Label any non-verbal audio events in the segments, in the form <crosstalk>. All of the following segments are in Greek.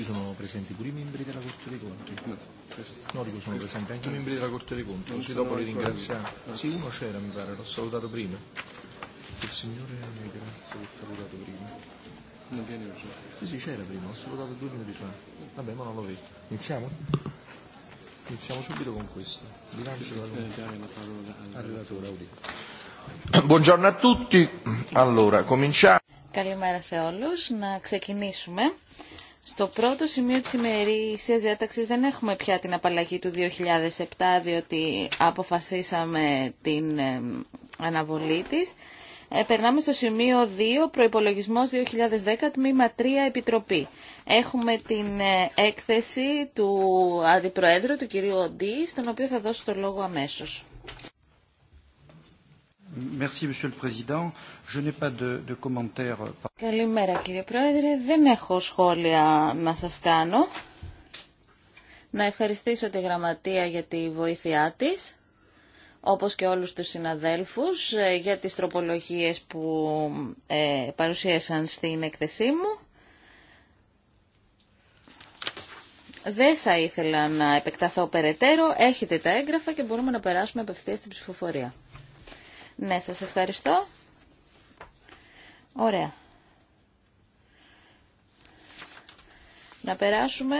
ci sono presenti pure i membri della Corte dei Conti? No, dico sono presenti anche i membri della Corte dei Conti, così dopo li ringraziamo. Sì, uno c'era, mi pare, l'ho salutato prima. Il signore grazie, l'ho salutato prima. Non viene Sì, sì, c'era prima, l'ho salutato due minuti fa. Vabbè, ma non lo vedo. Iniziamo? Iniziamo subito con questo. Bilancio la al relatore Audi. Buongiorno a tutti. Allora, cominciamo. Καλημέρα σε όλους. Να ξεκινήσουμε. Στο πρώτο σημείο της ημερήσιας διάταξης δεν έχουμε πια την απαλλαγή του 2007 διότι αποφασίσαμε την αναβολή της. Ε, περνάμε στο σημείο 2, προϋπολογισμός 2010, τμήμα 3, Επιτροπή. Έχουμε την ε, έκθεση του Αντιπροέδρου, του κυρίου Οντή, στον οποίο θα δώσω το λόγο αμέσως. Καλημέρα κύριε Πρόεδρε. Δεν έχω σχόλια να σας κάνω. Να ευχαριστήσω τη Γραμματεία για τη βοήθειά της, όπως και όλους τους συναδέλφους, ε, για τις τροπολογίες που ε, παρουσίασαν στην εκθεσή μου. Δεν θα ήθελα να επεκταθώ περαιτέρω. Έχετε τα έγγραφα και μπορούμε να περάσουμε απευθείας στην ψηφοφορία. Ναι, σας ευχαριστώ. Ωραία. Να περάσουμε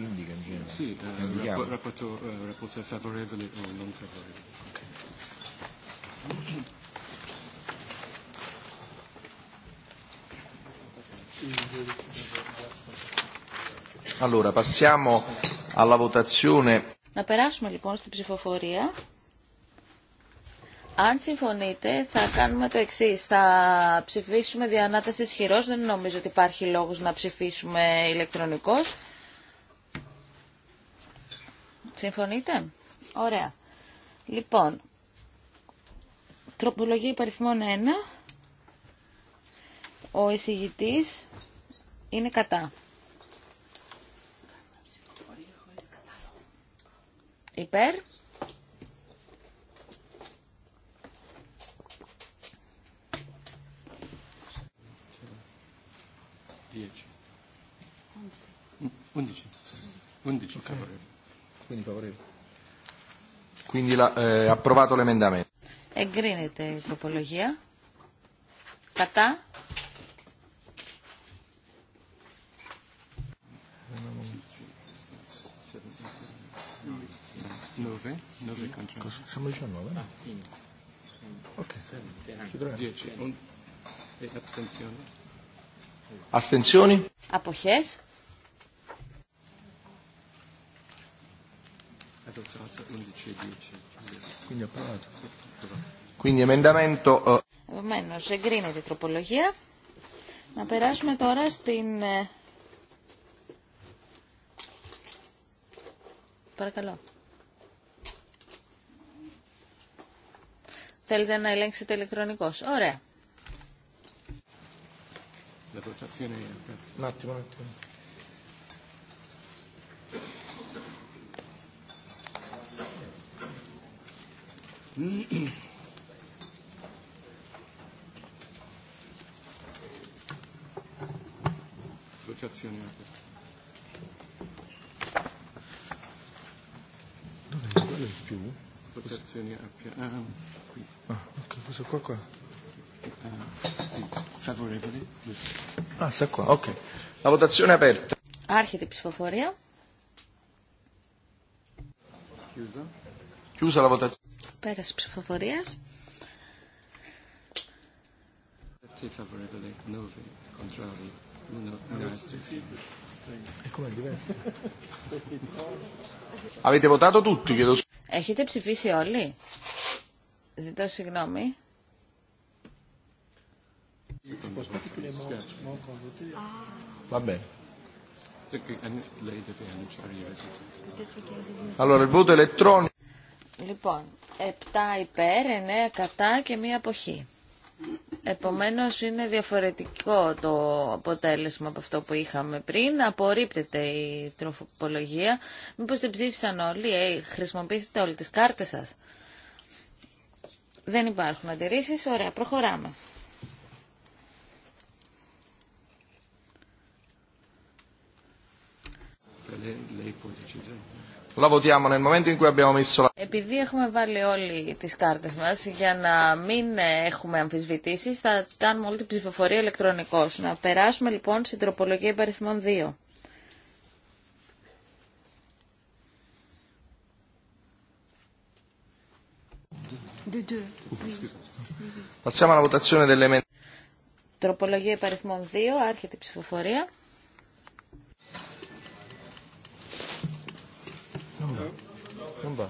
indica eh, eh, Να περάσουμε λοιπόν στην ψηφοφορία. Αν συμφωνείτε, θα κάνουμε το εξή. Θα ψηφίσουμε διανάταση ισχυρό. Δεν νομίζω ότι υπάρχει λόγο να ψηφίσουμε ηλεκτρονικώς. Συμφωνείτε? Ωραία. Λοιπόν, τροπολογία υπαριθμών 1. Ο εισηγητής είναι κατά. Υπέρ. Undici. Undici. Undici. Okay. Quindi eh, Εγκρίνεται η τροπολογία. Κατά. Siamo e Αποχές. Quindi Quindi emendamento... Eh. Επομένως, εγκρίνεται η τροπολογία. Να περάσουμε τώρα στην... Ε, παρακαλώ. Θέλετε να ελέγξετε ηλεκτρονικός. Ωραία. Un attimo, un attimo. Non è quello il più. Votazioni a ah, qui. Ah, ok, questo qua qua. Favorevoli. Ah, sta qua, ok. La votazione è aperta. Άρχεται η Chiusa. Chiusa la votazione. Πέραση ψηφοφορίας. Έχετε ψηφίσει όλοι. Ζητώ συγγνώμη. Λοιπόν, Επτά υπέρ, 9 κατά και μία αποχή. Επομένως είναι διαφορετικό το αποτέλεσμα από αυτό που είχαμε πριν. Απορρίπτεται η τροφοπολογία. Μήπως δεν ψήφισαν όλοι, ε, χρησιμοποιήσετε όλες τις κάρτες σας. Δεν υπάρχουν αντιρρήσεις. Ωραία, προχωράμε. Επειδή έχουμε βάλει όλοι τις κάρτες μας, για να μην έχουμε αμφισβητήσεις, θα κάνουμε όλη την ψηφοφορία ηλεκτρονικώς. Να περάσουμε λοιπόν στην τροπολογία υπαριθμών 2. Τροπολογία υπαριθμών 2, άρχεται η ψηφοφορία. Number.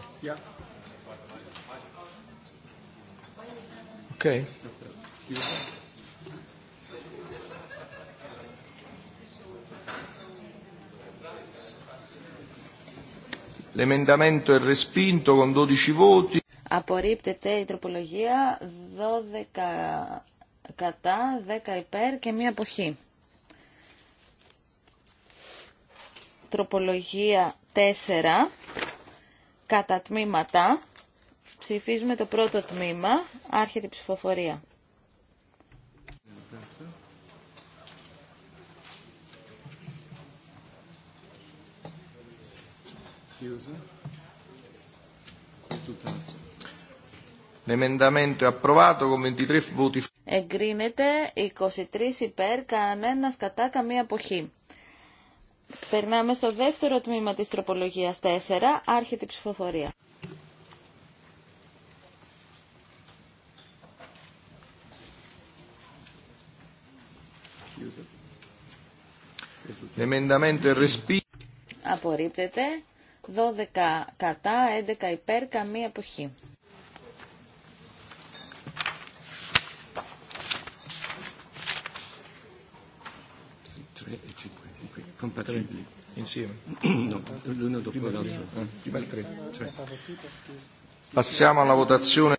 Απορρίπτεται η τροπολογία 12 κατά, 10 υπέρ και μία αποχή. Τροπολογία Τέσσερα. κατά τμήματα. Ψηφίζουμε το πρώτο τμήμα. Άρχεται η ψηφοφορία. Εγκρίνεται 23 υπέρ, κανένα κατά, καμία αποχή. Περνάμε στο δεύτερο τμήμα της τροπολογίας 4, άρχεται η ψηφοφορία. Απορρίπτεται. 12 κατά, 11 υπέρ, καμία αποχή. compatibili insieme. No, l'uno dopo l'altro. Prima il Cioè. Passiamo alla votazione.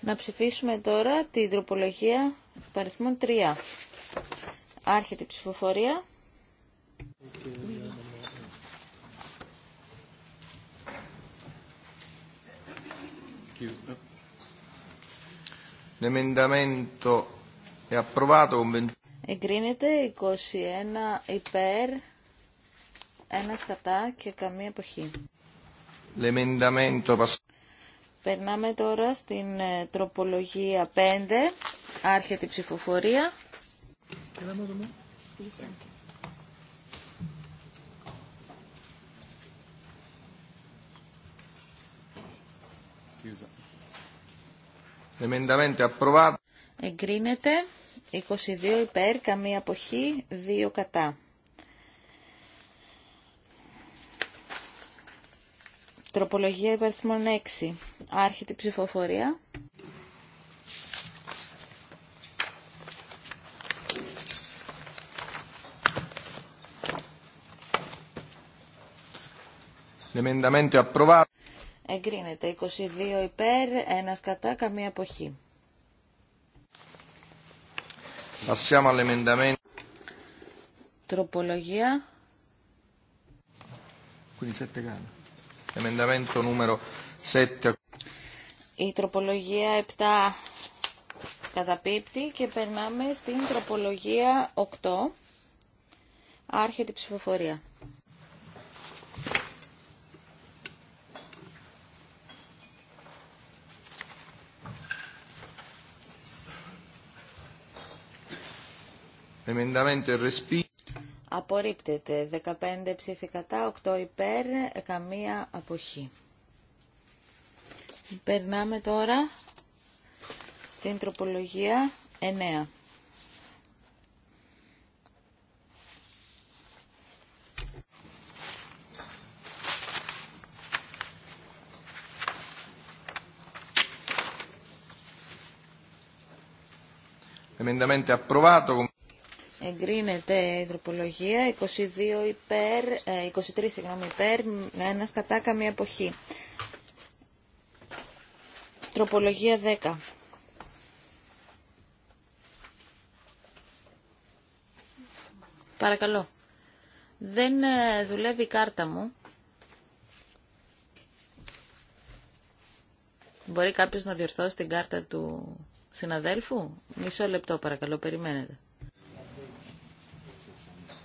Να ψηφίσουμε τώρα την τροπολογία παριθμών 3. Άρχεται η ψηφοφορία. L'emendamento è approvato con Εγκρίνεται 21 υπέρ, ένα σκατά και καμία εποχή. Περνάμε τώρα στην ε, τροπολογία 5, άρχεται η ψηφοφορία. Εγκρίνεται. 22 υπέρ, καμία αποχή, 2 κατά. Τροπολογία υπερθμών 6. Άρχιτη ψηφοφορία. Εγκρίνεται 22 υπέρ, 1 κατά, καμία αποχή. Τροπολογία. Η τροπολογία 7 καταπίπτει και περνάμε στην τροπολογία 8. Άρχεται η ψηφοφορία. Απορρίπτεται. 15 ψήφοι κατά, 8 υπέρ, καμία αποχή. Περνάμε τώρα στην τροπολογία 9. Emendamento approvato. Εγκρίνεται η τροπολογία 22 υπέρ, 23 ε, συγγνώμη, υπέρ, Ένα κατά καμία εποχή. Τροπολογία 10. Παρακαλώ. Δεν ε, δουλεύει η κάρτα μου. Μπορεί κάποιος να διορθώσει την κάρτα του συναδέλφου. Μισό λεπτό παρακαλώ, περιμένετε.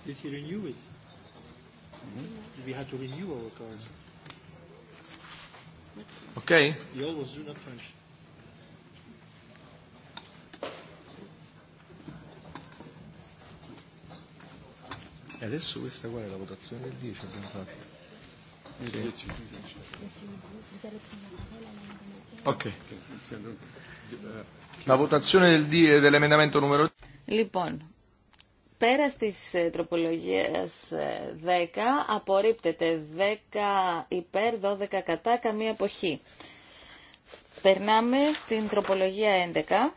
Did he renew it? We had to renew our card. Okay. You always do not French. E adesso questa qua è la votazione del 10 abbiamo fatto. Ok. La votazione del, dell'emendamento numero Lipon. Πέρα της ε, τροπολογίας 10 ε, απορρίπτεται 10 υπέρ 12 κατά καμία εποχή. Περνάμε στην τροπολογία 11.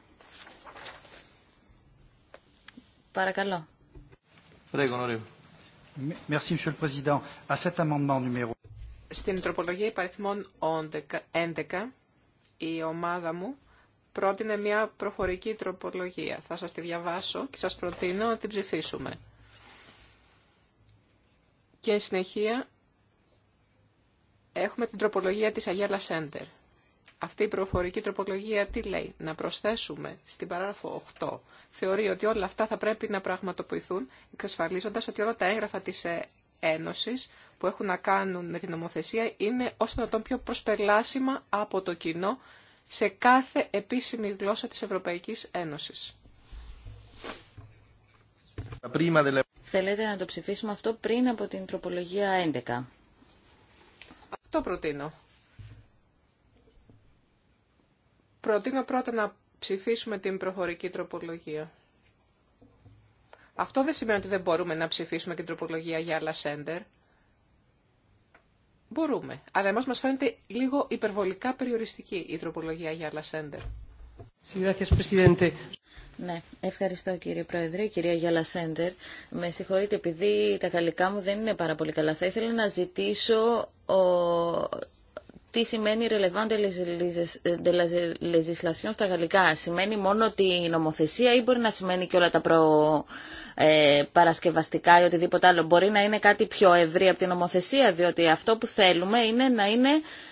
Παρακαλώ. Στην τροπολογία υπαριθμών 11 η ομάδα μου πρότεινε μια προφορική τροπολογία. Θα σας τη διαβάσω και σας προτείνω να την ψηφίσουμε. Και συνεχεία έχουμε την τροπολογία της Αγιάλα Σέντερ. Αυτή η προφορική τροπολογία τι λέει, να προσθέσουμε στην παράγραφο 8. Θεωρεί ότι όλα αυτά θα πρέπει να πραγματοποιηθούν, εξασφαλίζοντας ότι όλα τα έγγραφα της ε, Ένωσης που έχουν να κάνουν με την νομοθεσία είναι όσο να τον πιο προσπελάσιμα από το κοινό σε κάθε επίσημη γλώσσα της Ευρωπαϊκής Ένωσης. Θέλετε να το ψηφίσουμε αυτό πριν από την τροπολογία 11. Αυτό προτείνω. Προτείνω πρώτα να ψηφίσουμε την προχωρική τροπολογία. Αυτό δεν σημαίνει ότι δεν μπορούμε να ψηφίσουμε και την τροπολογία για άλλα σέντερ. Μπορούμε, αλλά εμάς μας φαίνεται λίγο υπερβολικά περιοριστική η τροπολογία για Λασέντερ. Ναι, ευχαριστώ κύριε Πρόεδρε, κυρία Γιάλα Σέντερ. Με συγχωρείτε επειδή τα γαλλικά μου δεν είναι πάρα πολύ καλά. Θα ήθελα να ζητήσω τι σημαίνει relevant de la legislation στα γαλλικά. Σημαίνει μόνο τη νομοθεσία ή μπορεί να σημαίνει και όλα τα προ ε, παρασκευαστικά ή οτιδήποτε άλλο. Μπορεί να είναι κάτι πιο ευρύ από την νομοθεσία, διότι αυτό που θέλουμε είναι να είναι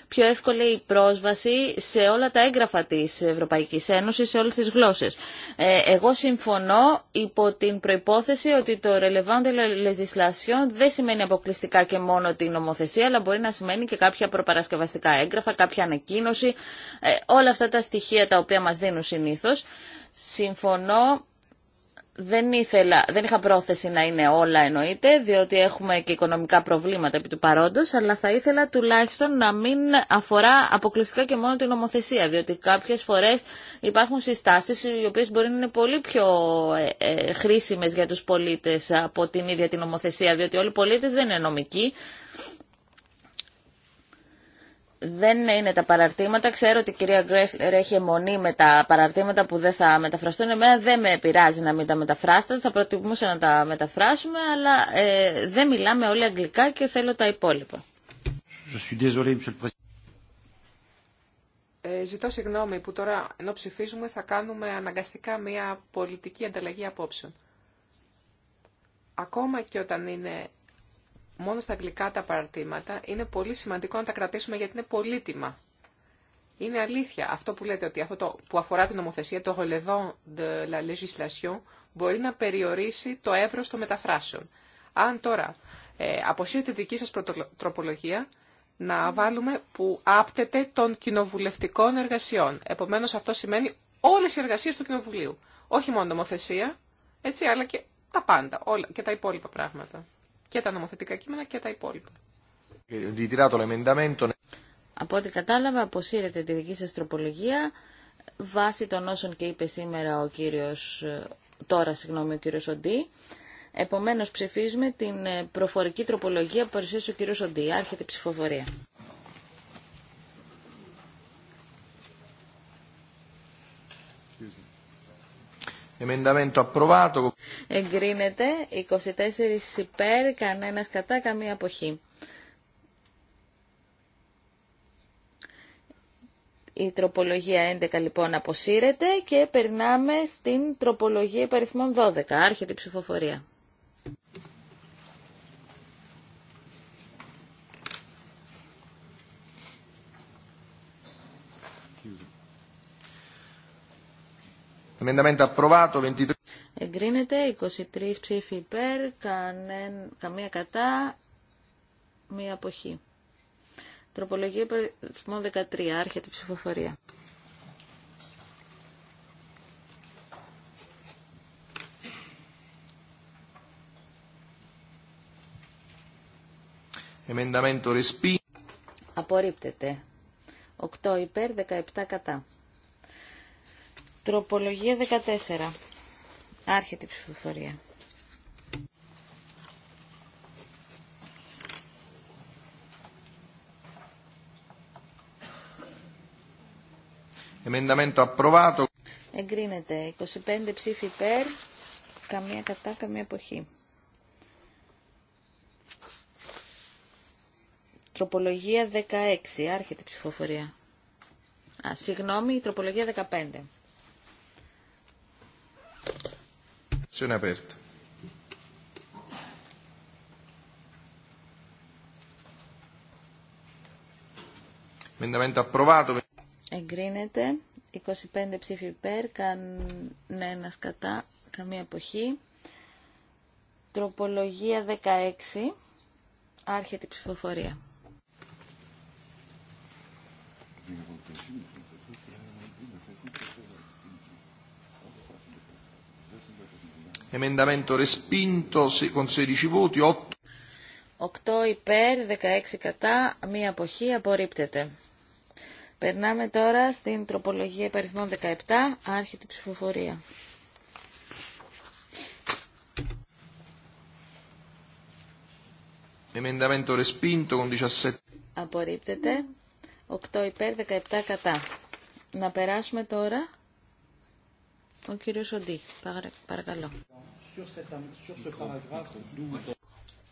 πιο εύκολη η πρόσβαση σε όλα τα έγγραφα της Ευρωπαϊκής Ένωσης, σε όλες τις γλώσσες. Ε, εγώ συμφωνώ υπό την προϋπόθεση ότι το relevant legislation δεν σημαίνει αποκλειστικά και μόνο την νομοθεσία, αλλά μπορεί να σημαίνει και κάποια προπαρασκευαστικά έγγραφα, κάποια ανακοίνωση, ε, όλα αυτά τα στοιχεία τα οποία μας δίνουν συνήθως. Συμφωνώ δεν, ήθελα, δεν είχα πρόθεση να είναι όλα εννοείται, διότι έχουμε και οικονομικά προβλήματα επί του παρόντος, αλλά θα ήθελα τουλάχιστον να μην αφορά αποκλειστικά και μόνο την νομοθεσία, διότι κάποιες φορές υπάρχουν συστάσεις οι οποίες μπορεί να είναι πολύ πιο ε, ε χρήσιμες για τους πολίτες από την ίδια την νομοθεσία, διότι όλοι οι πολίτες δεν είναι νομικοί, δεν είναι τα παραρτήματα. Ξέρω ότι η κυρία Γκρέσλερ έχει αιμονή με τα παραρτήματα που δεν θα μεταφραστούν. Εμένα δεν με πειράζει να μην τα μεταφράσετε, θα προτιμούσα να τα μεταφράσουμε, αλλά ε, δεν μιλάμε όλοι αγγλικά και θέλω τα υπόλοιπα. Ε, ζητώ συγγνώμη που τώρα ενώ ψηφίζουμε θα κάνουμε αναγκαστικά μια πολιτική ανταλλαγή απόψεων. Ακόμα και όταν είναι μόνο στα αγγλικά τα παρατήματα είναι πολύ σημαντικό να τα κρατήσουμε γιατί είναι πολύτιμα. Είναι αλήθεια αυτό που λέτε ότι αυτό που αφορά την νομοθεσία, το relevant de la législation, μπορεί να περιορίσει το εύρος των μεταφράσεων. Αν τώρα ε, αποσύρετε δική σα τροπολογία, να βάλουμε που άπτεται των κοινοβουλευτικών εργασιών. Επομένω, αυτό σημαίνει όλε οι εργασίε του Κοινοβουλίου. Όχι μόνο νομοθεσία, έτσι, αλλά και τα πάντα όλα, και τα υπόλοιπα πράγματα και τα νομοθετικά κείμενα και τα υπόλοιπα. Από ό,τι κατάλαβα, αποσύρετε τη δική σας τροπολογία βάσει των όσων και είπε σήμερα ο κύριος, ε, τώρα συγγνώμη, ο κύριος Οντή. Επομένως ψηφίζουμε την ε, προφορική τροπολογία που παρουσίασε ο κύριος Οντή. Άρχεται η ψηφοφορία. Εγκρίνεται 24 υπέρ, κανένα κατά, καμία αποχή. Η τροπολογία 11 λοιπόν αποσύρεται και περνάμε στην τροπολογία υπαριθμών 12. Άρχεται η ψηφοφορία. 23. Εγκρίνεται 23 ψήφοι υπέρ, κανέν, καμία κατά, μία αποχή. Τροπολογία περισμών 13, άρχεται η ψηφοφορία. Εμενταμέντο Απορρίπτεται. 8 υπέρ, 17 κατά. Τροπολογία 14. Άρχεται η ψηφοφορία. Εγκρίνεται. 25 ψήφοι υπέρ, καμία κατά, καμία εποχή. Τροπολογία 16. Άρχεται η ψηφοφορία. Α, συγγνώμη, η τροπολογία 15. Votazione aperta. Emendamento approvato. Εγκρίνεται. 25 ψήφοι υπέρ, κανένα κατά, καμία εποχή. Τροπολογία 16. Άρχεται η ψηφοφορία. Emendamento respinto con 16 voti, 8. 8 υπέρ, 16 κατά, μία αποχή απορρίπτεται. Περνάμε τώρα στην τροπολογία υπαριθμών 17, άρχιτη ψηφοφορία. Emendamento respinto con 17. Απορρίπτεται. 8 υπέρ, 17 κατά. Να περάσουμε τώρα ο κύριο Σοντή, παρακαλώ.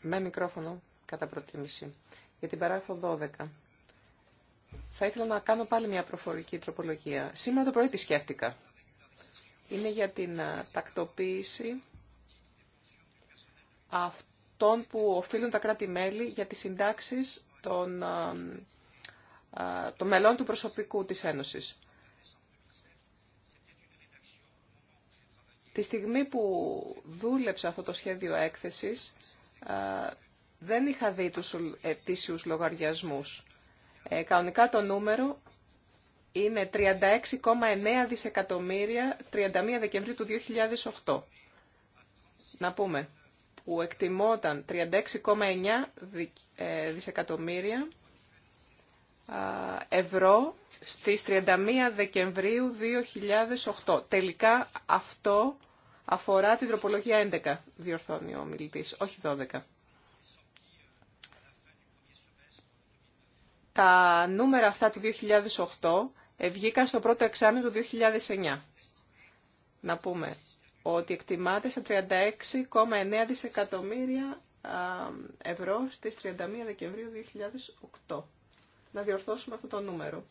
Με μικρόφωνο, κατά προτίμηση. Για την παράγραφο 12. Θα ήθελα να κάνω πάλι μια προφορική τροπολογία. Σήμερα το πρωί τη σκέφτηκα. Είναι για την τακτοποίηση αυτών που οφείλουν τα κράτη-μέλη για τις συντάξεις των, των μελών του προσωπικού της Ένωσης. Τη στιγμή που δούλεψα αυτό το σχέδιο έκθεσης, δεν είχα δει τους ετήσιους λογαριασμούς. Ε, κανονικά το νούμερο είναι 36,9 δισεκατομμύρια 31 Δεκεμβρίου του 2008. Να πούμε, που εκτιμόταν 36,9 ε, δισεκατομμύρια ευρώ στις 31 Δεκεμβρίου 2008. Τελικά αυτό αφορά την τροπολογία 11, διορθώνει ο μιλητής, όχι 12. Τα νούμερα αυτά του 2008 βγήκαν στο πρώτο εξάμεινο του 2009. Να πούμε ότι εκτιμάται σε 36,9 δισεκατομμύρια ευρώ στις 31 Δεκεμβρίου 2008. Να διορθώσουμε αυτό το νούμερο.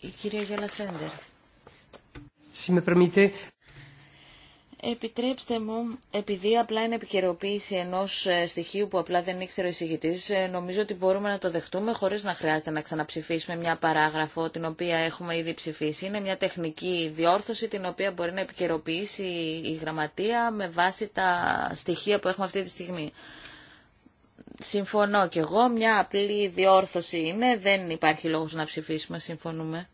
Η κυρία Γιάλα Σέντερ. Επιτρέψτε μου, επειδή απλά είναι επικαιροποίηση ενός ε, στοιχείου που απλά δεν ήξερε ο εισηγητή, ε, νομίζω ότι μπορούμε να το δεχτούμε χωρίς να χρειάζεται να ξαναψηφίσουμε μια παράγραφο την οποία έχουμε ήδη ψηφίσει. Είναι μια τεχνική διόρθωση την οποία μπορεί να επικαιροποιήσει η Γραμματεία με βάση τα στοιχεία που έχουμε αυτή τη στιγμή. Συμφωνώ κι εγώ, μια απλή διόρθωση είναι, δεν υπάρχει λόγος να ψηφίσουμε, συμφωνούμε.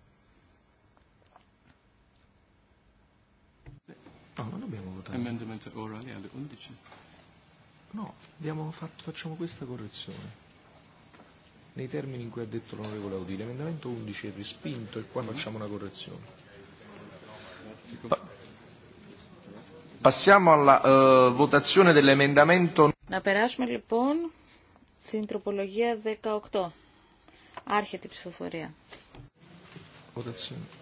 emendamento orale alle 11. No, abbiamo fatto, facciamo questa correzione. Nei termini in cui ha detto l'onorevole Audi, l'emendamento 11 è respinto e qua facciamo una correzione. Passiamo alla votazione dell'emendamento. Να περάσουμε λοιπόν στην τροπολογία 18. Άρχεται η ψηφοφορία. Votazione.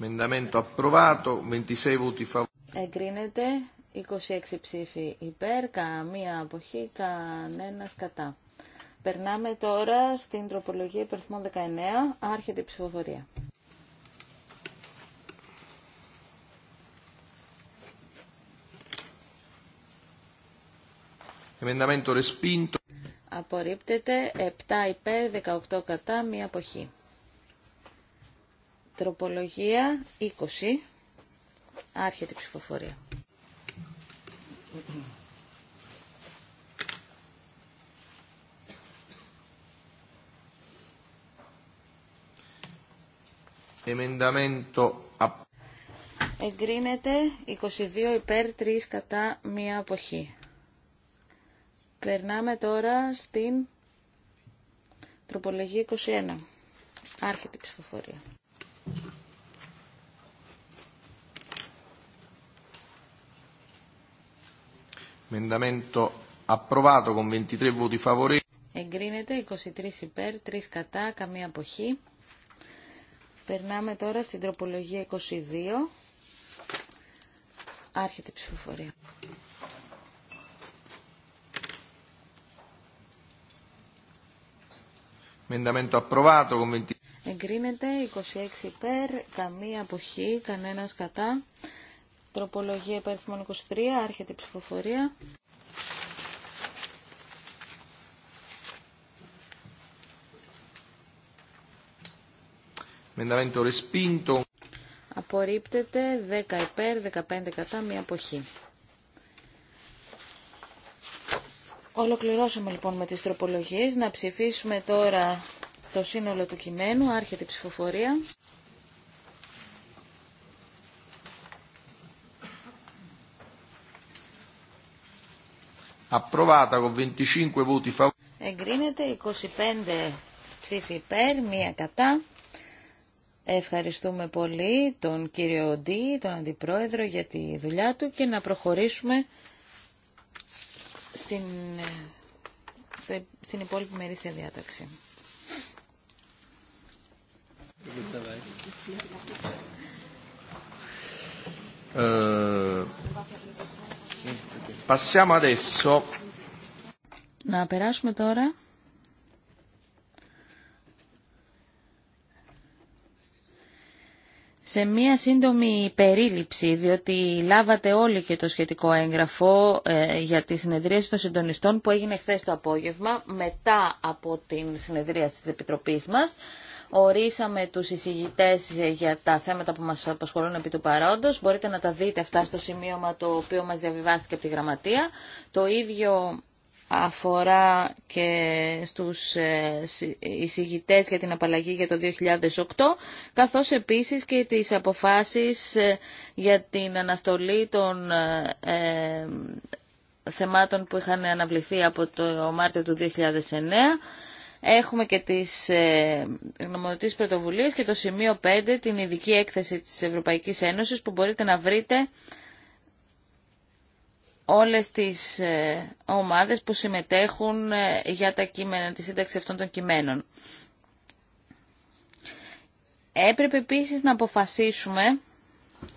26 Εγκρίνεται 26 ψήφοι υπέρ, καμία αποχή, κανένα κατά. Περνάμε τώρα στην τροπολογία υπερθμών 19, άρχεται η ψηφοφορία. Απορρίπτεται 7 υπέρ, 18 κατά, μία αποχή. Τροπολογία 20. Άρχεται η ψηφοφορία. Εγκρίνεται 22 υπέρ 3 κατά μία αποχή. Περνάμε τώρα στην τροπολογία 21. Άρχεται η ψηφοφορία. Emendamento approvato con 23 voti favorevoli. Εγκρίνεται 23 υπέρ, 3 κατά, καμία αποχή. Περνάμε τώρα στην τροπολογία 22. Άρχεται η ψηφοφορία. Emendamento approvato con 23. Εγκρίνεται 26 υπέρ, καμία αποχή, κανένας κατά. Τροπολογία υπέρ 23, άρχεται η ψηφοφορία. Απορρίπτεται 10 υπέρ, 15 κατά, μία αποχή. Ολοκληρώσαμε λοιπόν με τις τροπολογίες. Να ψηφίσουμε τώρα το σύνολο του κειμένου, άρχεται η ψηφοφορία. Εγκρίνεται 25 ψήφοι υπέρ, μία κατά. Ευχαριστούμε πολύ τον κύριο Ντί, τον Αντιπρόεδρο για τη δουλειά του και να προχωρήσουμε στην, ε, στην υπόλοιπη μερίσια διάταξη. Eh, Να περάσουμε τώρα σε μία σύντομη περίληψη, διότι λάβατε όλοι και το σχετικό έγγραφο ε, για τη συνεδρίαση των συντονιστών που έγινε χθες το απόγευμα μετά από την συνεδρία της Επιτροπής μας. Ορίσαμε τους εισηγητές για τα θέματα που μας απασχολούν επί του παρόντος. Μπορείτε να τα δείτε αυτά στο σημείωμα το οποίο μας διαβιβάστηκε από τη Γραμματεία. Το ίδιο αφορά και στους ε, εισηγητές για την απαλλαγή για το 2008, καθώς επίσης και τις αποφάσεις ε, για την αναστολή των ε, θεμάτων που είχαν αναβληθεί από το Μάρτιο του 2009 Έχουμε και τις ε, γνωμοδοτήσεις πρωτοβουλίες και το σημείο 5, την ειδική έκθεση της Ευρωπαϊκής Ένωσης που μπορείτε να βρείτε όλες τις ε, ομάδες που συμμετέχουν ε, για τα κείμενα, τη σύνταξη αυτών των κειμένων. Έπρεπε επίσης να αποφασίσουμε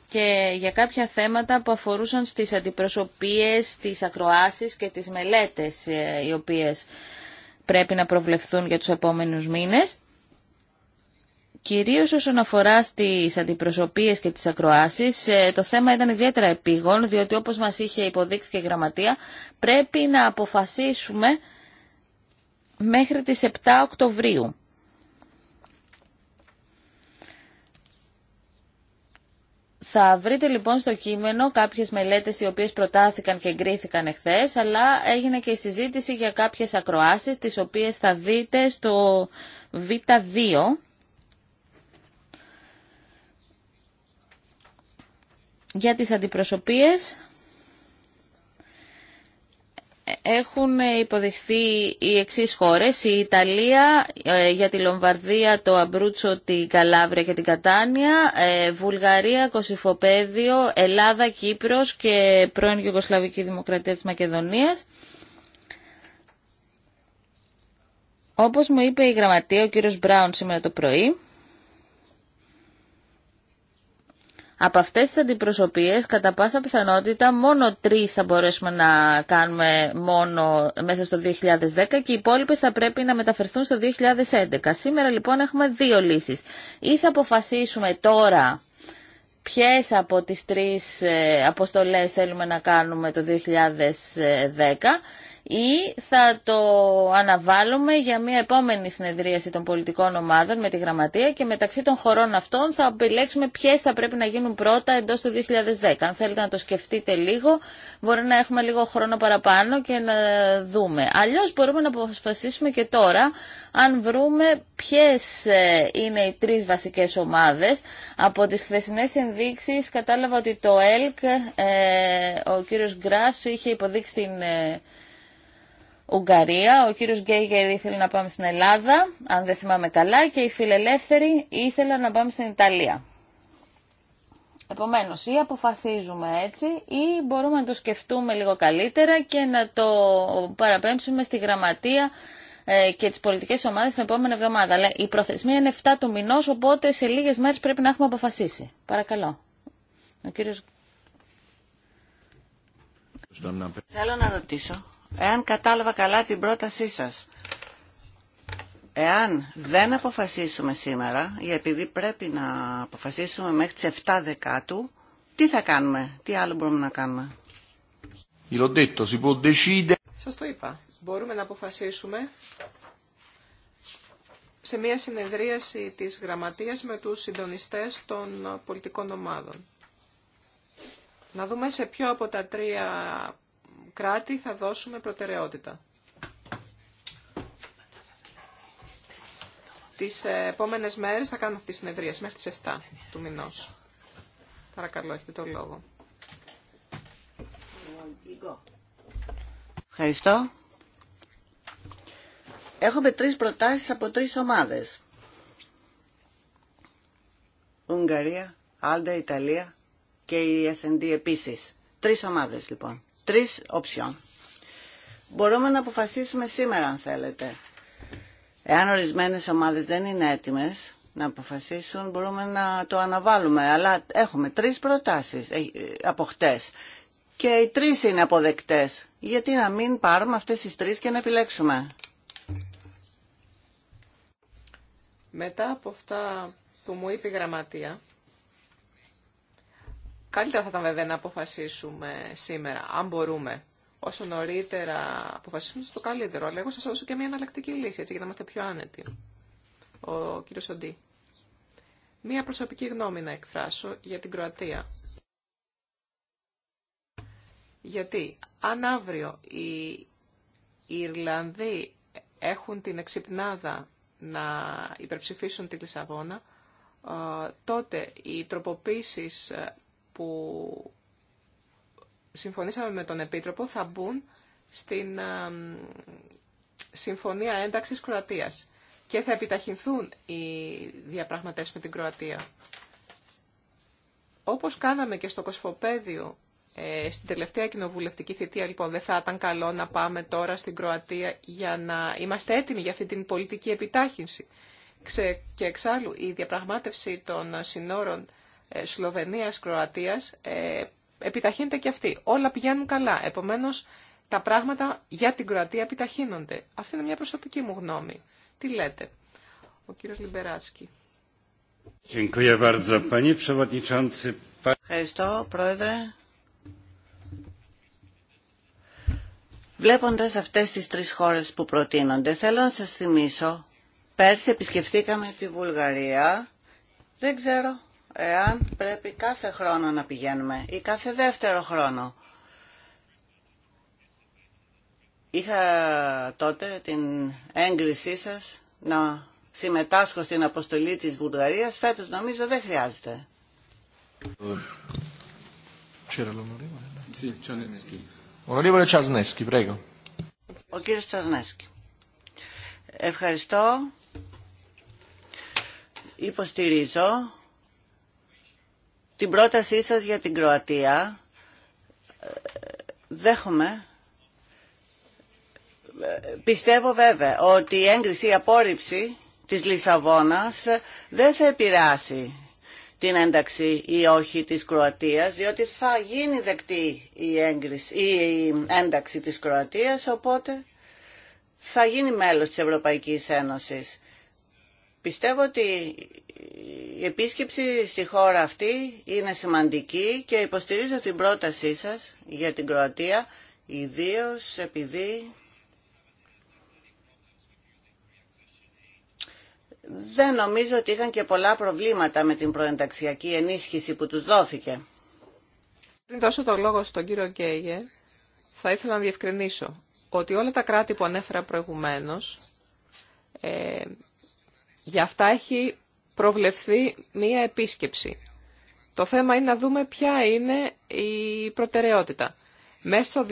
και για κάποια θέματα που αφορούσαν στις αντιπροσωπίες, τις ακροάσεις και τις μελέτες ε, οι οποίες πρέπει να προβλεφθούν για τους επόμενους μήνες, κυρίως όσον αφορά στις αντιπροσωπείες και τις ακροάσεις, ε, το θέμα ήταν ιδιαίτερα επίγον, διότι όπως μας είχε υποδείξει και η Γραμματεία, πρέπει να αποφασίσουμε μέχρι τις 7 Οκτωβρίου. Θα βρείτε λοιπόν στο κείμενο κάποιες μελέτες οι οποίες προτάθηκαν και εγκρίθηκαν εχθές, αλλά έγινε και η συζήτηση για κάποιες ακροάσεις, τις οποίες θα δείτε στο Β2. Για τις αντιπροσωπείες έχουν υποδεχθεί οι εξής χώρες, η Ιταλία ε, για τη Λομβαρδία, το Αμπρούτσο, την Καλάβρια και την Κατάνια, ε, Βουλγαρία, Κωσυφοπέδιο, Ελλάδα, Κύπρος και πρώην Γιουγκοσλαβική Δημοκρατία της Μακεδονίας. Όπως μου είπε η γραμματεία, ο κύριος Μπράουν σήμερα το πρωί, Από αυτές τις αντιπροσωπείες, κατά πάσα πιθανότητα, μόνο τρεις θα μπορέσουμε να κάνουμε μόνο μέσα στο 2010 και οι υπόλοιπες θα πρέπει να μεταφερθούν στο 2011. Σήμερα λοιπόν έχουμε δύο λύσεις. Ή θα αποφασίσουμε τώρα ποιες από τις τρεις ε, αποστολές θέλουμε να κάνουμε το 2010 ή θα το αναβάλουμε για μια επόμενη συνεδρίαση των πολιτικών ομάδων με τη Γραμματεία και μεταξύ των χωρών αυτών θα επιλέξουμε ποιε θα πρέπει να γίνουν πρώτα εντό του 2010. Αν θέλετε να το σκεφτείτε λίγο, μπορεί να έχουμε λίγο χρόνο παραπάνω και να δούμε. Αλλιώ μπορούμε να αποφασίσουμε και τώρα αν βρούμε ποιε ε, είναι οι τρει βασικέ ομάδε Από τι χθεσινέ ενδείξει. κατάλαβα ότι το ΕΛΚ, ε, ο κύριο Γκράσου είχε υποδείξει την ε, Ουγγαρία. Ο κύριος Γκέγερ ήθελε να πάμε στην Ελλάδα, αν δεν θυμάμαι καλά, και οι φιλελεύθεροι ήθελαν να πάμε στην Ιταλία. Επομένως, ή αποφασίζουμε έτσι ή μπορούμε να το σκεφτούμε λίγο καλύτερα και να το παραπέμψουμε στη γραμματεία ε, και τις πολιτικές ομάδες την επόμενη εβδομάδα. Αλλά η προθεσμία είναι 7 του μηνός, οπότε σε λίγες μέρες πρέπει να έχουμε αποφασίσει. Παρακαλώ. Ο κύριος... Θέλω να ρωτήσω εάν κατάλαβα καλά την πρότασή σας. Εάν δεν αποφασίσουμε σήμερα, ή επειδή πρέπει να αποφασίσουμε μέχρι τις 7 Δεκάτου, τι θα κάνουμε, τι άλλο μπορούμε να κάνουμε. Σας το είπα. Μπορούμε να αποφασίσουμε σε μια συνεδρίαση της γραμματείας με τους συντονιστές των πολιτικών ομάδων. Να δούμε σε ποιο από τα τρία κράτη θα δώσουμε προτεραιότητα. Τις ε, επόμενες μέρες θα κάνουμε αυτή τη συνεδρία, μέχρι τις 7 του μηνός. Παρακαλώ, έχετε το λόγο. Ευχαριστώ. Έχουμε τρεις προτάσεις από τρεις ομάδες. Ουγγαρία, Άλντα, Ιταλία και η S&D επίσης. Τρεις ομάδες λοιπόν τρεις οψιών. Μπορούμε να αποφασίσουμε σήμερα αν θέλετε. Εάν ορισμένες ομάδες δεν είναι έτοιμες να αποφασίσουν μπορούμε να το αναβάλουμε. Αλλά έχουμε τρεις προτάσεις ε, από χτες και οι τρεις είναι αποδεκτές. Γιατί να μην πάρουμε αυτές τις τρεις και να επιλέξουμε. Μετά από αυτά που μου είπε η γραμματεία, Καλύτερα θα ήταν βέβαια να αποφασίσουμε σήμερα, αν μπορούμε. Όσο νωρίτερα αποφασίσουμε, το καλύτερο. Αλλά εγώ σα δώσω και μια εναλλακτική λύση, έτσι, για να είμαστε πιο άνετοι. Ο κύριο Σοντή. Μία προσωπική γνώμη να εκφράσω για την Κροατία. Γιατί αν αύριο οι, Ιρλανδοί έχουν την εξυπνάδα να υπερψηφίσουν τη Λισαβόνα, ε, τότε οι τροποποίησεις ε, που συμφωνήσαμε με τον Επίτροπο θα μπουν στην ε, Συμφωνία Ένταξης Κροατίας και θα επιταχυνθούν οι διαπραγματεύσεις με την Κροατία. Όπως κάναμε και στο Κοσφοπέδιο ε, στην τελευταία κοινοβουλευτική θητεία, λοιπόν, δεν θα ήταν καλό να πάμε τώρα στην Κροατία για να είμαστε έτοιμοι για αυτή την πολιτική επιτάχυνση. Ξε... Και εξάλλου, η διαπραγμάτευση των συνόρων ε, Σλοβενίας, Κροατίας ε, επιταχύνεται και αυτή. Όλα πηγαίνουν καλά. Επομένως, τα πράγματα για την Κροατία επιταχύνονται. Αυτή είναι μια προσωπική μου γνώμη. Τι λέτε, ο κύριος Λιμπεράσκη. Ευχαριστώ, Πρόεδρε. Βλέποντας αυτές τις τρεις χώρες που προτείνονται, θέλω να σας θυμίσω, πέρσι επισκεφθήκαμε τη Βουλγαρία, δεν ξέρω εάν πρέπει κάθε χρόνο να πηγαίνουμε ή κάθε δεύτερο χρόνο. Είχα τότε την έγκρισή σας να συμμετάσχω στην αποστολή της Βουλγαρίας. Φέτος νομίζω δεν χρειάζεται. Ο κύριος Τσαρνέσκι. Ευχαριστώ. Υποστηρίζω την πρότασή σας για την Κροατία δέχομαι. Πιστεύω βέβαια ότι η έγκριση, η απόρριψη της Λισαβόνας δεν θα επηρεάσει την ένταξη ή όχι της Κροατίας, διότι θα γίνει δεκτή η, έγκριση, η ένταξη της Κροατίας, οπότε θα γίνει η ενταξη της Ευρωπαϊκής Ένωσης. Πιστεύω ότι η επίσκεψη στη χώρα αυτή είναι σημαντική και υποστηρίζω την πρότασή σας για την Κροατία, ιδίως επειδή δεν νομίζω ότι είχαν και πολλά προβλήματα με την προενταξιακή ενίσχυση που τους δόθηκε. Πριν δώσω το λόγο στον κύριο Γκέιγε, θα ήθελα να διευκρινίσω ότι όλα τα κράτη που ανέφερα προηγουμένως, ε, για αυτά έχει προβλεφθεί μία επίσκεψη. Το θέμα είναι να δούμε ποια είναι η προτεραιότητα. Μέχρι το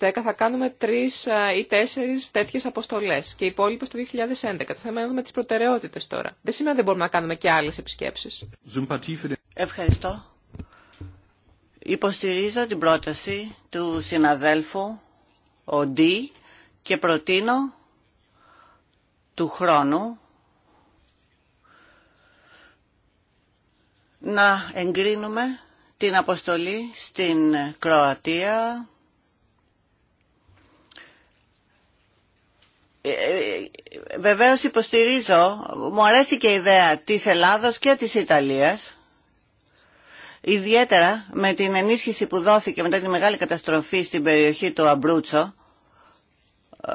2010 θα κάνουμε τρεις ή τέσσερις τέτοιες αποστολές και οι υπόλοιπε το 2011. Το θέμα είναι να δούμε τις προτεραιότητες τώρα. Δεν σημαίνει ότι δεν μπορούμε να κάνουμε και άλλες επισκέψεις. Ευχαριστώ. Υποστηρίζω την πρόταση του συναδέλφου Οντί και προτείνω του χρόνου να εγκρίνουμε την αποστολή στην Κροατία ε, ε, βεβαίως υποστηρίζω, μου αρέσει και η ιδέα της Ελλάδος και της Ιταλίας, ιδιαίτερα με την ενίσχυση που δόθηκε μετά τη μεγάλη καταστροφή στην περιοχή του Αμπρούτσο, ε,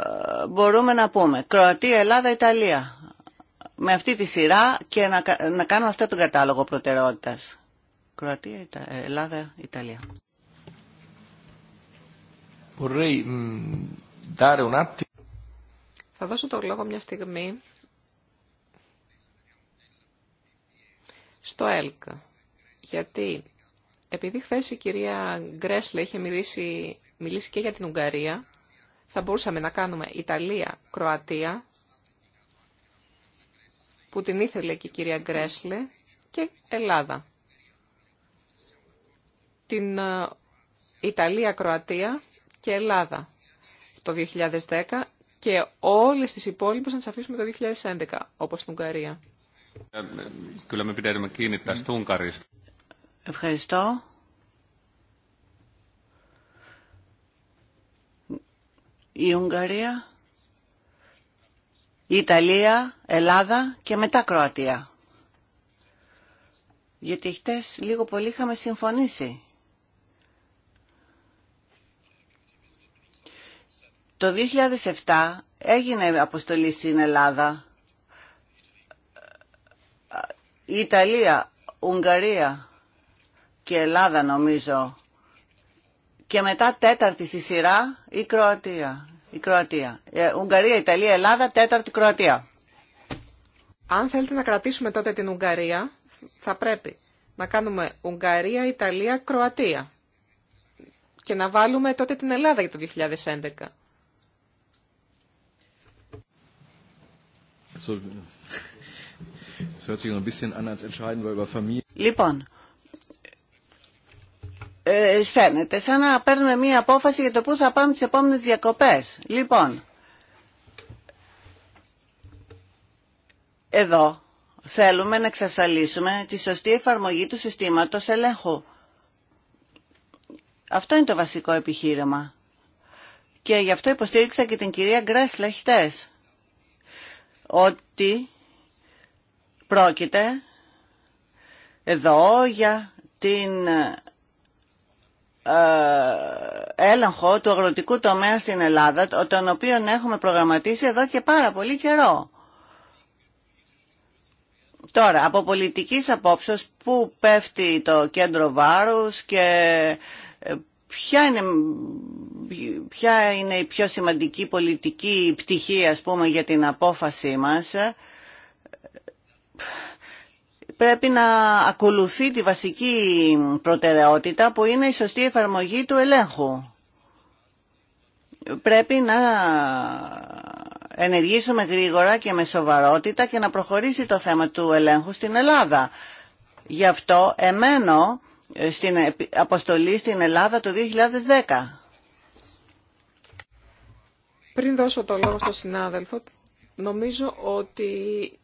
μπορούμε να πούμε Κροατία, Ελλάδα, Ιταλία με αυτή τη σειρά και να, να κάνουμε αυτό τον κατάλογο προτεραιότητας. Κροατία, ε, Ελλάδα, Ιταλία. Mm, θα δώσω το λόγο μια στιγμή στο ΕΛΚ. Γιατί επειδή χθε η κυρία Γκρέσλε είχε μιλήσει, μιλήσει και για την Ουγγαρία, θα μπορούσαμε να κάνουμε Ιταλία, Κροατία που την ήθελε και η κυρία Γκρέσλε και Ελλάδα. Την ε, Ιταλία, Κροατία και Ελλάδα το 2010 και όλες τις υπόλοιπες να τις αφήσουμε το 2011, όπως στην Ουγγαρία. Ευχαριστώ. Η Ουγγαρία Ιταλία, Ελλάδα και μετά Κροατία. Γιατί χτες λίγο πολύ είχαμε συμφωνήσει. Το 2007 έγινε αποστολή στην Ελλάδα. Ιταλία, Ουγγαρία και Ελλάδα νομίζω. Και μετά τέταρτη στη σειρά η Κροατία η Κροατία. Ε, Ουγγαρία, Ιταλία, Ελλάδα, τέταρτη Κροατία. Αν θέλετε να κρατήσουμε τότε την Ουγγαρία, θα πρέπει να κάνουμε Ουγγαρία, Ιταλία, Κροατία. Και να βάλουμε τότε την Ελλάδα για το 2011. Λοιπόν, ε, φαίνεται σαν να παίρνουμε μία απόφαση για το πού θα πάμε τις επόμενες διακοπές. Λοιπόν, εδώ θέλουμε να εξασφαλίσουμε τη σωστή εφαρμογή του συστήματος ελέγχου. Αυτό είναι το βασικό επιχείρημα. Και γι' αυτό υποστήριξα και την κυρία Γκρέσλα χτες. Ότι πρόκειται εδώ για την ε, έλεγχο του αγροτικού τομέα στην Ελλάδα, τον οποίο έχουμε προγραμματίσει εδώ και πάρα πολύ καιρό. Τώρα, από πολιτικής απόψεως, πού πέφτει το κέντρο βάρους και ε, ποια είναι, ποια είναι η πιο σημαντική πολιτική πτυχή, ας πούμε, για την απόφαση μας πρέπει να ακολουθεί τη βασική προτεραιότητα που είναι η σωστή εφαρμογή του ελέγχου. Πρέπει να ενεργήσουμε γρήγορα και με σοβαρότητα και να προχωρήσει το θέμα του ελέγχου στην Ελλάδα. Γι' αυτό εμένω στην αποστολή στην Ελλάδα το 2010. Πριν δώσω το λόγο στον συνάδελφο, Νομίζω ότι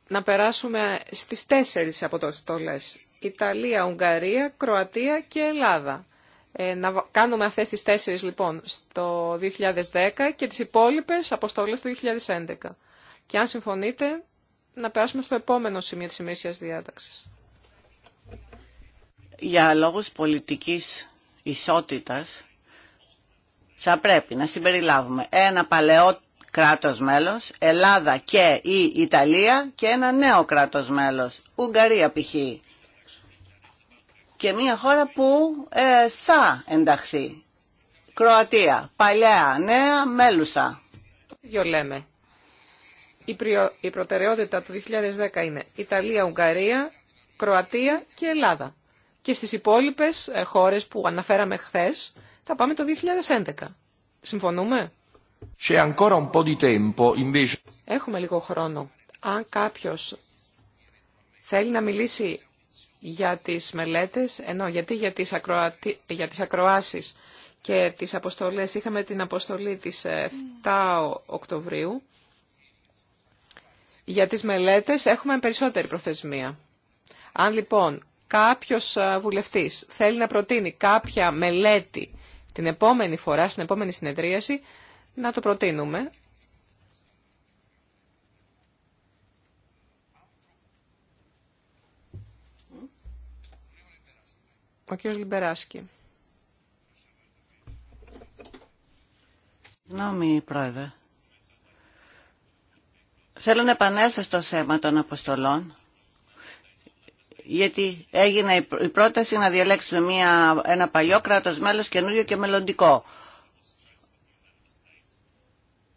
να περάσουμε στις τέσσερις από το στολές. Ιταλία, Ουγγαρία, Κροατία και Ελλάδα. Ε, να κάνουμε αυτές τις τέσσερις λοιπόν στο 2010 και τις υπόλοιπες αποστολές το 2011. Και αν συμφωνείτε να περάσουμε στο επόμενο σημείο της ημερήσιας διάταξης. Για λόγους πολιτικής ισότητας θα πρέπει να συμπεριλάβουμε ένα παλαιό κράτος μέλος, Ελλάδα και η Ιταλία και ένα νέο κράτος μέλος, Ουγγαρία π.χ. Και μια χώρα που ε, θα ενταχθεί, Κροατία, παλιά, νέα, μέλουσα. Το ίδιο λέμε. Η, προτεραιότητα του 2010 είναι Ιταλία, Ουγγαρία, Κροατία και Ελλάδα. Και στις υπόλοιπες ε, χώρες που αναφέραμε χθες θα πάμε το 2011. Συμφωνούμε? Έχουμε λίγο χρόνο. Αν κάποιος θέλει να μιλήσει για τις μελέτες, ενώ γιατί για τις, ακροατι... ακροάσεις και τις αποστολές. Είχαμε την αποστολή της 7 Οκτωβρίου. Για τις μελέτες έχουμε περισσότερη προθεσμία. Αν λοιπόν κάποιος βουλευτής θέλει να προτείνει κάποια μελέτη την επόμενη φορά, στην επόμενη συνεδρίαση, να το προτείνουμε. Ο κύριος Λιμπεράσκη. Συγγνώμη, Πρόεδρε. Θέλω να επανέλθω στο θέμα των αποστολών, γιατί έγινε η πρόταση να διαλέξουμε μια, ένα παλιό κράτος μέλος, καινούριο και μελλοντικό.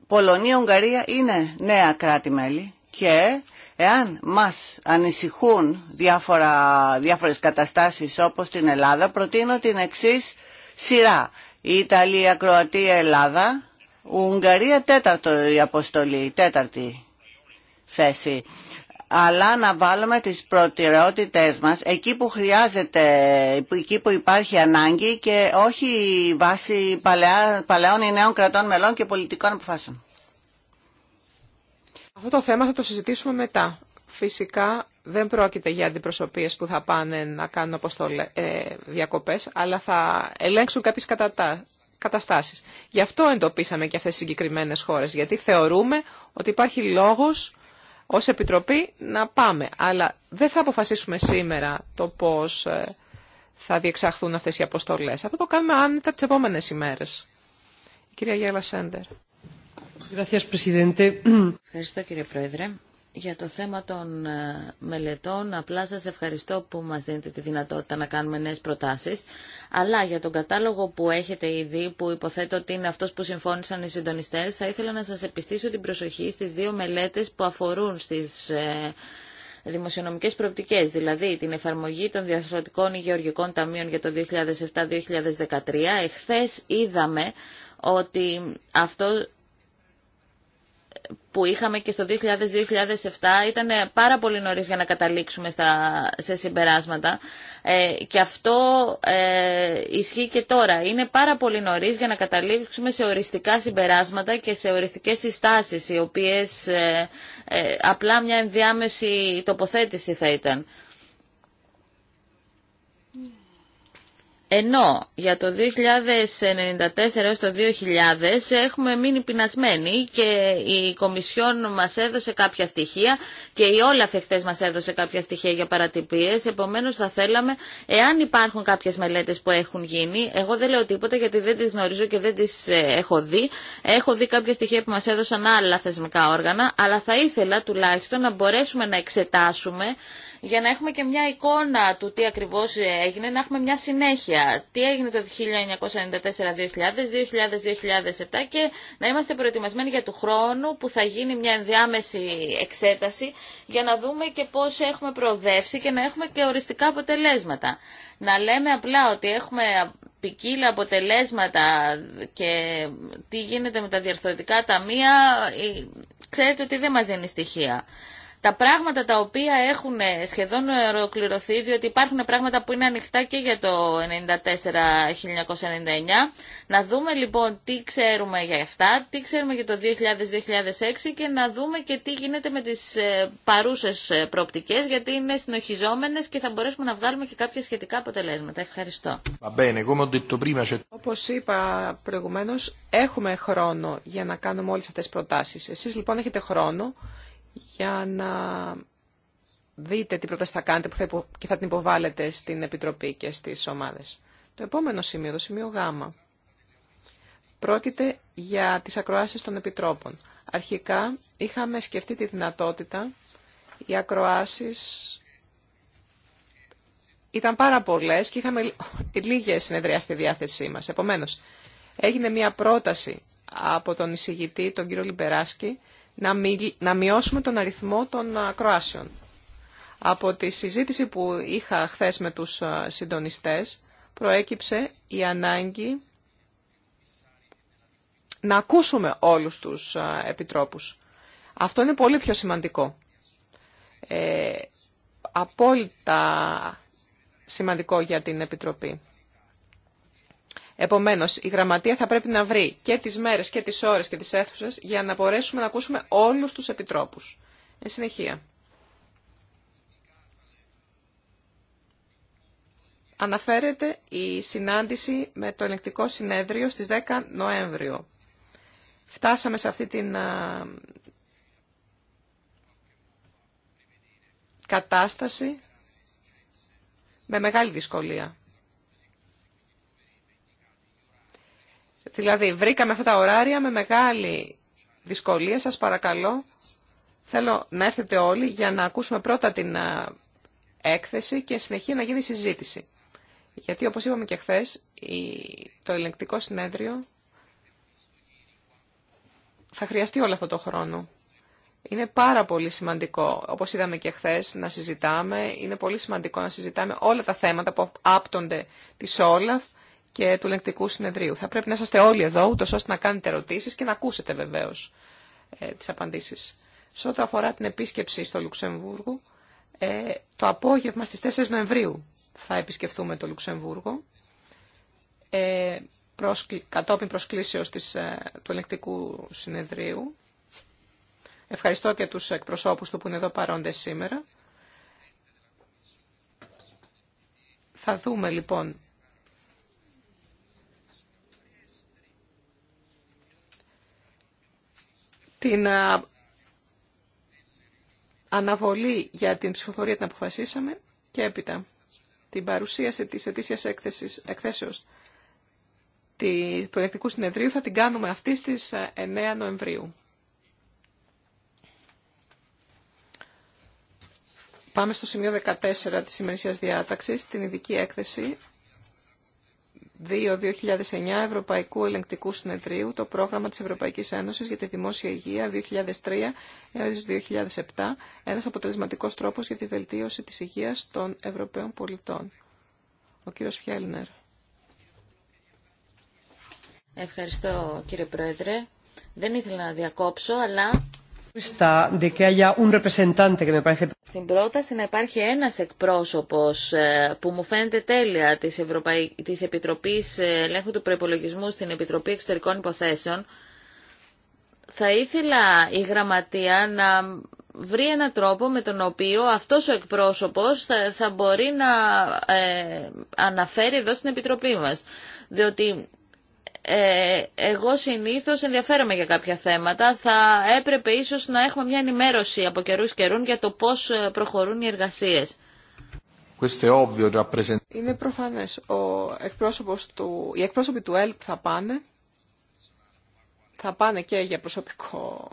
Πολωνία, Ουγγαρία είναι νέα κράτη-μέλη και εάν μας ανησυχούν διάφορα, διάφορες καταστάσεις όπως την Ελλάδα, προτείνω την εξής σειρά. Η Ιταλία, Κροατία, Ελλάδα, Ουγγαρία τέταρτο η αποστολή, τέταρτη θέση αλλά να βάλουμε τις προτεραιότητές μας εκεί που χρειάζεται, εκεί που υπάρχει ανάγκη και όχι βάσει παλαιών ή νέων κρατών μελών και πολιτικών αποφάσεων. Αυτό το θέμα θα το συζητήσουμε μετά. Φυσικά δεν πρόκειται για αντιπροσωπείες που θα πάνε να κάνουν αποστολε, ε, διακοπές, αλλά θα ελέγξουν κάποιες κατατά, καταστάσεις. Γι' αυτό εντοπίσαμε και αυτές τις συγκεκριμένες χώρες, γιατί θεωρούμε ότι υπάρχει λόγος ως Επιτροπή να πάμε. Αλλά δεν θα αποφασίσουμε σήμερα το πώς ε, θα διεξαχθούν αυτές οι αποστολές. Αυτό το κάνουμε άνετα τις επόμενες ημέρες. Η κυρία Γέλα Σέντερ. Ευχαριστώ κύριε Πρόεδρε για το θέμα των ε, μελετών. Απλά σας ευχαριστώ που μας δίνετε τη δυνατότητα να κάνουμε νέες προτάσεις. Αλλά για τον κατάλογο που έχετε ήδη, που υποθέτω ότι είναι αυτός που συμφώνησαν οι συντονιστές, θα ήθελα να σας επιστήσω την προσοχή στις δύο μελέτες που αφορούν στις ε, δημοσιονομικές προοπτικές, δηλαδή την εφαρμογή των διαφορετικών υγειοργικών ταμείων για το 2007-2013. Εχθές είδαμε ότι αυτό που είχαμε και στο 2000-2007 ήταν πάρα πολύ νωρίς για να καταλήξουμε στα, σε συμπεράσματα ε, και αυτό ε, ισχύει και τώρα. Είναι πάρα πολύ νωρίς για να καταλήξουμε σε οριστικά συμπεράσματα και σε οριστικές συστάσεις οι οποίες ε, ε, απλά μια ενδιάμεση τοποθέτηση θα ήταν. Ενώ για το 2094 έως το 2000 έχουμε μείνει πεινασμένοι και η Κομισιόν μας έδωσε κάποια στοιχεία και η όλα εχθές μας έδωσε κάποια στοιχεία για παρατυπίες. Επομένως θα θέλαμε, εάν υπάρχουν κάποιες μελέτες που έχουν γίνει, εγώ δεν λέω τίποτα γιατί δεν τις γνωρίζω και δεν τις ε, έχω δει. Έχω δει κάποια στοιχεία που μας έδωσαν άλλα θεσμικά όργανα, αλλά θα ήθελα τουλάχιστον να μπορέσουμε να εξετάσουμε για να έχουμε και μια εικόνα του τι ακριβώς έγινε, να έχουμε μια συνέχεια. Τι έγινε το 1994-2000, 2000-2007 και να είμαστε προετοιμασμένοι για του χρόνου που θα γίνει μια ενδιάμεση εξέταση για να δούμε και πώς έχουμε προοδεύσει και να έχουμε και οριστικά αποτελέσματα. Να λέμε απλά ότι έχουμε ποικίλα αποτελέσματα και τι γίνεται με τα διαρθρωτικά ταμεία, ε, ξέρετε ότι δεν μας δίνει στοιχεία τα πράγματα τα οποία έχουν ε, σχεδόν ε, ολοκληρωθεί, διότι υπάρχουν πράγματα που είναι ανοιχτά και για το 1994 1999 Να δούμε λοιπόν τι ξέρουμε για αυτά, τι ξέρουμε για το 2000-2006 και να δούμε και τι γίνεται με τις ε, παρούσες προοπτικές, γιατί είναι συνοχιζόμενες και θα μπορέσουμε να βγάλουμε και κάποια σχετικά αποτελέσματα. Ευχαριστώ. Όπως είπα προηγουμένως, έχουμε χρόνο για να κάνουμε όλες αυτές τις προτάσεις. Εσείς λοιπόν έχετε χρόνο για να δείτε τι πρόταση θα κάνετε που θα και θα την υποβάλλετε στην Επιτροπή και στις ομάδες. Το επόμενο σημείο, το σημείο Γ, πρόκειται για τις ακροάσεις των Επιτρόπων. Αρχικά είχαμε σκεφτεί τη δυνατότητα οι ακροάσεις ήταν πάρα πολλέ και είχαμε <laughs> λίγες συνεδριά στη διάθεσή μας. Επομένως, έγινε μια πρόταση από τον εισηγητή, τον κύριο Λιμπεράσκη, να μειώσουμε τον αριθμό των ακροάσεων. Από τη συζήτηση που είχα χθες με τους συντονιστές προέκυψε η ανάγκη να ακούσουμε όλους τους επιτρόπους. Αυτό είναι πολύ πιο σημαντικό. Ε, απόλυτα σημαντικό για την Επιτροπή. Επομένω, η Γραμματεία θα πρέπει να βρει και τι μέρε και τι ώρε και τι αίθουσε για να μπορέσουμε να ακούσουμε όλου του επιτρόπου. Εν συνεχεία. Αναφέρεται η συνάντηση με το Ελεκτικό συνέδριο στις 10 Νοέμβριο. Φτάσαμε σε αυτή την κατάσταση με μεγάλη δυσκολία. Δηλαδή, βρήκαμε αυτά τα ωράρια με μεγάλη δυσκολία. Σας παρακαλώ, θέλω να έρθετε όλοι για να ακούσουμε πρώτα την ε, έκθεση και συνεχεία να γίνει συζήτηση. Γιατί, όπως είπαμε και χθε, το ελεγκτικό συνέδριο θα χρειαστεί όλο αυτό το χρόνο. Είναι πάρα πολύ σημαντικό, όπως είδαμε και χθε να συζητάμε, είναι πολύ σημαντικό να συζητάμε όλα τα θέματα που άπτονται τη Όλαφ, και του ελεγκτικού συνεδρίου. Θα πρέπει να είσαστε όλοι εδώ, ούτως ώστε να κάνετε ερωτήσεις και να ακούσετε βεβαίως ε, τις απαντήσεις. Σε ό,τι αφορά την επίσκεψη στο Λουξεμβούργο, ε, το απόγευμα στις 4 Νοεμβρίου θα επισκεφθούμε το Λουξεμβούργο. Ε, κατόπιν προσκλήσεως ε, του ελεγκτικού συνεδρίου. Ευχαριστώ και τους εκπροσώπους του που είναι εδώ παρόντες σήμερα. Θα δούμε λοιπόν Την αναβολή για την ψηφοφορία την αποφασίσαμε και έπειτα την παρουσίαση της ετήσιας έκθεσης, εκθέσεως του Ελεκτικού Συνεδρίου θα την κάνουμε αυτή στις 9 Νοεμβρίου. Πάμε στο σημείο 14 της σημερινής διάταξης, την ειδική έκθεση 2-2009 Ευρωπαϊκού Ελεγκτικού Συνεδρίου το πρόγραμμα της Ευρωπαϊκής Ένωσης για τη Δημόσια Υγεία 2003 έως 2007, ένας αποτελεσματικός τρόπος για τη βελτίωση της υγείας των Ευρωπαίων πολιτών. Ο κύριος Φιέλνερ. Ευχαριστώ κύριε Πρόεδρε. Δεν ήθελα να διακόψω, αλλά στην πρόταση να υπάρχει ένας εκπρόσωπος ε, που μου φαίνεται τέλεια της, Ευρωπαϊ... της Επιτροπής ε, Ελέγχου του Προϋπολογισμού στην Επιτροπή Εξωτερικών Υποθέσεων, θα ήθελα η Γραμματεία να βρει έναν τρόπο με τον οποίο αυτός ο εκπρόσωπος θα, θα μπορεί να ε, αναφέρει εδώ στην Επιτροπή μας. Διότι ε, εγώ συνήθως ενδιαφέρομαι για κάποια θέματα. Θα έπρεπε ίσως να έχουμε μια ενημέρωση από καιρούς καιρούν για το πώς ε, προχωρούν οι εργασίες. Είναι προφανές. οι εκπρόσωποι του ΕΛΚ θα πάνε. Θα πάνε και για προσωπικό...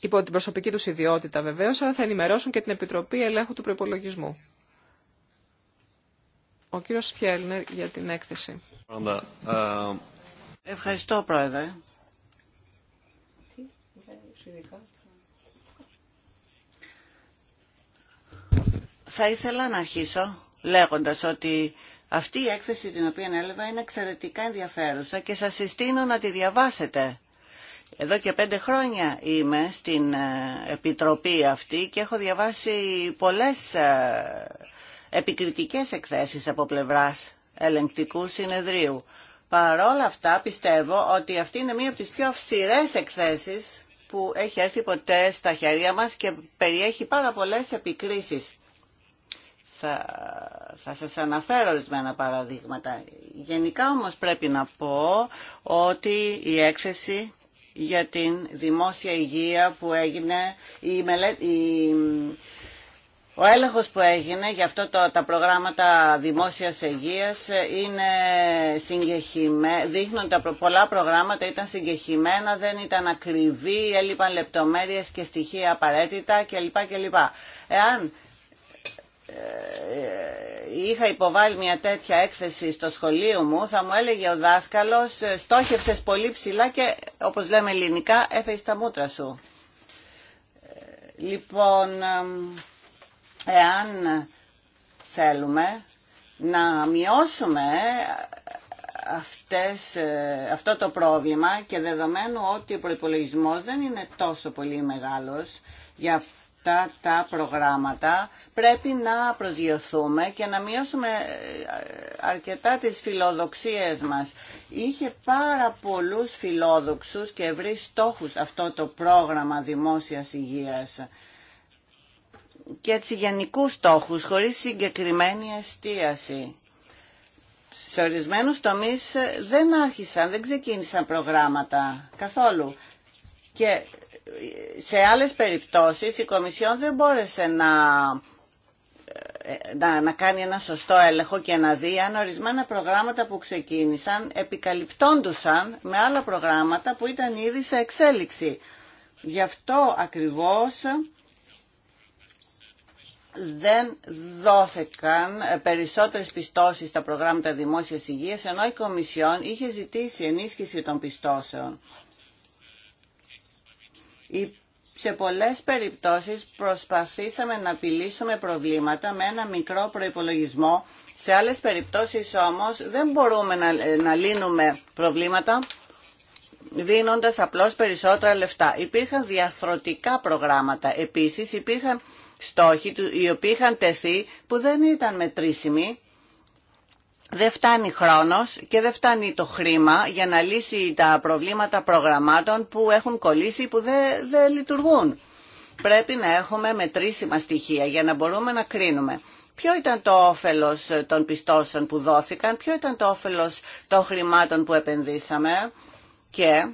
Υπό την προσωπική τους ιδιότητα βεβαίως, αλλά θα ενημερώσουν και την Επιτροπή Ελέγχου του Προϋπολογισμού. Ο κύριος Φιέλνερ για την έκθεση. Ε, Ευχαριστώ, Πρόεδρε. Θα ήθελα να αρχίσω λέγοντας ότι αυτή η έκθεση την οποία έλεγα είναι εξαιρετικά ενδιαφέρουσα και σας συστήνω να τη διαβάσετε. Εδώ και πέντε χρόνια είμαι στην ε, Επιτροπή αυτή και έχω διαβάσει πολλές ε, επικριτικές εκθέσεις από πλευράς ελεγκτικού συνεδρίου. Παρόλα αυτά πιστεύω ότι αυτή είναι μία από τις πιο αυστηρές εκθέσεις που έχει έρθει ποτέ στα χέρια μας και περιέχει πάρα πολλές επικρίσεις. Θα, σας αναφέρω ορισμένα παραδείγματα. Γενικά όμως πρέπει να πω ότι η έκθεση για την δημόσια υγεία που έγινε η, μελέτη, ο έλεγχος που έγινε για αυτό το, τα προγράμματα δημόσιας υγείας είναι συγκεχημένα, δείχνουν τα πολλά προγράμματα ήταν συγκεχημένα, δεν ήταν ακριβή, έλειπαν λεπτομέρειες και στοιχεία απαραίτητα κλπ. κλπ. Εάν ε, είχα υποβάλει μια τέτοια έκθεση στο σχολείο μου, θα μου έλεγε ο δάσκαλος «Στόχευσες πολύ ψηλά και, όπως λέμε ελληνικά, έφευγε τα μούτρα σου». Ε, λοιπόν, εάν θέλουμε να μειώσουμε αυτές, ε, αυτό το πρόβλημα και δεδομένου ότι ο προπολογισμό δεν είναι τόσο πολύ μεγάλος για αυτά τα προγράμματα πρέπει να προσγειωθούμε και να μειώσουμε ε, αρκετά τις φιλοδοξίες μας. Είχε πάρα πολλούς φιλόδοξους και ευρύ στόχους αυτό το πρόγραμμα δημόσιας υγείας και έτσι γενικού στόχους χωρίς συγκεκριμένη εστίαση. Σε ορισμένου τομεί ε, δεν άρχισαν, δεν ξεκίνησαν προγράμματα καθόλου. Και ε, σε άλλες περιπτώσεις η Κομισιόν δεν μπόρεσε να, ε, να, να κάνει ένα σωστό έλεγχο και να δει αν ορισμένα προγράμματα που ξεκίνησαν επικαλυπτόντουσαν με άλλα προγράμματα που ήταν ήδη σε εξέλιξη. Γι' αυτό ακριβώς δεν δόθηκαν περισσότερες πιστώσεις στα προγράμματα δημόσιας υγείας, ενώ η Κομισιόν είχε ζητήσει ενίσχυση των πιστώσεων. Σε πολλές περιπτώσεις προσπαθήσαμε να απειλήσουμε προβλήματα με ένα μικρό προϋπολογισμό. Σε άλλες περιπτώσεις όμως δεν μπορούμε να, να λύνουμε προβλήματα δίνοντας απλώς περισσότερα λεφτά. Υπήρχαν διαθρωτικά προγράμματα. Επίσης υπήρχαν στόχοι οι οποίοι είχαν τεθεί που δεν ήταν μετρήσιμοι. Δεν φτάνει χρόνος και δεν φτάνει το χρήμα για να λύσει τα προβλήματα προγραμμάτων που έχουν κολλήσει που δεν, δεν λειτουργούν. Πρέπει να έχουμε μετρήσιμα στοιχεία για να μπορούμε να κρίνουμε. Ποιο ήταν το όφελος των πιστώσεων που δόθηκαν, ποιο ήταν το όφελος των χρημάτων που επενδύσαμε και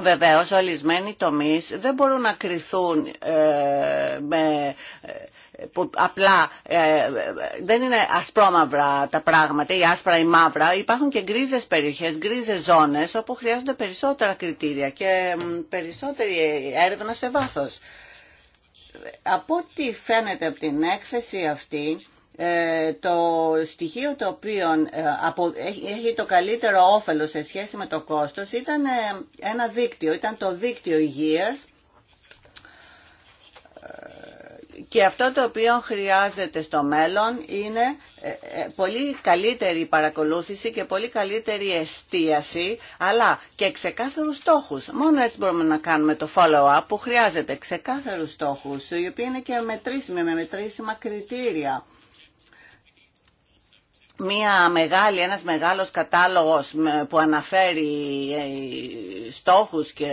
Βεβαίως, ορισμένοι τομεί δεν μπορούν να κρυθούν ε, με, ε, απλά ε, δεν είναι ασπρόμαυρα τα πράγματα ή άσπρα ή μαύρα. Υπάρχουν και γκρίζες περιοχές, γκρίζες ζώνες όπου χρειάζονται περισσότερα κριτήρια και περισσότερη έρευνα σε βάθος. Από ό,τι φαίνεται από την έκθεση αυτή, ε, το στοιχείο το οποίο ε, έχει το καλύτερο όφελος σε σχέση με το κόστος ήταν ε, ένα δίκτυο, ήταν το δίκτυο υγείας και αυτό το οποίο χρειάζεται στο μέλλον είναι πολύ καλύτερη παρακολούθηση και πολύ καλύτερη εστίαση, αλλά και ξεκάθαρους στόχους. Μόνο έτσι μπορούμε να κάνουμε το follow-up που χρειάζεται, ξεκάθαρους στόχους, οι οποίοι είναι και μετρήσιμοι, με μετρήσιμα κριτήρια μια μεγάλη, ένας μεγάλος κατάλογος που αναφέρει ε, στόχους και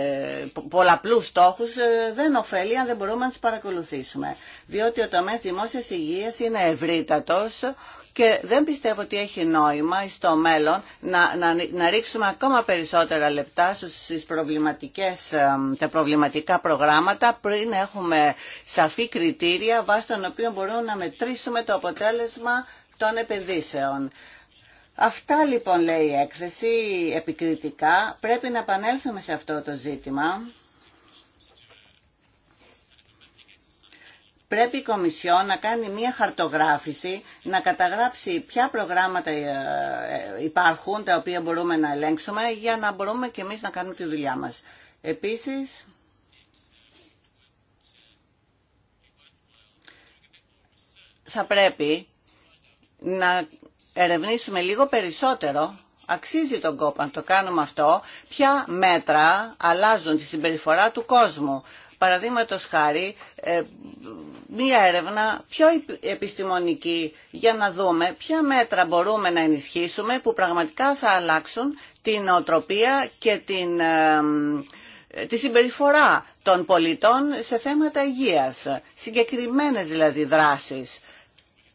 πολλαπλούς στόχους ε, δεν ωφέλει αν δεν μπορούμε να τους παρακολουθήσουμε. Διότι ο τομέας δημόσιας υγείας είναι ευρύτατος και δεν πιστεύω ότι έχει νόημα στο μέλλον να, να, να ρίξουμε ακόμα περισσότερα λεπτά στις προβληματικές, ε, τα προβληματικά προγράμματα πριν έχουμε σαφή κριτήρια βάσει των οποίων μπορούμε να μετρήσουμε το αποτέλεσμα των επενδύσεων. Αυτά λοιπόν λέει η έκθεση επικριτικά. Πρέπει να επανέλθουμε σε αυτό το ζήτημα. Πρέπει η Κομισιόν να κάνει μία χαρτογράφηση, να καταγράψει ποια προγράμματα ε, ε, υπάρχουν, τα οποία μπορούμε να ελέγξουμε, για να μπορούμε και εμείς να κάνουμε τη δουλειά μας. Επίσης, θα πρέπει να ερευνήσουμε λίγο περισσότερο Αξίζει τον κόπο να το κάνουμε αυτό. Ποια μέτρα αλλάζουν τη συμπεριφορά του κόσμου. Παραδείγματο χάρη, ε, μία έρευνα πιο επιστημονική για να δούμε ποια μέτρα μπορούμε να ενισχύσουμε που πραγματικά θα αλλάξουν την οτροπία και την, ε, ε, τη συμπεριφορά των πολιτών σε θέματα υγείας. Συγκεκριμένες δηλαδή δράσεις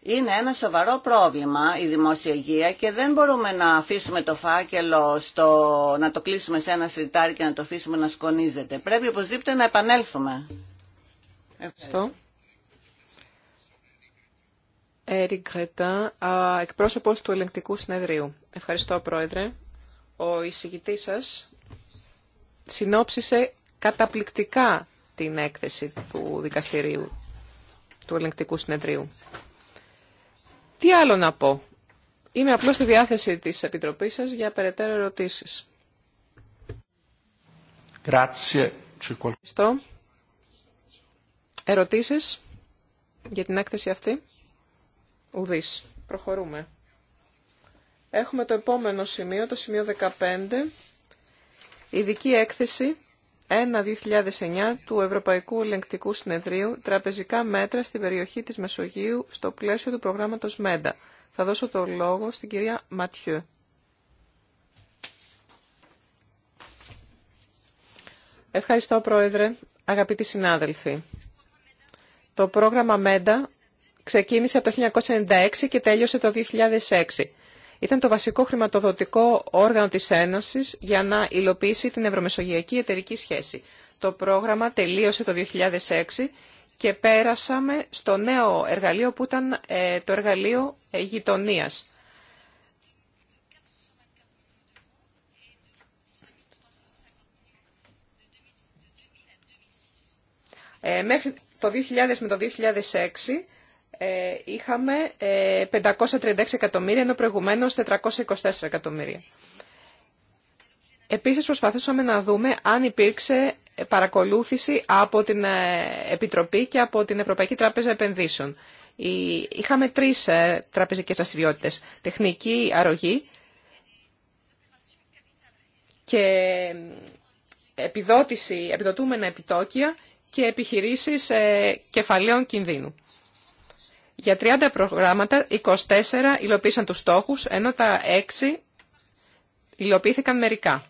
είναι ένα σοβαρό πρόβλημα η δημόσια υγεία και δεν μπορούμε να αφήσουμε το φάκελο, στο, να το κλείσουμε σε ένα σιρτάρι και να το αφήσουμε να σκονίζεται. Πρέπει οπωσδήποτε να επανέλθουμε. Ευχαριστώ. Ερικ Γκρετά, εκπρόσωπος του Ελεγκτικού Συνεδρίου. Ευχαριστώ, Πρόεδρε. Ο εισηγητής σας συνόψισε καταπληκτικά την έκθεση του δικαστηρίου του Ελεγκτικού Συνεδρίου. Τι άλλο να πω. Είμαι απλώς στη διάθεση της Επιτροπής σας για περαιτέρω ερωτήσεις. Ευχαριστώ. Ερωτήσεις για την έκθεση αυτή. Ουδής. Προχωρούμε. Έχουμε το επόμενο σημείο, το σημείο 15. Ειδική έκθεση 1-2009 του Ευρωπαϊκού Ελεγκτικού Συνεδρίου τραπεζικά μέτρα στην περιοχή της Μεσογείου στο πλαίσιο του προγράμματος ΜΕΝΤΑ. Θα δώσω το λόγο στην κυρία Ματιού. Ευχαριστώ, Πρόεδρε. Αγαπητοί συνάδελφοι, το πρόγραμμα ΜΕΝΤΑ ξεκίνησε το 1996 και τέλειωσε το 2006 ήταν το βασικό χρηματοδοτικό όργανο της Ένωσης για να υλοποιήσει την ευρωμεσογειακή εταιρική σχέση. Το πρόγραμμα τελείωσε το 2006 και πέρασαμε στο νέο εργαλείο που ήταν ε, το εργαλείο ε, γειτονίας. Ε, μέχρι το 2000 με το 2006 ε, είχαμε 536 ε, εκατομμύρια, ενώ προηγουμένως 424 εκατομμύρια. Επίσης προσπαθήσαμε να δούμε αν υπήρξε παρακολούθηση από την ε, Επιτροπή και από την Ευρωπαϊκή Τράπεζα Επενδύσεων. Είχαμε τρεις τραπεζικές δραστηριότητε. Τεχνική αρρωγή και επιδότηση, επιδοτούμενα επιτόκια και επιχειρήσεις κεφαλαίων κινδύνου. Για 30 προγράμματα, 24 υλοποίησαν τους στόχους, ενώ τα 6 υλοποιήθηκαν μερικά.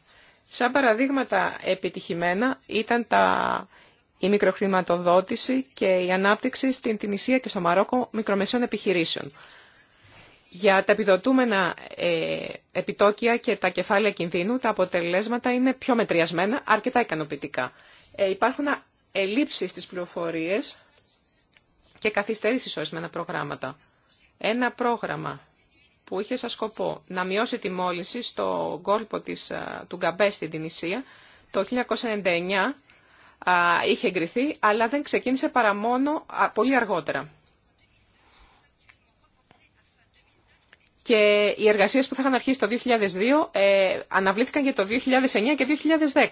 Σαν παραδείγματα επιτυχημένα ήταν τα... η μικροχρηματοδότηση και η ανάπτυξη στην Τινησία και στο Μαρόκο μικρομεσαίων επιχειρήσεων. Για τα επιδοτούμενα ε, επιτόκια και τα κεφάλαια κινδύνου, τα αποτελέσματα είναι πιο μετριασμένα, αρκετά ικανοποιητικά. Ε, υπάρχουν ελλείψεις στις πληροφορίες και καθυστερήσει ορισμένα προγράμματα. Ένα πρόγραμμα που είχε σαν σκοπό να μειώσει τη μόλυνση στο κόλπο της, του Γκαμπέ στην Τινησία το 1999 είχε εγκριθεί, αλλά δεν ξεκίνησε παρά μόνο πολύ αργότερα. και οι εργασίες που θα είχαν αρχίσει το 2002 ε, αναβλήθηκαν για το 2009 και 2010.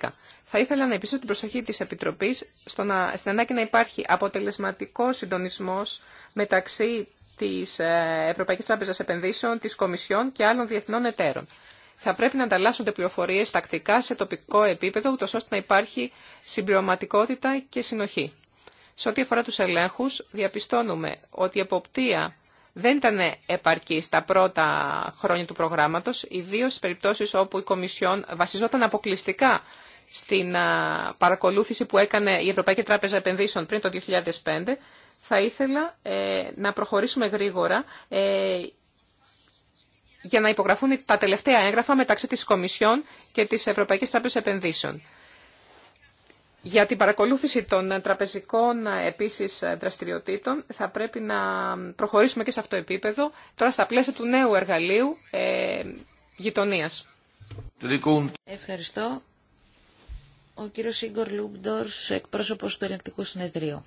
Θα ήθελα να επίσης την προσοχή της Επιτροπής στο να, στην ανάγκη να υπάρχει αποτελεσματικό συντονισμός μεταξύ της ε, Ευρωπαϊκής Τράπεζας Επενδύσεων, της Κομισιόν και άλλων διεθνών εταίρων. Θα πρέπει να ανταλλάσσονται πληροφορίες τακτικά σε τοπικό επίπεδο, ούτως ώστε να υπάρχει συμπληρωματικότητα και συνοχή. Σε ό,τι αφορά τους ελέγχους, διαπιστώνουμε ότι η εποπτεία δεν ήταν επαρκή στα πρώτα χρόνια του προγράμματος, ιδίω στις περιπτώσεις όπου η Κομισιόν βασιζόταν αποκλειστικά στην παρακολούθηση που έκανε η Ευρωπαϊκή Τράπεζα Επενδύσεων πριν το 2005, θα ήθελα ε, να προχωρήσουμε γρήγορα ε, για να υπογραφούν τα τελευταία έγγραφα μεταξύ της Κομισιόν και της Ευρωπαϊκής Τράπεζας Επενδύσεων. Για την παρακολούθηση των τραπεζικών επίσης δραστηριοτήτων θα πρέπει να προχωρήσουμε και σε αυτό το επίπεδο, τώρα στα πλαίσια του νέου εργαλείου ε, γειτονίας. Ευχαριστώ. Ο κύριος Ίγκορ Λούμπντορς, εκπρόσωπος του Ελεκτικού Συνεδρίου.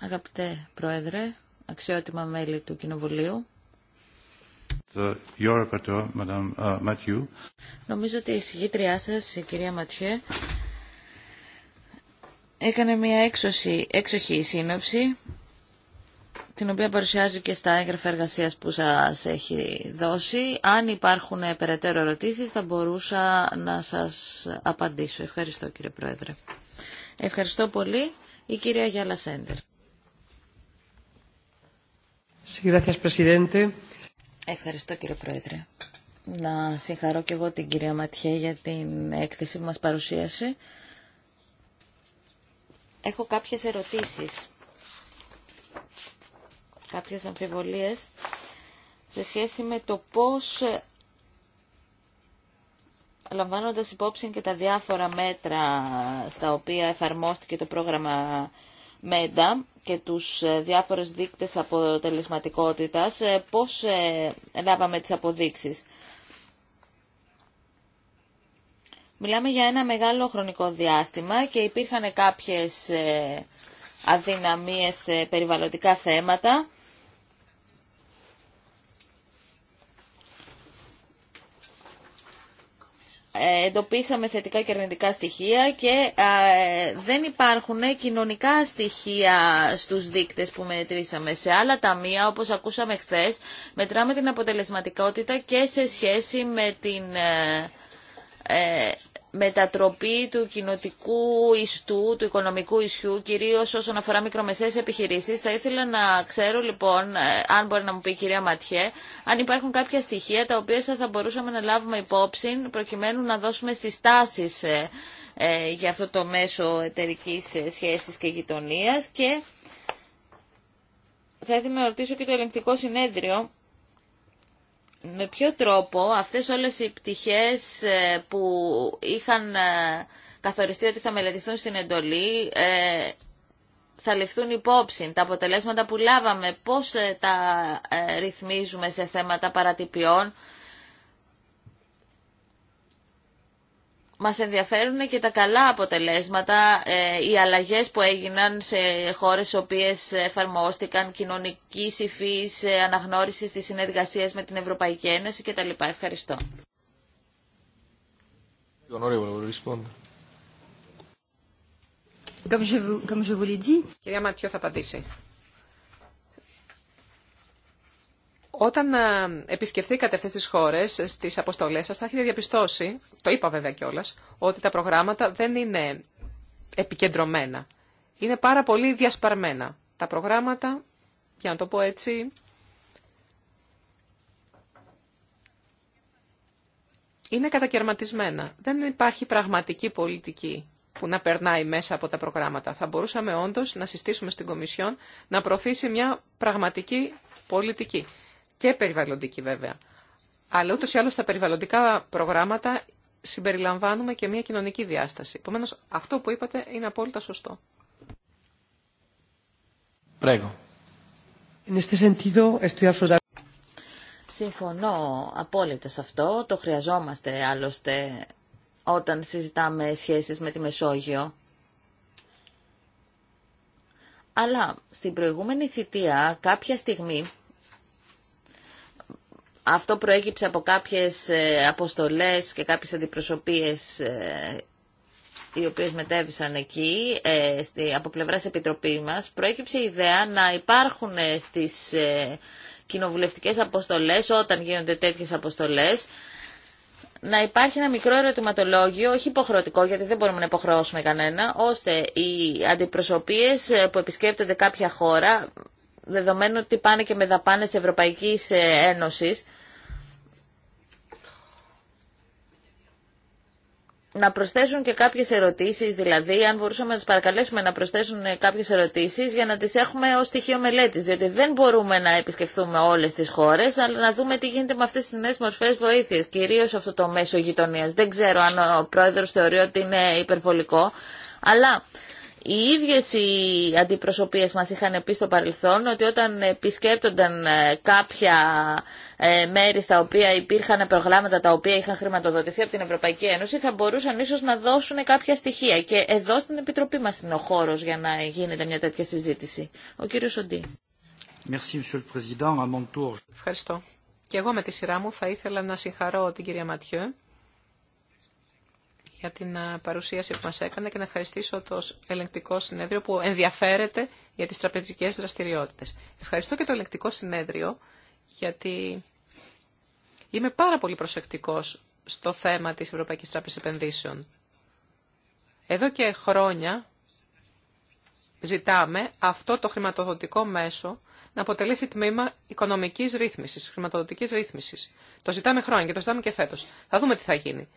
Αγαπητέ Πρόεδρε, αξιότιμα μέλη του Κοινοβουλίου, Uh, Νομίζω ότι η συγγήτριά σα, η κυρία Ματιέ, έκανε μια έξωση, έξοχη σύνοψη, την οποία παρουσιάζει και στα έγγραφα εργασίας που σας έχει δώσει. Αν υπάρχουν περαιτέρω ερωτήσεις θα μπορούσα να σας απαντήσω. Ευχαριστώ κύριε Πρόεδρε. Ευχαριστώ πολύ. Η κυρία Γιάλα Σέντερ. Sí, gracias, Ευχαριστώ κύριε Πρόεδρε. Να συγχαρώ και εγώ την κυρία Ματιέ για την έκθεση που μας παρουσίασε. Έχω κάποιες ερωτήσεις, κάποιες αμφιβολίες σε σχέση με το πώς λαμβάνοντας υπόψη και τα διάφορα μέτρα στα οποία εφαρμόστηκε το πρόγραμμα ΜΕΝΤΑ και τους ε, διάφορες δείκτες αποτελεσματικότητας, ε, πώς ε, λάβαμε τις αποδείξεις. Μιλάμε για ένα μεγάλο χρονικό διάστημα και υπήρχαν κάποιες αδυναμίες περιβαλλοντικά θέματα εντοπίσαμε θετικά και αρνητικά στοιχεία και δεν υπάρχουν κοινωνικά στοιχεία στους δείκτες που μετρήσαμε. Σε άλλα ταμεία, όπως ακούσαμε χθες, μετράμε την αποτελεσματικότητα και σε σχέση με την ε, ε, μετατροπή του κοινοτικού ιστού, του οικονομικού ισιού, κυρίως όσον αφορά μικρομεσαίες επιχειρήσεις. Θα ήθελα να ξέρω λοιπόν, ε, αν μπορεί να μου πει η κυρία Ματιέ, αν υπάρχουν κάποια στοιχεία τα οποία θα μπορούσαμε να λάβουμε υπόψη, προκειμένου να δώσουμε συστάσεις ε, ε, για αυτό το μέσο εταιρικής σχέσης και γειτονίας και θα ήθελα να ρωτήσω και το ελεγκτικό συνέδριο με ποιο τρόπο αυτές όλες οι πτυχές ε, που είχαν ε, καθοριστεί ότι θα μελετηθούν στην εντολή ε, θα ληφθούν υπόψη. Τα αποτελέσματα που λάβαμε, πώς τα ρυθμίζουμε σε θέματα παρατυπιών, μας ενδιαφέρουν και τα καλά αποτελέσματα, ε, οι αλλαγές που έγιναν σε χώρες οι οποίες εφαρμόστηκαν κοινωνική υφή, ε, αναγνώριση της συνεργασίας με την Ευρωπαϊκή Ένωση κτλ. Ευχαριστώ. Κυρία Ματιό θα απαντήσει. Όταν ε, επισκεφθήκατε αυτές τις χώρες ε, στις αποστολές σας, θα έχετε διαπιστώσει, το είπα βέβαια κιόλα, ότι τα προγράμματα δεν είναι επικεντρωμένα. Είναι πάρα πολύ διασπαρμένα. Τα προγράμματα, για να το πω έτσι, είναι κατακαιρματισμένα. Δεν υπάρχει πραγματική πολιτική που να περνάει μέσα από τα προγράμματα. Θα μπορούσαμε όντως να συστήσουμε στην Κομισιόν να προωθήσει μια πραγματική πολιτική και περιβαλλοντική βέβαια. Αλλά ούτως ή άλλως τα περιβαλλοντικά προγράμματα συμπεριλαμβάνουμε και μια κοινωνική διάσταση. Επομένως, αυτό που είπατε είναι απόλυτα σωστό. Συμφωνώ απόλυτα σε αυτό. Το χρειαζόμαστε άλλωστε όταν συζητάμε σχέσεις με τη Μεσόγειο. Αλλά στην προηγούμενη θητεία κάποια στιγμή αυτό προέκυψε από κάποιες ε, αποστολές και κάποιες αντιπροσωπείες ε, οι οποίες μετέβησαν εκεί ε, από πλευράς Επιτροπή μας. Προέκυψε η ιδέα να υπάρχουν στις κοινοβουλευτικές αποστολές, όταν γίνονται τέτοιες αποστολές, να υπάρχει ένα μικρό ερωτηματολόγιο, όχι υποχρεωτικό γιατί δεν μπορούμε να υποχρεώσουμε κανένα, ώστε οι αντιπροσωπείες που επισκέπτονται κάποια χώρα, δεδομένου ότι πάνε και με δαπάνες Ευρωπαϊκής Ένωσης, να προσθέσουν και κάποιες ερωτήσεις, δηλαδή αν μπορούσαμε να τις παρακαλέσουμε να προσθέσουν ε, κάποιες ερωτήσεις για να τις έχουμε ως στοιχείο μελέτης, διότι δεν μπορούμε να επισκεφθούμε όλες τις χώρες, αλλά να δούμε τι γίνεται με αυτές τις νέες μορφές βοήθειας, κυρίως αυτό το μέσο γειτονίας. Δεν ξέρω αν ο πρόεδρος θεωρεί ότι είναι υπερβολικό, αλλά οι ίδιες οι αντιπροσωπείες μας είχαν πει στο παρελθόν ότι όταν επισκέπτονταν ε, κάποια ε, μέρη στα οποία υπήρχαν προγράμματα τα οποία είχαν χρηματοδοτηθεί από την Ευρωπαϊκή Ένωση θα μπορούσαν ίσως να δώσουν κάποια στοιχεία και εδώ στην Επιτροπή μας είναι ο χώρος για να γίνεται μια τέτοια συζήτηση. Ο κύριος Σοντή. Ευχαριστώ. Και εγώ με τη σειρά μου θα ήθελα να συγχαρώ την κυρία Ματιέ για την παρουσίαση που μας έκανε και να ευχαριστήσω το ελεγκτικό συνέδριο που ενδιαφέρεται για τις τραπεζικές δραστηριότητες. Ευχαριστώ και το ελεγκτικό συνέδριο γιατί είμαι πάρα πολύ προσεκτικός στο θέμα της Ευρωπαϊκής Τράπεζας Επενδύσεων. Εδώ και χρόνια ζητάμε αυτό το χρηματοδοτικό μέσο να αποτελέσει τμήμα οικονομικής ρύθμισης, χρηματοδοτικής ρύθμισης. Το ζητάμε χρόνια και το ζητάμε και φέτος. Θα δούμε τι θα γίνει.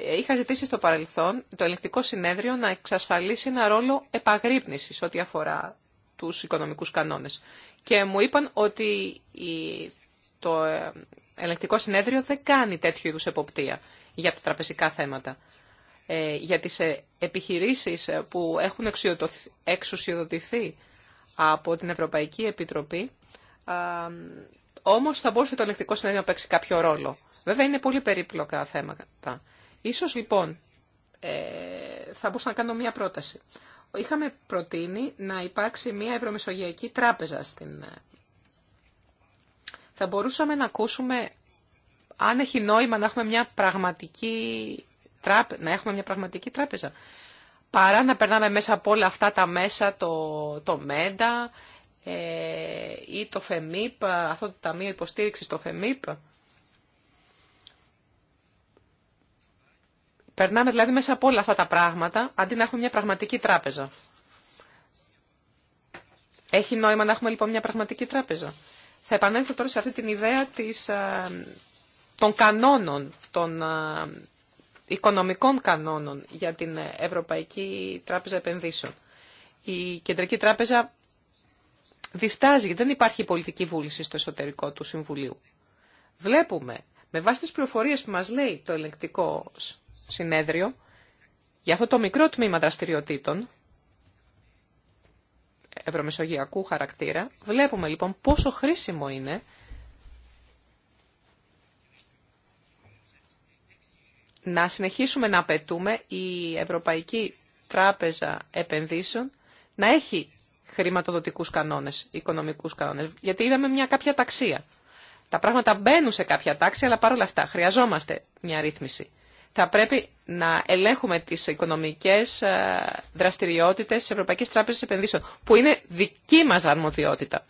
Είχα ζητήσει στο παρελθόν το ελεκτικό συνέδριο να εξασφαλίσει ένα ρόλο επαγρύπνησης ό,τι αφορά τους οικονομικούς κανόνες. Και μου είπαν ότι το ε, ελεκτικό συνέδριο δεν κάνει τέτοιου είδους εποπτεία για τα τραπεζικά θέματα. Ε, για τις ε, επιχειρήσεις που έχουν εξουσιοδοτηθεί από την Ευρωπαϊκή Επιτροπή, όμως θα μπορούσε το ελεκτικό συνέδριο να παίξει κάποιο ρόλο. Βέβαια είναι πολύ περίπλοκα θέματα. Ίσως λοιπόν ε, θα μπορούσα να κάνω μια πρόταση. Είχαμε προτείνει να υπάρξει μια ευρωμεσογειακή τράπεζα στην... Ε, θα μπορούσαμε να ακούσουμε αν έχει νόημα να έχουμε μια πραγματική, τράπε... να έχουμε μια πραγματική τράπεζα. Παρά να περνάμε μέσα από όλα αυτά τα μέσα, το, το ΜΕΝΤΑ ε, ή το ΦΕΜΙΠ, αυτό το Ταμείο Υποστήριξης, το ΦΕΜΙΠ, Περνάμε δηλαδή μέσα από όλα αυτά τα πράγματα, αντί να έχουμε μια πραγματική τράπεζα. Έχει νόημα να έχουμε λοιπόν μια πραγματική τράπεζα. Θα επανέλθω τώρα σε αυτή την ιδέα της, ε, των κανόνων, των ε, οικονομικών κανόνων για την Ευρωπαϊκή Τράπεζα Επενδύσεων. Η Κεντρική Τράπεζα διστάζει, δεν υπάρχει πολιτική βούληση στο εσωτερικό του Συμβουλίου. Βλέπουμε, με βάση τις πληροφορίες που μας λέει το ελεγκτικό συνέδριο για αυτό το μικρό τμήμα δραστηριοτήτων ευρωμεσογειακού χαρακτήρα. Βλέπουμε λοιπόν πόσο χρήσιμο είναι να συνεχίσουμε να απαιτούμε η Ευρωπαϊκή Τράπεζα Επενδύσεων να έχει χρηματοδοτικούς κανόνες, οικονομικούς κανόνες, γιατί είδαμε μια κάποια ταξία. Τα πράγματα μπαίνουν σε κάποια τάξη, αλλά παρόλα αυτά χρειαζόμαστε μια ρύθμιση θα πρέπει να ελέγχουμε τις οικονομικές ε, δραστηριότητες της Ευρωπαϊκής Τράπεζας Επενδύσεων, που είναι δική μας αρμοδιότητα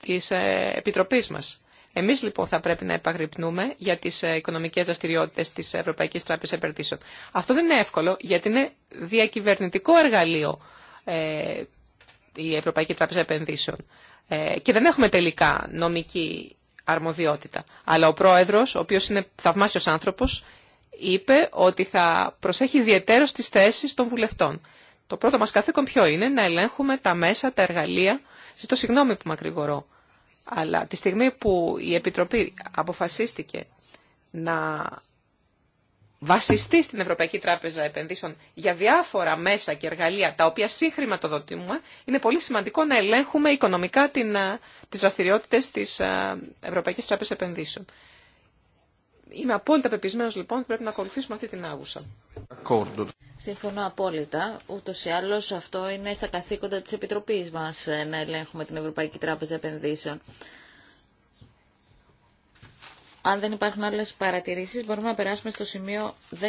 της ε, Επιτροπής μας. Εμείς λοιπόν θα πρέπει να επαγρυπνούμε για τις ε, οικονομικές δραστηριότητες της Ευρωπαϊκής Τράπεζας Επενδύσεων. Αυτό δεν είναι εύκολο γιατί είναι διακυβερνητικό εργαλείο η Ευρωπαϊκή Τράπεζα Επενδύσεων. και δεν έχουμε τελικά νομική αρμοδιότητα. Αλλά ο πρόεδρος, ο οποίος είναι θαυμάσιος άνθρωπος, είπε ότι θα προσέχει ιδιαίτερο τις θέσεις των βουλευτών. Το πρώτο μας καθήκον ποιο είναι, να ελέγχουμε τα μέσα, τα εργαλεία. Ζητώ συγγνώμη που μακρηγορώ. Αλλά τη στιγμή που η Επιτροπή αποφασίστηκε να βασιστεί στην Ευρωπαϊκή Τράπεζα Επενδύσεων για διάφορα μέσα και εργαλεία τα οποία συγχρηματοδοτούμε, είναι πολύ σημαντικό να ελέγχουμε οικονομικά την, ε, τις δραστηριότητες της ε, Ευρωπαϊκής Τράπεζας Επενδύσεων. Είμαι απόλυτα πεπισμένος λοιπόν ότι πρέπει να ακολουθήσουμε αυτή την άγουσα. Συμφωνώ απόλυτα. Ούτω ή άλλω αυτό είναι στα καθήκοντα τη Επιτροπή μα ε, να ελέγχουμε την Ευρωπαϊκή Τράπεζα Επενδύσεων. Αν δεν υπάρχουν άλλες παρατηρήσεις, μπορούμε να περάσουμε στο σημείο 16.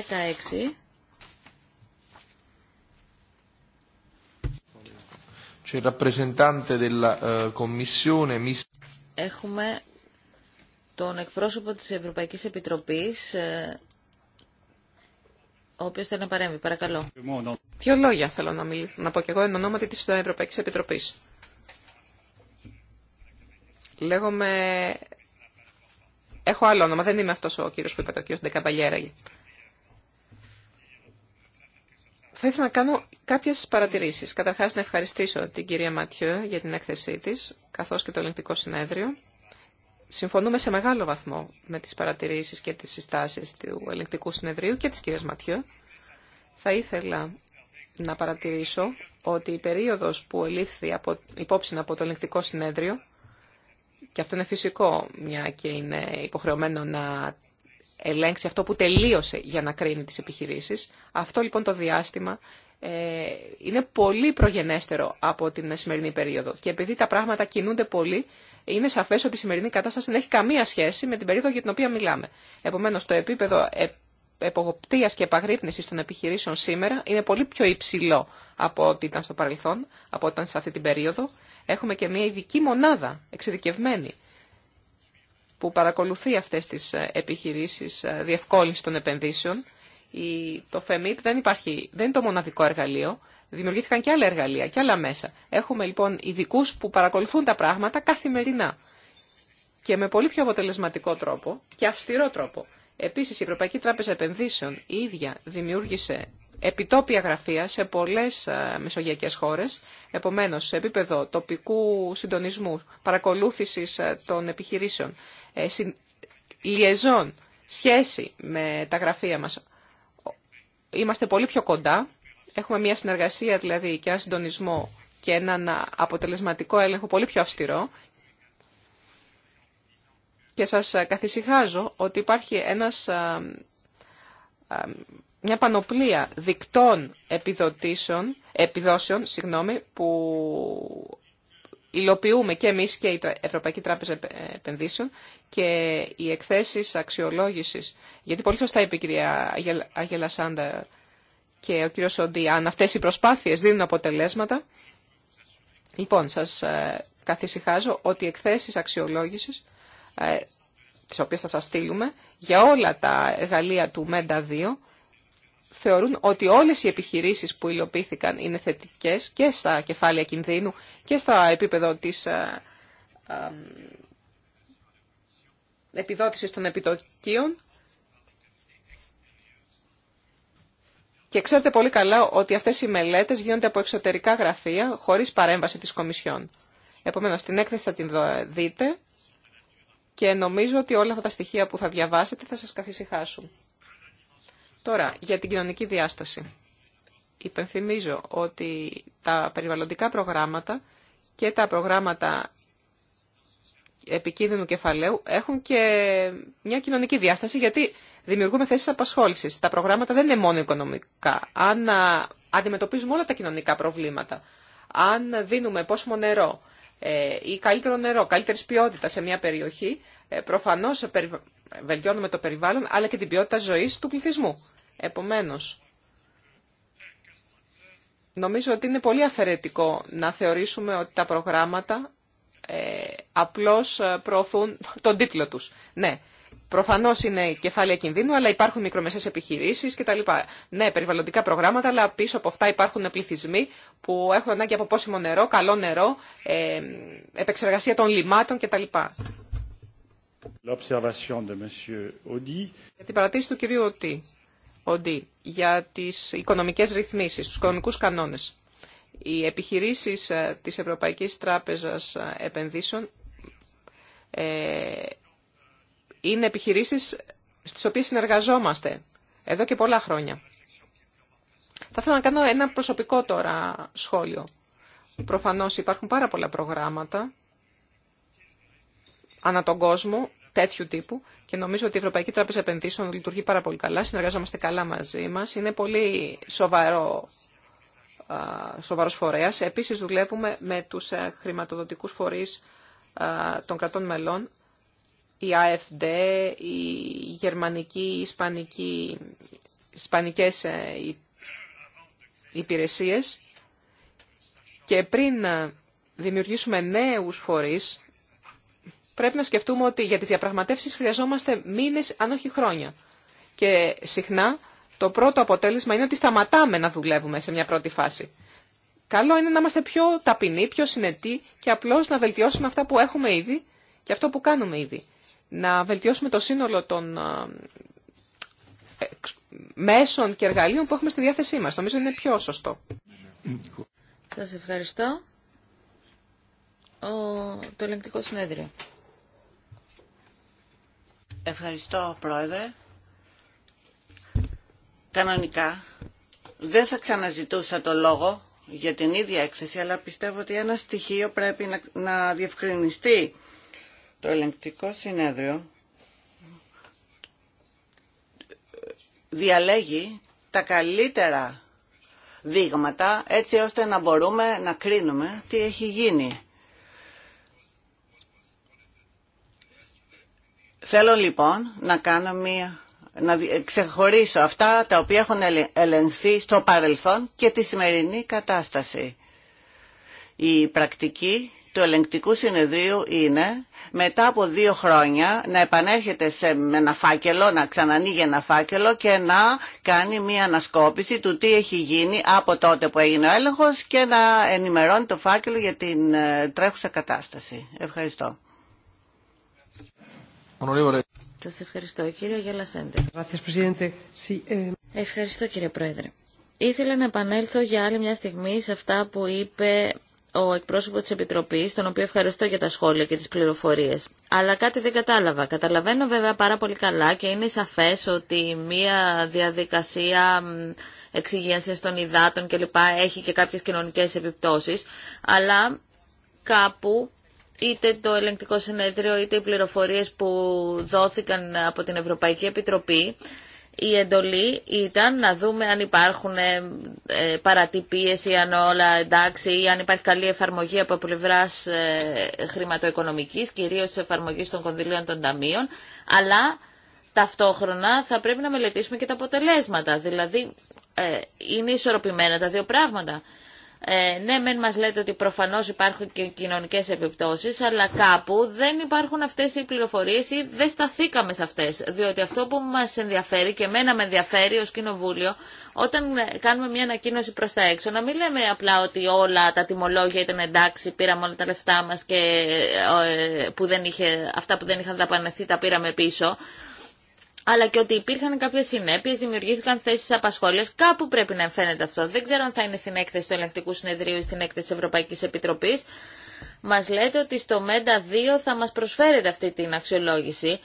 Eh, Έχουμε τον εκπρόσωπο της Ευρωπαϊκής Επιτροπής, ε, ο οποίος θέλει να παρέμβει. Παρακαλώ. Δύο λόγια θέλω να, μιλ... να πω και εγώ εν ονόματι της Ευρωπαϊκής Επιτροπής. Λέγομαι Έχω άλλο όνομα, δεν είμαι αυτός ο κύριος που είπατε, ο κύριος Ντεκαμπαγιέρα. Θα ήθελα να κάνω κάποιες παρατηρήσεις. Καταρχάς να ευχαριστήσω την κυρία Ματιό για την έκθεσή της, καθώς και το ελεγκτικό συνέδριο. Συμφωνούμε σε μεγάλο βαθμό με τις παρατηρήσεις και τις συστάσεις του ελληνικού συνεδρίου και της κυρίας Ματιό. Θα ήθελα να παρατηρήσω ότι η περίοδος που ελήφθη υπόψη από το ελεγκτικό συνέδριο και αυτό είναι φυσικό, μια και είναι υποχρεωμένο να ελέγξει αυτό που τελείωσε για να κρίνει τις επιχειρήσεις. Αυτό λοιπόν το διάστημα ε, είναι πολύ προγενέστερο από την σημερινή περίοδο. Και επειδή τα πράγματα κινούνται πολύ, είναι σαφές ότι η σημερινή κατάσταση δεν έχει καμία σχέση με την περίοδο για την οποία μιλάμε. Επομένω, το επίπεδο Εποχοπτίας και επαγρύπνησης των επιχειρήσεων σήμερα είναι πολύ πιο υψηλό από ό,τι ήταν στο παρελθόν, από ό,τι ήταν σε αυτή την περίοδο. Έχουμε και μια ειδική μονάδα εξειδικευμένη που παρακολουθεί αυτές τις ε, επιχειρήσεις ε, διευκόλυνση των επενδύσεων. Το FEMIP δεν, υπάρχει, δεν είναι το μοναδικό εργαλείο. Δημιουργήθηκαν και άλλα εργαλεία και άλλα μέσα. Έχουμε λοιπόν ειδικού που παρακολουθούν τα πράγματα καθημερινά και με πολύ πιο αποτελεσματικό τρόπο και αυστηρό τρόπο. Επίσης, η Ευρωπαϊκή Τράπεζα Επενδύσεων η ίδια δημιούργησε επιτόπια γραφεία σε πολλές ε, μεσογειακές χώρες, επομένως σε επίπεδο τοπικού συντονισμού, παρακολούθησης ε, των επιχειρήσεων, ε, λιεζών, σχέση με τα γραφεία μας. Είμαστε πολύ πιο κοντά, έχουμε μια συνεργασία δηλαδή και ένα συντονισμό και έναν αποτελεσματικό έλεγχο πολύ πιο αυστηρό και σας καθησυχάζω ότι υπάρχει ένας, μια πανοπλία δικτών επιδοτήσεων, επιδόσεων συγγνώμη, που υλοποιούμε και εμείς και η Ευρωπαϊκή Τράπεζα Επενδύσεων και οι εκθέσεις αξιολόγησης. Γιατί πολύ σωστά είπε η κυρία Αγέλα και ο κύριος Σοντή, αν αυτές οι προσπάθειες δίνουν αποτελέσματα, λοιπόν, σας ε, καθησυχάζω ότι οι εκθέσεις αξιολόγησης ε, τις οποίες θα σας στείλουμε, για όλα τα εργαλεία του ΜΕΝΤΑ 2, θεωρούν ότι όλες οι επιχειρήσεις που υλοποιήθηκαν είναι θετικές και στα κεφάλαια κινδύνου και στα επίπεδο της ε, ε, επιδότησης των επιτοκίων. Και ξέρετε πολύ καλά ότι αυτές οι μελέτες γίνονται από εξωτερικά γραφεία χωρίς παρέμβαση της Κομισιόν. Επομένως, την έκθεση θα την δείτε και νομίζω ότι όλα αυτά τα στοιχεία που θα διαβάσετε θα σας καθησυχάσουν. Τώρα, για την κοινωνική διάσταση. Υπενθυμίζω ότι τα περιβαλλοντικά προγράμματα και τα προγράμματα επικίνδυνου κεφαλαίου έχουν και μια κοινωνική διάσταση γιατί δημιουργούμε θέσεις απασχόλησης. Τα προγράμματα δεν είναι μόνο οικονομικά. Αν αντιμετωπίζουμε όλα τα κοινωνικά προβλήματα, αν δίνουμε πόσιμο νερό ε, ή καλύτερο νερό, καλύτερης ποιότητα σε μια περιοχή, ε, προφανώς ε, βελτιώνουμε το περιβάλλον, αλλά και την ποιότητα ζωής του πληθυσμού. Επομένως, νομίζω ότι είναι πολύ αφαιρετικό να θεωρήσουμε ότι τα προγράμματα ε, απλώς ε, προωθούν τον τίτλο τους. Ναι, προφανώς είναι κεφάλαια κινδύνου, αλλά υπάρχουν μικρομεσαίες επιχειρήσεις και τα λοιπά. Ναι, περιβαλλοντικά προγράμματα, αλλά πίσω από αυτά υπάρχουν πληθυσμοί που έχουν ανάγκη από πόσιμο νερό, καλό νερό, ε, επεξεργασία των λιμάτων κτλ. Για την παρατήρηση του κυρίου Οντί, για τις οικονομικές ρυθμίσεις, τους οικονομικούς κανόνες. Οι επιχειρήσεις ε, της Ευρωπαϊκής Τράπεζας ε, Επενδύσεων ε, είναι επιχειρήσεις στις οποίες συνεργαζόμαστε εδώ και πολλά χρόνια. Θα ήθελα να κάνω ένα προσωπικό τώρα σχόλιο. Προφανώς υπάρχουν πάρα πολλά προγράμματα ανά τον κόσμο τέτοιου τύπου και νομίζω ότι η Ευρωπαϊκή Τράπεζα Επενδύσεων λειτουργεί πάρα πολύ καλά, συνεργαζόμαστε καλά μαζί μας, είναι πολύ σοβαρό σοβαρός φορέας. Επίσης δουλεύουμε με τους ε, χρηματοδοτικούς φορείς των κρατών μελών, η ΑΕΦΔ, η γερμανική, η ισπανική, ισπανικές ε, υπηρεσίες και πριν ε, δημιουργήσουμε νέους φορείς πρέπει να σκεφτούμε ότι για τις διαπραγματεύσεις χρειαζόμαστε μήνες αν όχι χρόνια. Και συχνά το πρώτο αποτέλεσμα είναι ότι σταματάμε να δουλεύουμε σε μια πρώτη φάση. Καλό είναι να είμαστε πιο ταπεινοί, πιο συνετοί και απλώς να βελτιώσουμε αυτά που έχουμε ήδη και αυτό που κάνουμε ήδη. Να βελτιώσουμε το σύνολο των μέσων και εργαλείων που έχουμε στη διάθεσή μας. Νομίζω είναι πιο σωστό. Σας ευχαριστώ. Ο... Το ελεγκτικό συνέδριο. Ευχαριστώ, Πρόεδρε. Κανονικά, δεν θα ξαναζητούσα το λόγο για την ίδια έκθεση, αλλά πιστεύω ότι ένα στοιχείο πρέπει να, να διευκρινιστεί. Το ελεγκτικό συνέδριο διαλέγει τα καλύτερα δείγματα, έτσι ώστε να μπορούμε να κρίνουμε τι έχει γίνει. Θέλω λοιπόν να κάνω μία να ξεχωρίσω αυτά τα οποία έχουν ελεγχθεί στο παρελθόν και τη σημερινή κατάσταση. Η πρακτική του ελεγκτικού συνεδρίου είναι μετά από δύο χρόνια να επανέρχεται σε ένα φάκελο, να ξανανοίγει ένα φάκελο και να κάνει μία ανασκόπηση του τι έχει γίνει από τότε που έγινε ο έλεγχος και να ενημερώνει το φάκελο για την ε, τρέχουσα κατάσταση. Ευχαριστώ. Σα ευχαριστώ. Κύριε Γελασέντε. Eh, ευχαριστώ κύριε Πρόεδρε. Ήθελα να επανέλθω για άλλη μια στιγμή σε αυτά που είπε ο εκπρόσωπος της Επιτροπής, τον οποίο ευχαριστώ για τα σχόλια και τις πληροφορίες. Αλλά κάτι δεν κατάλαβα. Καταλαβαίνω βέβαια πάρα πολύ καλά και είναι σαφές ότι μια διαδικασία εξυγίανσης των υδάτων κλπ. έχει και κάποιε κοινωνικέ επιπτώσει, αλλά κάπου είτε το ελεγκτικό συνέδριο είτε οι πληροφορίες που δόθηκαν από την Ευρωπαϊκή Επιτροπή η εντολή ήταν να δούμε αν υπάρχουν ε, ε, παρατυπίες ή αν όλα εντάξει ή αν υπάρχει καλή εφαρμογή από πλευρά ε, χρηματοοικονομικής, κυρίως εφαρμογή των κονδυλίων των ταμείων, αλλά ταυτόχρονα θα πρέπει να μελετήσουμε και τα αποτελέσματα. Δηλαδή, είναι ισορροπημένα τα δύο πράγματα. Ε, ναι, μεν μας λέτε ότι προφανώς υπάρχουν και κοινωνικές επιπτώσεις, αλλά κάπου δεν υπάρχουν αυτές οι πληροφορίες ή δεν σταθήκαμε σε αυτές. Διότι αυτό που μας ενδιαφέρει και εμένα με ενδιαφέρει ως Κοινοβούλιο, όταν κάνουμε μια ανακοίνωση προς τα έξω, να μην λέμε απλά ότι όλα τα τιμολόγια ήταν εντάξει, πήραμε όλα τα λεφτά μας και ε, ε, που δεν είχε, αυτά που δεν είχαν δαπανεθεί τα πήραμε πίσω αλλά και ότι υπήρχαν κάποιε συνέπειε, δημιουργήθηκαν θέσεις απασχόλειας. Κάπου πρέπει να εμφαίνεται αυτό. Δεν ξέρω αν θα είναι στην έκθεση του Ελεκτικού Συνεδρίου ή στην έκθεση της Ευρωπαϊκής Επιτροπής. Μας λέτε ότι στο ΜΕΝΤΑ 2 θα μα προσφέρετε αυτή την αξιολόγηση,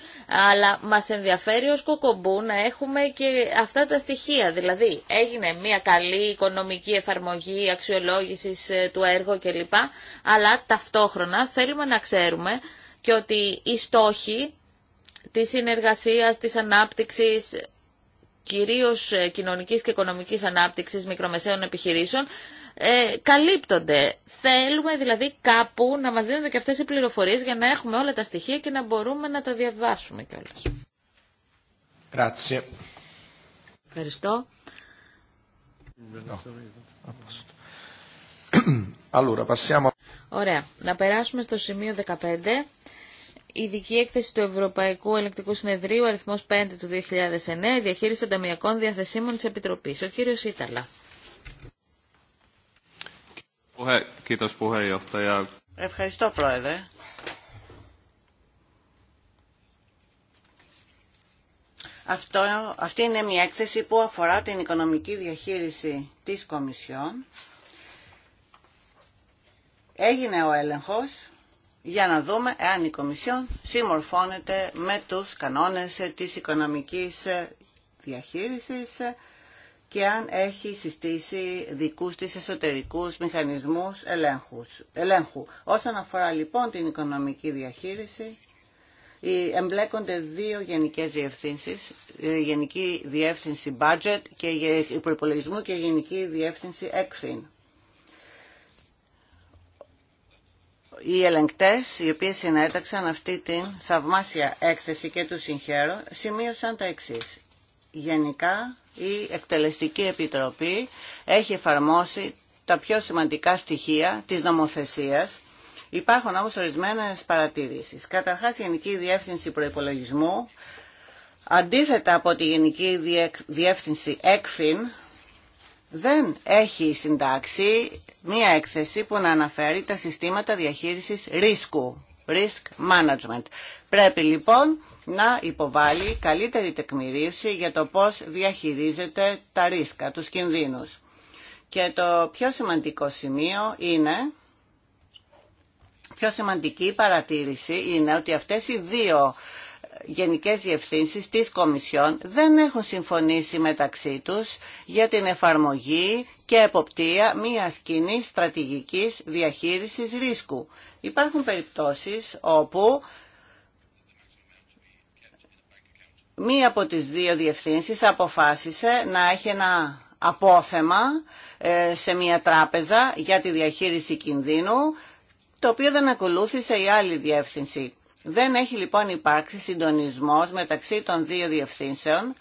αλλά μα ενδιαφέρει ω κοκομπού να έχουμε και αυτά τα στοιχεία. Δηλαδή, έγινε μια καλή οικονομική εφαρμογή αξιολόγηση ε, του έργου κλπ, αλλά ταυτόχρονα θέλουμε να ξέρουμε και ότι οι στόχοι της συνεργασίας, της ανάπτυξης, κυρίως ε, κοινωνικής και οικονομικής ανάπτυξης μικρομεσαίων επιχειρήσεων, ε, καλύπτονται. Θέλουμε δηλαδή κάπου να μας δίνονται και αυτές οι πληροφορίες για να έχουμε όλα τα στοιχεία και να μπορούμε να τα διαβάσουμε κιόλας. Grazie. Ευχαριστώ. Ωραία. Να περάσουμε στο σημείο 15 ειδική έκθεση του Ευρωπαϊκού Ελεκτικού Συνεδρίου, αριθμός 5 του 2009, διαχείριση των ταμιακών διαθεσίμων τη επιτροπή Ο κύριο Ήταλα. Ευχαριστώ, Πρόεδρε. Αυτό, αυτή είναι μια έκθεση που αφορά την οικονομική διαχείριση της Κομισιόν. Έγινε ο έλεγχος για να δούμε εάν η Κομισιόν συμμορφώνεται με τους κανόνες της οικονομικής διαχείρισης και αν έχει συστήσει δικούς της εσωτερικούς μηχανισμούς ελέγχου. Όσον αφορά λοιπόν την οικονομική διαχείριση, εμπλέκονται δύο γενικές διευθύνσεις, ε, Γενική Διεύθυνση Budget και Προϋπολογισμού και Γενική Διεύθυνση Exin. οι ελεγκτές οι οποίοι συνέταξαν αυτή την θαυμάσια έκθεση και του συγχαίρω σημείωσαν τα εξής. Γενικά η Εκτελεστική Επιτροπή έχει εφαρμόσει τα πιο σημαντικά στοιχεία της νομοθεσίας Υπάρχουν όμως ορισμένες παρατηρήσεις. Καταρχάς, η Γενική Διεύθυνση Προϋπολογισμού, αντίθετα από τη Γενική Διεύθυνση ΕΚΦΙΝ, δεν έχει συντάξει μία έκθεση που να αναφέρει τα συστήματα διαχείρισης ρίσκου, risk management. Πρέπει λοιπόν να υποβάλει καλύτερη τεκμηρίωση για το πώς διαχειρίζεται τα ρίσκα, τους κινδύνους. Και το πιο σημαντικό σημείο είναι, πιο σημαντική παρατήρηση είναι ότι αυτές οι δύο γενικές διευθύνσεις της Κομισιόν δεν έχουν συμφωνήσει μεταξύ τους για την εφαρμογή και εποπτεία μιας κοινή στρατηγικής διαχείρισης ρίσκου. Υπάρχουν περιπτώσεις όπου μία από τις δύο διευθύνσεις αποφάσισε να έχει ένα απόθεμα ε, σε μια τράπεζα για τη διαχείριση κινδύνου, το οποίο δεν ακολούθησε η άλλη διεύθυνση. Δεν έχει λοιπόν υπάρξει συντονισμός μεταξύ των δύο διευθύνσεων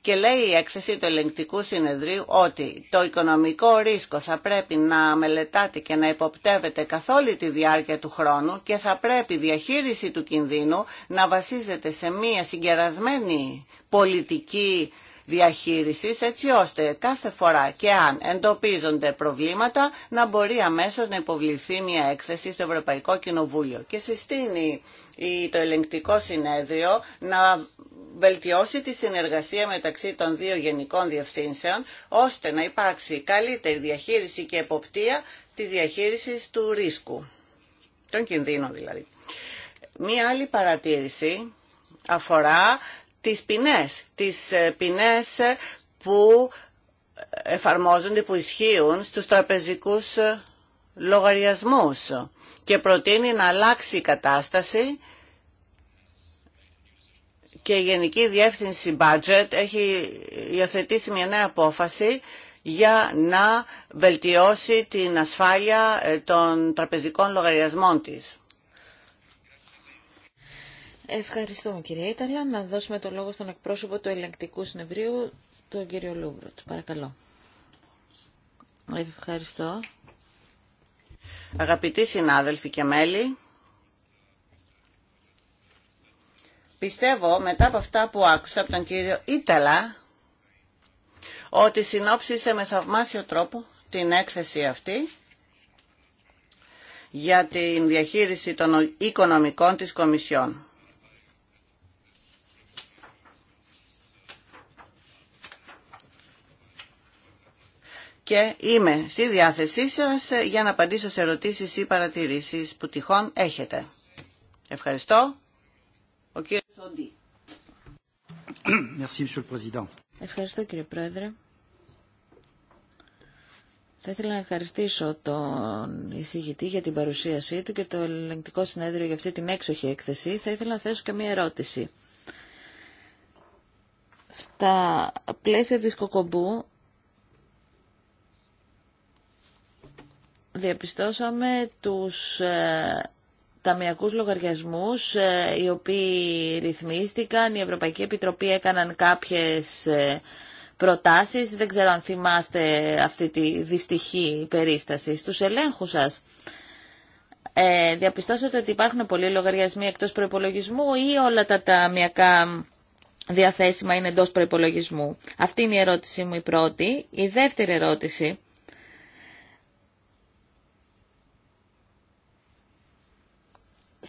και λέει η έκθεση του ελεγκτικού συνεδρίου ότι το οικονομικό ρίσκο θα πρέπει να μελετάται και να υποπτεύεται καθ' όλη τη διάρκεια του χρόνου και θα πρέπει η διαχείριση του κινδύνου να βασίζεται σε μία συγκερασμένη πολιτική διαχείρισης έτσι ώστε κάθε φορά και αν εντοπίζονται προβλήματα να μπορεί αμέσως να υποβληθεί μια έκθεση στο Ευρωπαϊκό Κοινοβούλιο και συστήνει το ελεγκτικό συνέδριο να βελτιώσει τη συνεργασία μεταξύ των δύο γενικών διευθύνσεων ώστε να υπάρξει καλύτερη διαχείριση και εποπτεία της διαχείρισης του ρίσκου, των κινδύνων δηλαδή. Μία άλλη παρατήρηση αφορά τις ποινές, τις ε, ποινές ε, που εφαρμόζονται, που ισχύουν στους τραπεζικούς ε, λογαριασμούς και προτείνει να αλλάξει η κατάσταση και η Γενική Διεύθυνση Budget έχει υιοθετήσει μια νέα απόφαση για να βελτιώσει την ασφάλεια των τραπεζικών λογαριασμών της. Ευχαριστώ κύριε Ήταλα. Να δώσουμε το λόγο στον εκπρόσωπο του ελεγκτικού συνεδρίου, τον κύριο Λούβροτ. Παρακαλώ. Ευχαριστώ. Αγαπητοί συνάδελφοι και μέλη, πιστεύω μετά από αυτά που άκουσα από τον κύριο Ήταλα, ότι συνόψισε με σαυμάσιο τρόπο την έκθεση αυτή για την διαχείριση των οικονομικών της Κομισιόν. και είμαι στη διάθεσή σας ε, για να απαντήσω σε ερωτήσεις ή παρατηρήσεις που τυχόν έχετε. Ευχαριστώ. Ο κύριος Ευχαριστώ κύριε Πρόεδρε. Θα ήθελα να ευχαριστήσω τον εισηγητή για την παρουσίασή του και το ελεγκτικό συνέδριο για αυτή την έξοχη έκθεση. Θα ήθελα να θέσω και μία ερώτηση. Στα πλαίσια της Κοκομπού διαπιστώσαμε τους ε, ταμιακούς λογαριασμούς ε, οι οποίοι ρυθμίστηκαν, η Ευρωπαϊκή Επιτροπή έκαναν κάποιες ε, προτάσεις, δεν ξέρω αν θυμάστε αυτή τη δυστυχή περίσταση, στους ελέγχους σας. Ε, διαπιστώσατε ότι υπάρχουν πολλοί λογαριασμοί εκτός προϋπολογισμού ή όλα τα ταμιακά διαθέσιμα είναι εντός προϋπολογισμού. Αυτή είναι η ερώτησή μου η πρώτη. Η δεύτερη ερώτηση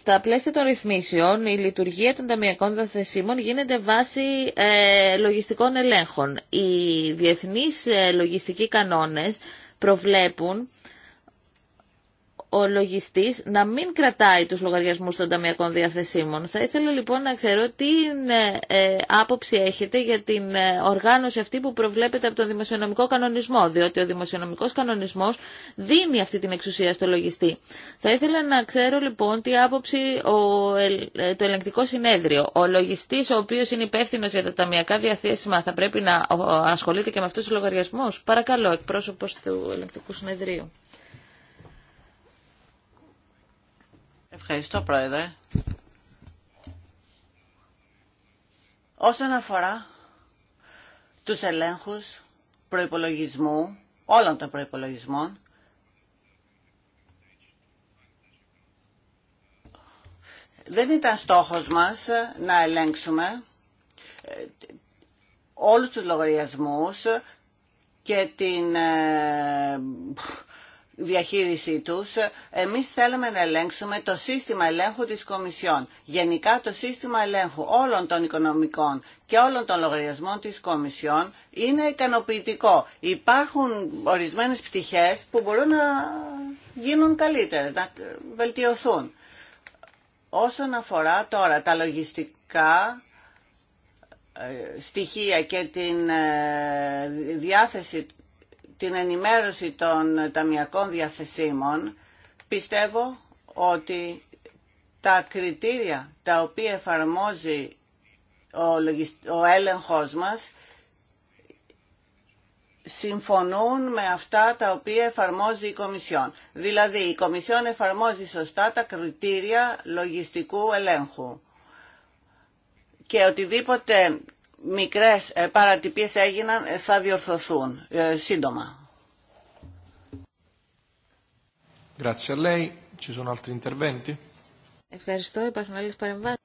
στα πλαίσια των ρυθμίσεων η λειτουργία των ταμιακών δαθεσίμων γίνεται βάση ε, λογιστικών ελέγχων. Οι διεθνείς ε, λογιστικοί κανόνες προβλέπουν ο λογιστής να μην κρατάει τους λογαριασμούς των ταμιακών διαθεσίμων. Θα ήθελα λοιπόν να ξέρω τι ε, ε, άποψη έχετε για την ε, οργάνωση αυτή που προβλέπεται από τον δημοσιονομικό κανονισμό, διότι ο δημοσιονομικός κανονισμός δίνει αυτή την εξουσία στο λογιστή. Θα ήθελα να ξέρω λοιπόν τι άποψη το ελεγκτικό συνέδριο. Ο λογιστής ο οποίος είναι υπεύθυνο για τα ταμιακά διαθέσιμα θα πρέπει να ασχολείται και με αυτούς τους λογαριασμούς. Παρακαλώ, εκπρόσωπο του ελεγκτικού συνεδρίου. Ευχαριστώ, Πρόεδρε. Όσον αφορά τους ελέγχους προϋπολογισμού, όλων των προϋπολογισμών, δεν ήταν στόχος μας να ελέγξουμε ε, όλους τους λογαριασμούς και την ε, διαχείρισή τους, εμείς θέλουμε να ελέγξουμε το σύστημα ελέγχου της Κομισιόν. Γενικά το σύστημα ελέγχου όλων των οικονομικών και όλων των λογαριασμών της Κομισιόν είναι ικανοποιητικό. Υπάρχουν ορισμένες πτυχές που μπορούν να γίνουν καλύτερες, να βελτιωθούν. Όσον αφορά τώρα τα λογιστικά ε, στοιχεία και την ε, διάθεση την ενημέρωση των ταμιακών διαθεσίμων, πιστεύω ότι τα κριτήρια τα οποία εφαρμόζει ο έλεγχος μας συμφωνούν με αυτά τα οποία εφαρμόζει η Κομισιόν. Δηλαδή, η Κομισιόν εφαρμόζει σωστά τα κριτήρια λογιστικού ελέγχου. Και οτιδήποτε μικρές ε, παρατυπίες έγιναν ε, θα διορθωθούν ε, σύντομα. Grazie a lei. Ci sono altri interventi? Ευχαριστώ. Υπάρχουν άλλες παρεμβάσεις.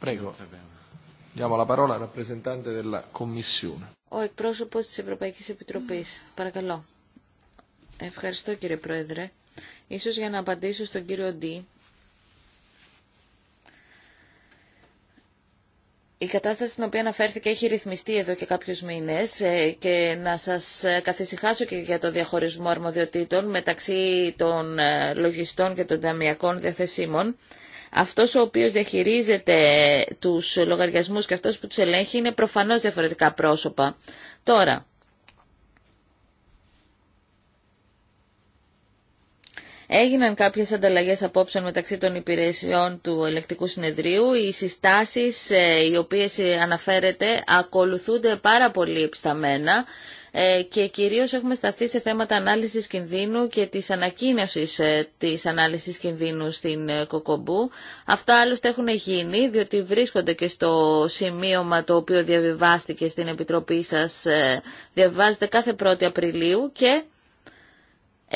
Prego. Diamo la parola al rappresentante della Commissione. Ο εκπρόσωπος της Ευρωπαϊκής Επιτροπής. Mm. Παρακαλώ. Ευχαριστώ κύριε Πρόεδρε. Ίσως για να απαντήσω στον κύριο Ντί Η κατάσταση στην οποία αναφέρθηκε έχει ρυθμιστεί εδώ και κάποιους μήνες ε, και να σας ε, καθησυχάσω και για το διαχωρισμό αρμοδιοτήτων μεταξύ των ε, λογιστών και των ταμιακών διαθεσίμων. Αυτός ο οποίος διαχειρίζεται τους λογαριασμούς και αυτός που τους ελέγχει είναι προφανώς διαφορετικά πρόσωπα. Τώρα, Έγιναν κάποιες ανταλλαγές απόψεων μεταξύ των υπηρεσιών του ελεκτικού συνεδρίου. Οι συστάσεις ε, οι οποίες ε, αναφέρεται ακολουθούνται πάρα πολύ επισταμένα ε, και κυρίως έχουμε σταθεί σε θέματα ανάλυσης κινδύνου και της ανακοίνωσης της ανάλυσης κινδύνου στην Κοκομπού. Αυτά άλλωστε έχουν γίνει, διότι βρίσκονται και στο σημείωμα το οποίο διαβιβάστηκε στην Επιτροπή σας, διαβιβάζεται κάθε 1η Απριλίου και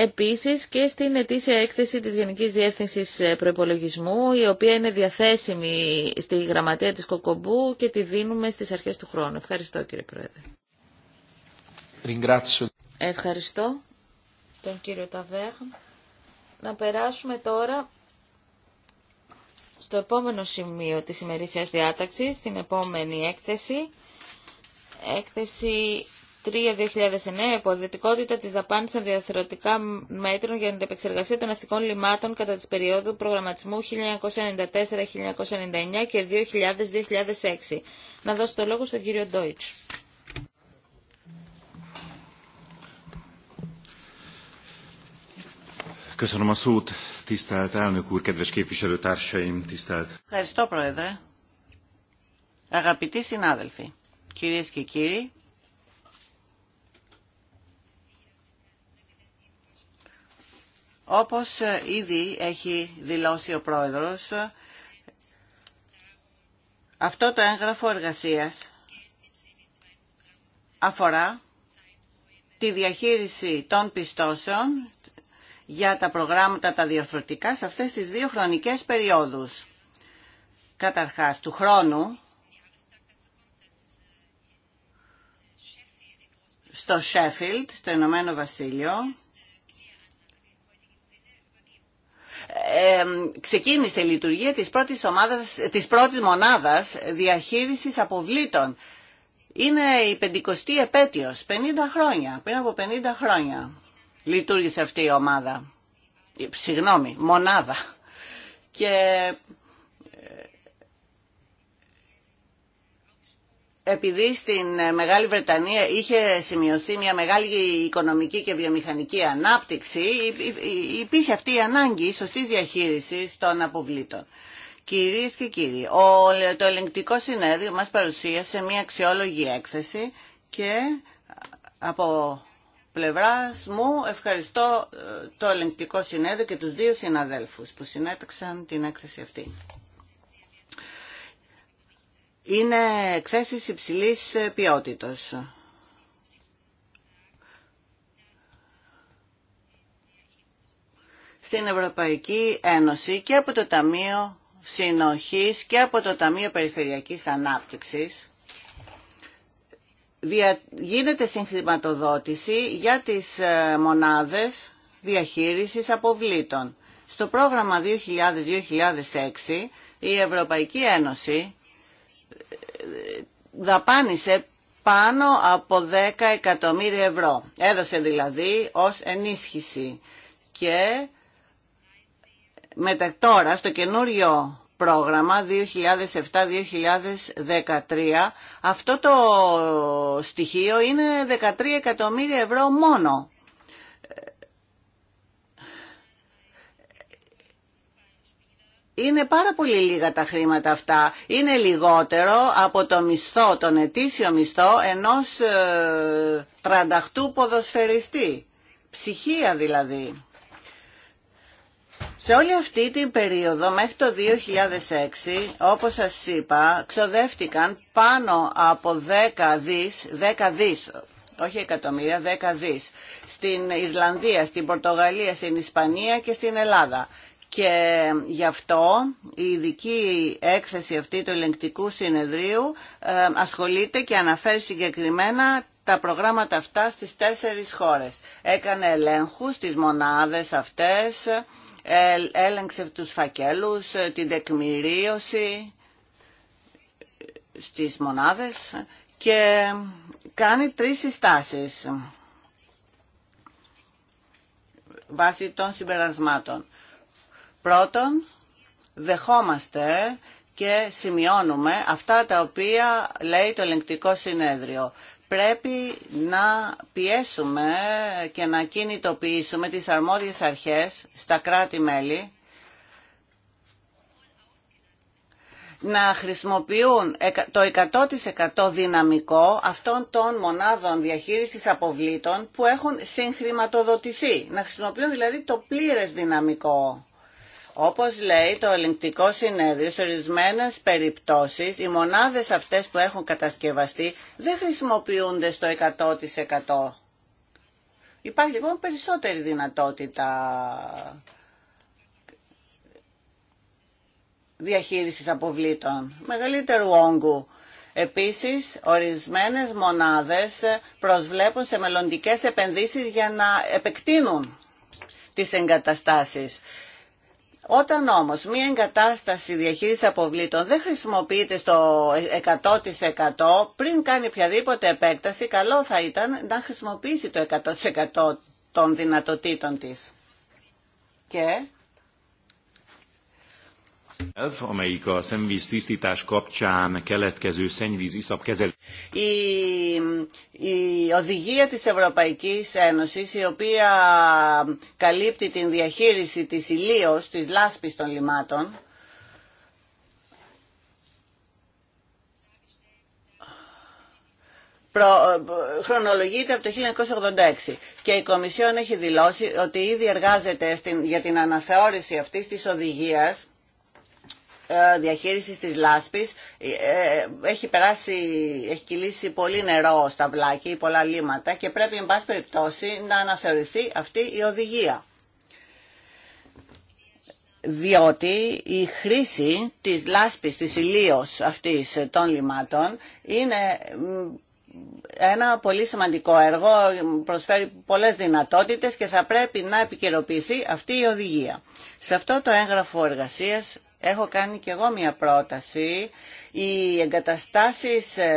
επίσης και στην ετήσια έκθεση της Γενικής Διεύθυνσης ε, Προϋπολογισμού, η οποία είναι διαθέσιμη στη γραμματεία της Κοκομπού και τη δίνουμε στις αρχές του χρόνου. Ευχαριστώ κύριε Πρόεδρε. Ευχαριστώ τον κύριο Ταβέχ. Να περάσουμε τώρα στο επόμενο σημείο της ημερήσιας διάταξης, στην επόμενη έκθεση. Έκθεση αποδοτικότητα της δαπάνης των διαθερωτικά μέτρων για την επεξεργασία των αστικών λιμάτων κατά της περίοδου προγραμματισμού 1994-1999 και 2000-2006. Να δώσω το λόγο στον κύριο Ντόιτς. Ευχαριστώ, Πρόεδρε. Αγαπητοί συνάδελφοι, κυρίες και κύριοι, Όπως ε, ήδη έχει δηλώσει ο πρόεδρος, αυτό το έγγραφο εργασίας αφορά τη διαχείριση των πιστώσεων για τα προγράμματα τα διορθωτικά σε αυτές τις δύο χρονικές περιόδους. Καταρχάς, του χρόνου, στο Sheffield, στο Ενωμένο Βασίλειο, ξεκίνησε η λειτουργία της πρώτης, ομάδας, της πρώτης μονάδας διαχείρισης αποβλήτων. Είναι η 50η επέτειος, 50 χρόνια, πριν από 50 χρόνια λειτουργήσε αυτή ομάδα. Ε, συγγνώμη, μονάδα. Και επειδή στην ε, Μεγάλη Βρετανία είχε σημειωθεί μια μεγάλη οικονομική και βιομηχανική ανάπτυξη, υπήρχε αυτή η ανάγκη σωστή διαχείρισης των αποβλήτων. Κυρίες και κύριοι, το ελεγκτικό συνέδριο μας παρουσίασε μια αξιόλογη έκθεση και ε, από πλευράς μου ευχαριστώ ε, το ελεγκτικό συνέδριο και τους δύο συναδέλφους που συνέταξαν την έκθεση αυτή είναι εξαίσθηση υψηλής ποιότητας. Στην Ευρωπαϊκή Ένωση και από το Ταμείο Συνοχής και από το Ταμείο Περιφερειακής Ανάπτυξης γίνεται συγχρηματοδότηση για τις ε, μονάδες διαχείρισης αποβλήτων. Στο πρόγραμμα 2000-2006 η Ευρωπαϊκή Ένωση δαπάνησε πάνω από 10 εκατομμύρια ευρώ. Έδωσε δηλαδή ως ενίσχυση και μετα τώρα στο καινούριο πρόγραμμα 2007-2013 αυτό το στοιχείο είναι 13 εκατομμύρια ευρώ μόνο. είναι πάρα πολύ λίγα τα χρήματα αυτά. Είναι λιγότερο από το μισθό, τον ετήσιο μισθό ενός ενός ποδοσφαιριστή. Ψυχία δηλαδή. Σε όλη αυτή την περίοδο μέχρι το 2006, όπως σας είπα, ξοδεύτηκαν πάνω από 10 δις, 10 δις, όχι εκατομμύρια, 10 δις, στην Ιρλανδία, στην Πορτογαλία, στην Ισπανία και στην Ελλάδα και γι' αυτό η ειδική έκθεση αυτή του ελεγκτικού συνεδρίου ε, ασχολείται και αναφέρει συγκεκριμένα τα προγράμματα αυτά στις τέσσερις χώρες. Έκανε ελέγχους στις μονάδες αυτές, έλεγξε τους φακέλους, ε, την τεκμηρίωση ε, στις μονάδες και κάνει τρεις συστάσεις βάσει των συμπερασμάτων. Πρώτον, δεχόμαστε και σημειώνουμε αυτά τα οποία λέει το ελεγκτικό συνέδριο. Πρέπει να πιέσουμε και να κινητοποιήσουμε τις αρμόδιες αρχές στα κράτη-μέλη να χρησιμοποιούν το 100% δυναμικό αυτών των μονάδων διαχείρισης αποβλήτων που έχουν συγχρηματοδοτηθεί. Να χρησιμοποιούν δηλαδή το πλήρες δυναμικό όπως λέει το ελεγκτικό συνέδριο, σε ορισμένε περιπτώσεις οι μονάδες αυτές που έχουν κατασκευαστεί δεν χρησιμοποιούνται στο 100%. Υπάρχει λοιπόν περισσότερη δυνατότητα διαχείρισης αποβλήτων, μεγαλύτερου όγκου. Επίσης, ορισμένες μονάδες προσβλέπουν σε μελλοντικές επενδύσεις για να επεκτείνουν τις εγκαταστάσεις. Όταν όμως μια εγκατάσταση διαχείρισης αποβλήτων δεν χρησιμοποιείται στο 100% πριν κάνει οποιαδήποτε επέκταση, καλό θα ήταν να χρησιμοποιήσει το 100% των δυνατοτήτων της. Και η, η οδηγία της Ευρωπαϊκής Ένωσης η οποία καλύπτει την διαχείριση της ηλίως, της λάσπης των λιμάτων χρονολογείται από το 1986 και η Κομισιόν έχει δηλώσει ότι ήδη εργάζεται στην, για την ανασεώρηση αυτής της οδηγίας Διαχείριση της λάσπης ε, έχει περάσει, έχει κυλήσει πολύ νερό στα βλάκια ή πολλά λίματα και πρέπει εν πάση περιπτώσει να αναθεωρηθεί αυτή η οδηγία. Διότι η χρήση της λάσπης, της ηλίως αυτής των λιμάτων είναι ένα πολύ σημαντικό έργο, προσφέρει πολλές δυνατότητες και θα πρέπει να επικαιροποιηθεί αυτή η οδηγία. Σε αυτό το έγγραφο εργασίας έχω κάνει και εγώ μια πρόταση. Οι εγκαταστάσεις ε,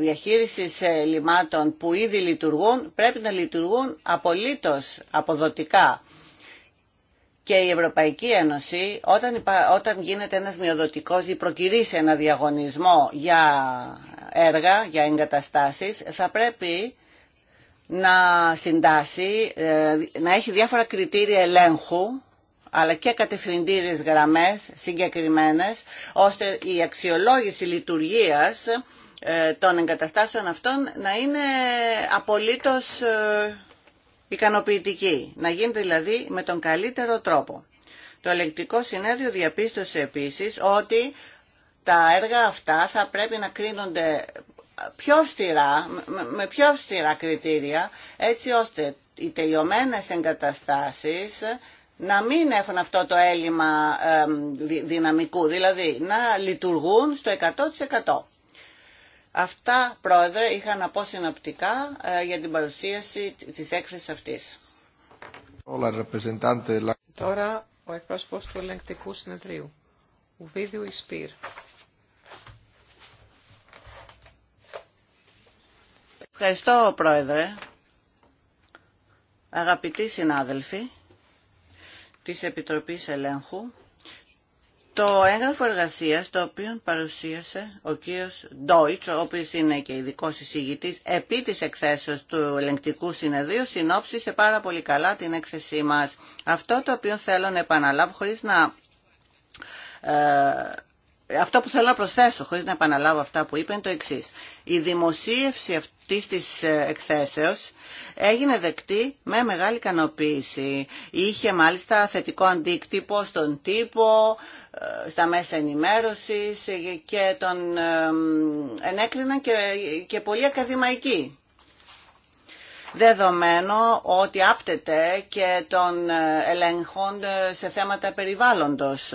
διαχείρισης ε, λιμάτων που ήδη λειτουργούν πρέπει να λειτουργούν απολύτως αποδοτικά. Και η Ευρωπαϊκή Ένωση όταν, όταν γίνεται ένας μειοδοτικός ή προκυρήσει ένα διαγωνισμό για έργα, για εγκαταστάσεις, θα πρέπει να συντάσει, ε, να έχει διάφορα κριτήρια ελέγχου αλλά και κατευθυντήριες γραμμές συγκεκριμένες, ώστε η αξιολόγηση λειτουργίας ε, των εγκαταστάσεων αυτών να είναι απολύτως ε, ικανοποιητική, να γίνεται δηλαδή με τον καλύτερο τρόπο. Το ελεγκτικό συνέδριο διαπίστωσε επίσης ότι τα έργα αυτά θα πρέπει να κρίνονται πιο με πιο αυστηρά κριτήρια, έτσι ώστε οι τελειωμένες εγκαταστάσεις να μην έχουν αυτό το έλλειμμα δυναμικού, δηλαδή να λειτουργούν στο 100%. Αυτά, Πρόεδρε, είχα να πω συνοπτικά ε, για την παρουσίαση της έκθεσης αυτής. Τώρα ο εκπρόσωπος του ελεγκτικού συνεδρίου, Ουβίδιου Ισπύρ. Ευχαριστώ, Πρόεδρε. Αγαπητοί συνάδελφοι, της Επιτροπής Ελέγχου το έγγραφο εργασίας το οποίο παρουσίασε ο κύριος Ντόιτς, ο οποίος είναι και ειδικό εισηγητής επί της εκθέσεως του ελεγκτικού συνεδρίου, συνόψισε πάρα πολύ καλά την έκθεσή μας. Αυτό το οποίο θέλω να επαναλάβω χωρίς να ε, ε, αυτό που θέλω να προσθέσω, χωρίς να επαναλάβω αυτά που είπε, είναι το εξή. Η δημοσίευση αυτής της ε, εκθέσεως έγινε δεκτή με μεγάλη ικανοποίηση. Είχε μάλιστα θετικό αντίκτυπο στον τύπο, ε, στα μέσα ενημέρωση και τον ενέκριναν και, και πολύ ακαδημαϊκοί δεδομένο ότι άπτεται και τον ελέγχων σε θέματα περιβάλλοντος.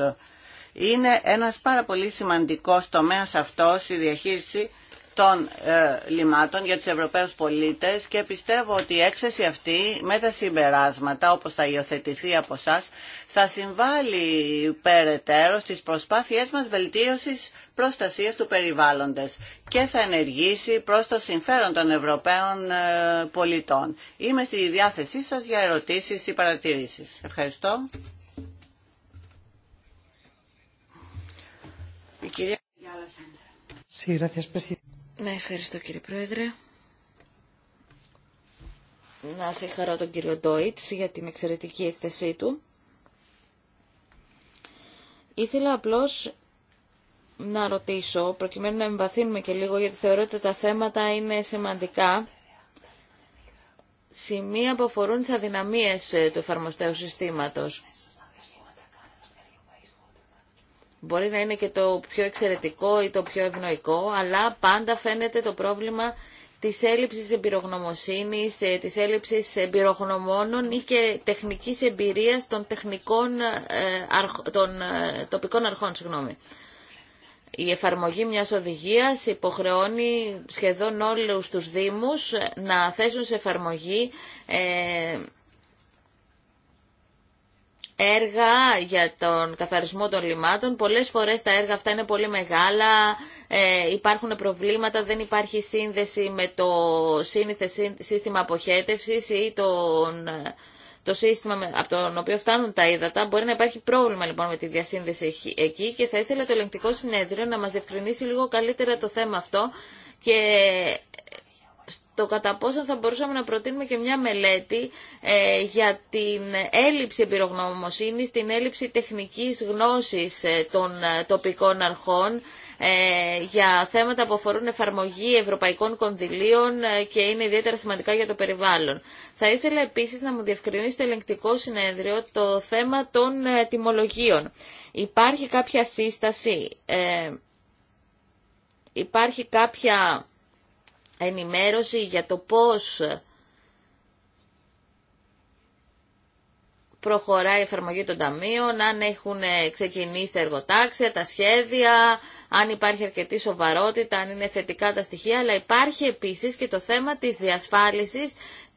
Είναι ένας πάρα πολύ σημαντικός τομέας αυτός η διαχείριση των ε, λιμάτων για τους Ευρωπαίους πολίτες και πιστεύω ότι η έξεση αυτή με τα συμπεράσματα όπως θα υιοθετηθεί από εσά θα συμβάλλει περαιτέρω στις προσπάθειές μας βελτίωσης προστασίας του περιβάλλοντος και θα ενεργήσει προς το συμφέρον των Ευρωπαίων ε, πολιτών. Είμαι στη διάθεσή σας για ερωτήσεις ή παρατηρήσεις. Ευχαριστώ. Να ευχαριστώ κύριε Πρόεδρε. Να συγχαρώ τον κύριο Ντόιτς για την εξαιρετική έκθεσή του. Ήθελα απλώς να ρωτήσω, προκειμένου να εμβαθύνουμε και λίγο, γιατί θεωρώ ότι τα θέματα είναι σημαντικά, σημεία που αφορούν τις αδυναμίες του εφαρμοστέου συστήματος. Μπορεί να είναι και το πιο εξαιρετικό ή το πιο ευνοϊκό, αλλά πάντα φαίνεται το πρόβλημα της έλλειψης εμπειρογνωμοσύνης, ε, της έλλειψης εμπειρογνωμόνων ή και τεχνικής εμπειρίας των, τεχνικών, ε, των ε, τοπικών αρχών. Συγγνώμη. Η εφαρμογή μιας οδηγίας υποχρεώνει σχεδόν όλους τους Δήμους να θέσουν σε εφαρμογή έργα για τον καθαρισμό των λιμάτων. Πολλές φορές τα έργα αυτά είναι πολύ μεγάλα, ε, υπάρχουν προβλήματα, δεν υπάρχει σύνδεση με το σύνηθε σύστημα αποχέτευσης ή τον, το σύστημα από τον οποίο φτάνουν τα ύδατα. Μπορεί να υπάρχει πρόβλημα λοιπόν με τη διασύνδεση εκεί και θα ήθελα το ελεγκτικό συνέδριο να μας διευκρινίσει λίγο καλύτερα το θέμα αυτό και το κατά πόσο θα μπορούσαμε να προτείνουμε και μια μελέτη ε, για την έλλειψη εμπειρογνωμοσύνη, την έλλειψη τεχνικής γνώσης ε, των ε, τοπικών αρχών ε, για θέματα που αφορούν εφαρμογή ευρωπαϊκών κονδυλίων και είναι ιδιαίτερα σημαντικά για το περιβάλλον. Θα ήθελα επίσης να μου διευκρινίσει το ελεγκτικό συνέδριο το θέμα των τιμολογίων. Υπάρχει κάποια σύσταση, υπάρχει κάποια ενημέρωση για το πώς προχωράει η εφαρμογή των ταμείων, αν έχουν ξεκινήσει τα εργοτάξια, τα σχέδια, αν υπάρχει αρκετή σοβαρότητα, αν είναι θετικά τα στοιχεία, αλλά υπάρχει επίσης και το θέμα της διασφάλισης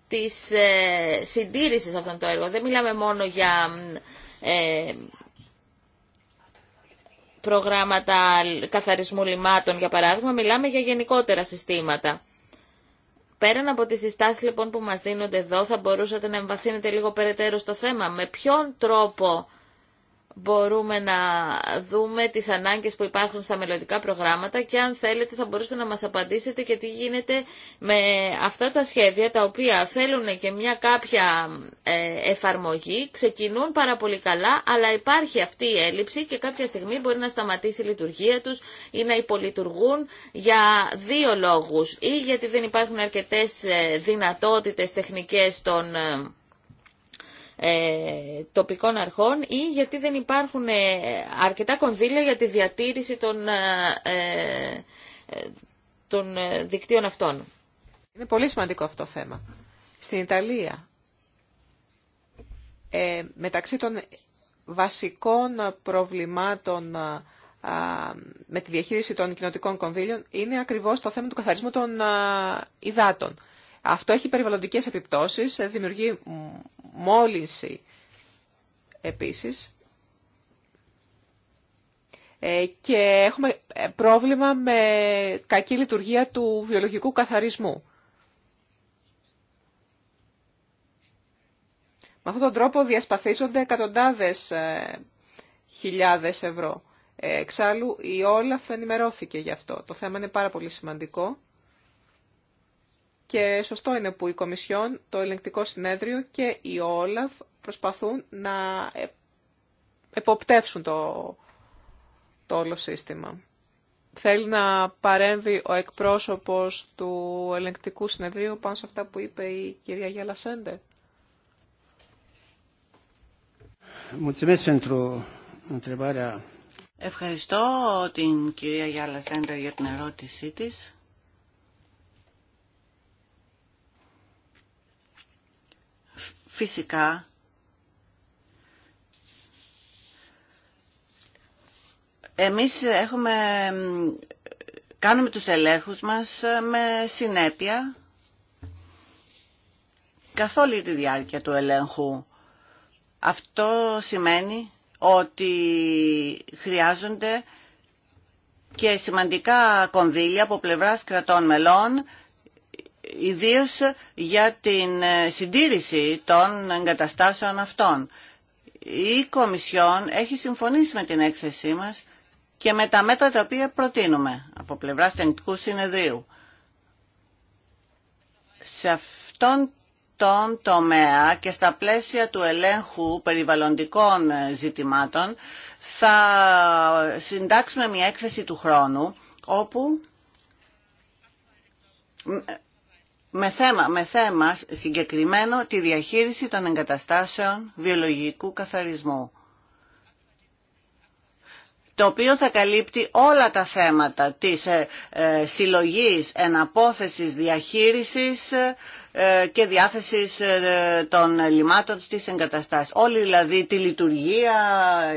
της ε, συντήρησης αυτών των έργων. Δεν μιλάμε μόνο για ε, προγράμματα καθαρισμού λιμάτων, για παράδειγμα, μιλάμε για γενικότερα συστήματα. Πέραν από τις συστάσεις λοιπόν που μας δίνονται εδώ, θα μπορούσατε να εμβαθύνετε λίγο περαιτέρω στο θέμα. Με ποιον τρόπο μπορούμε να δούμε τις ανάγκες που υπάρχουν στα μελλοντικά προγράμματα και αν θέλετε θα μπορούσατε να μας απαντήσετε και τι γίνεται με αυτά τα σχέδια τα οποία θέλουν και μια κάποια ε, εφαρμογή, ξεκινούν πάρα πολύ καλά αλλά υπάρχει αυτή η έλλειψη και κάποια στιγμή μπορεί να σταματήσει η λειτουργία τους ή να υπολειτουργούν για δύο λόγους ή γιατί δεν υπάρχουν αρκετές ε, δυνατότητες τεχνικές των ε, ε, τοπικών αρχών ή γιατί δεν υπάρχουν ε, αρκετά κονδύλια για τη διατήρηση των, ε, των δικτύων αυτών. Είναι πολύ σημαντικό αυτό το θέμα. Στην Ιταλία, μεταξύ των βασικών προβλημάτων με τη διαχείριση των κοινοτικών κονδύλιων είναι ακριβώς το θέμα του καθαρισμού των υδάτων. Αυτό έχει περιβαλλοντικές επιπτώσεις, δημιουργεί μόλυνση επίσης ε, και έχουμε ε, πρόβλημα με κακή λειτουργία του βιολογικού καθαρισμού. Με αυτόν τον τρόπο διασπαθίζονται εκατοντάδες ε, χιλιάδες ευρώ. Εξάλλου η Όλαφ ενημερώθηκε γι' αυτό. Το θέμα είναι πάρα πολύ σημαντικό. Και σωστό είναι που η Κομισιόν, το Ελεγκτικό Συνέδριο και η Όλαφ προσπαθούν να ε, εποπτεύσουν το, όλο σύστημα. Θέλει να παρέμβει ο εκπρόσωπος του Ελεγκτικού Συνεδρίου πάνω σε αυτά που είπε η κυρία Γιάλασέντε. Ευχαριστώ την κυρία Γιάλα Σέντερ για την ερώτησή της. Φυσικά, εμείς έχουμε, κάνουμε τους ελέγχους μας με συνέπεια καθ' όλη τη διάρκεια του ελέγχου. Αυτό σημαίνει ότι χρειάζονται και σημαντικά κονδύλια από πλευράς κρατών μελών ιδίως για την ε, συντήρηση των εγκαταστάσεων αυτών. Η Κομισιόν έχει συμφωνήσει με την έκθεσή μας και με τα μέτρα τα οποία προτείνουμε από πλευρά τεχνικού συνεδρίου. Σε αυτόν τον τομέα και στα πλαίσια του ελέγχου περιβαλλοντικών ε, ζητημάτων θα συντάξουμε μια έκθεση του χρόνου όπου ε, με θέμα, με θέμα συγκεκριμένο τη διαχείριση των εγκαταστάσεων βιολογικού καθαρισμού το οποίο θα καλύπτει όλα τα θέματα της ε, ε, συλλογής, εναπόθεσης, διαχείρισης ε, και διάθεσης των λιμάτων στις εγκαταστάσεις. Όλη δηλαδή τη λειτουργία,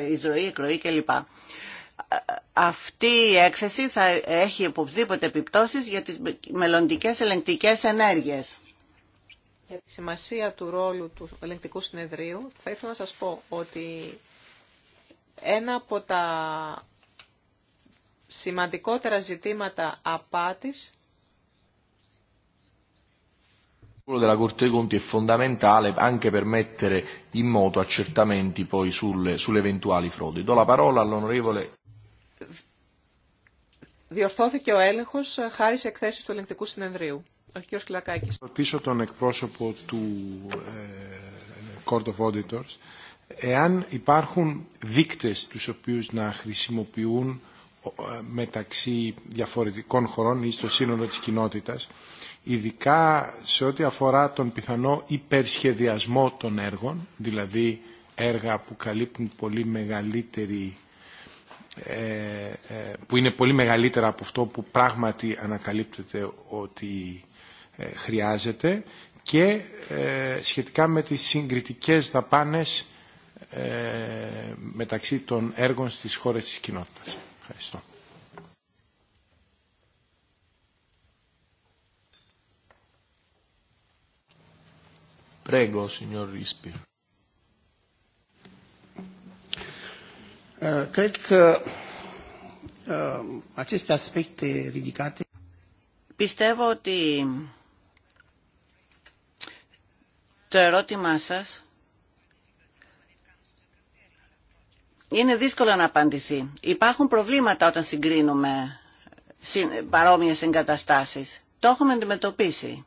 η ζωή, η κλπ αυτή η έκθεση θα έχει οπωσδήποτε επιπτώσεις για τις μελλοντικές ελεγκτικές ενέργειες. Για τη σημασία του ρόλου του ελεγκτικού συνεδρίου θα ήθελα να σας πω ότι ένα από τα σημαντικότερα ζητήματα απάτης quello della Corte dei Conti è fondamentale anche per mettere in moto accertamenti poi sulle, sulle eventuali frodi. Do la parola all'onorevole διορθώθηκε ο έλεγχο, ε, χάρη σε εκθέσεις του ελεγκτικού συνεδρίου. Ο κ. Κλακάκης. Ρωτήσω τον εκπρόσωπο του ε, Court of Auditors εάν υπάρχουν δείκτες τους οποίους να χρησιμοποιούν ε, μεταξύ διαφορετικών χωρών ή στο σύνολο της κοινότητας, ειδικά σε ό,τι αφορά τον πιθανό υπερσχεδιασμό των έργων, δηλαδή έργα που καλύπτουν πολύ μεγαλύτερη ε, ε, που είναι πολύ μεγαλύτερα από αυτό που πράγματι ανακαλύπτεται ότι ε, χρειάζεται και σχετικά με τις συγκριτικές δαπάνες μεταξύ των έργων στις χώρες της κοινότητας. Ευχαριστώ. Prego, Ε, ε, Πιστεύω ότι το ερώτημά σας είναι δύσκολο να απαντηθεί. Υπάρχουν προβλήματα όταν συγκρίνουμε παρόμοιες εγκαταστάσεις. Το έχουμε αντιμετωπίσει.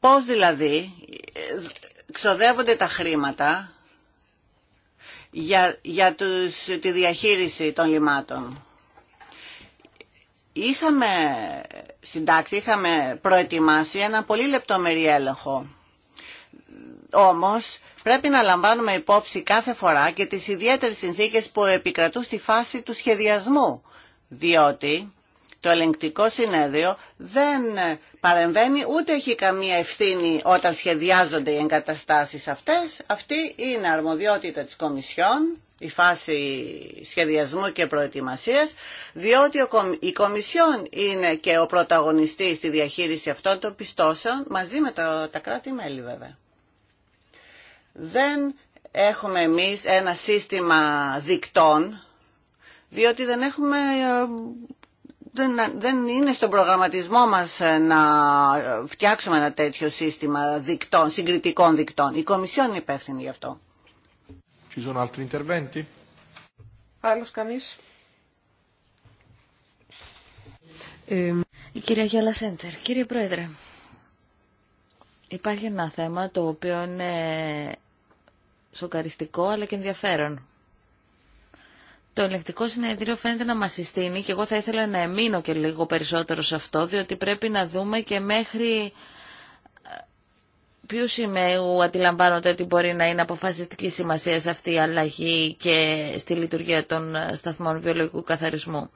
Πώς δηλαδή ε, ξοδεύονται τα χρήματα για, τους, τη διαχείριση των λιμάτων. Είχαμε συντάξει, είχαμε προετοιμάσει ένα πολύ λεπτομερή έλεγχο. Όμως πρέπει να λαμβάνουμε υπόψη κάθε φορά και τις ιδιαίτερες συνθήκες που επικρατούν στη φάση του σχεδιασμού, διότι το ελεγκτικό συνέδριο δεν παρεμβαίνει ούτε έχει καμία ευθύνη όταν σχεδιάζονται οι εγκαταστάσεις αυτές. Αυτή είναι αρμοδιότητα της Κομισιόν η φάση σχεδιασμού και προετοιμασίας, διότι η Κομισιόν είναι και ο πρωταγωνιστής στη διαχείριση αυτών των πιστώσεων, μαζί με το, τα κράτη-μέλη βέβαια. Δεν έχουμε εμείς ένα σύστημα δικτών, διότι δεν έχουμε ε, δεν, είναι στον προγραμματισμό μας ε, να φτιάξουμε ένα τέτοιο σύστημα δικτών, συγκριτικών δικτών. Η Κομισιόν είναι υπεύθυνη γι' αυτό. interventi? Άλλος κανείς? Ε, η κυρία Σέντερ. Κύριε Πρόεδρε, υπάρχει ένα θέμα το οποίο είναι σοκαριστικό αλλά και ενδιαφέρον το ελεγκτικό συνέδριο φαίνεται να μας συστήνει και εγώ θα ήθελα να εμείνω και λίγο περισσότερο σε αυτό, διότι πρέπει να δούμε και μέχρι ε, ποιου σημαίου αντιλαμβάνονται ότι μπορεί να είναι αποφασιστική σημασία σε αυτή η αλλαγή και στη λειτουργία των σταθμών βιολογικού καθαρισμού.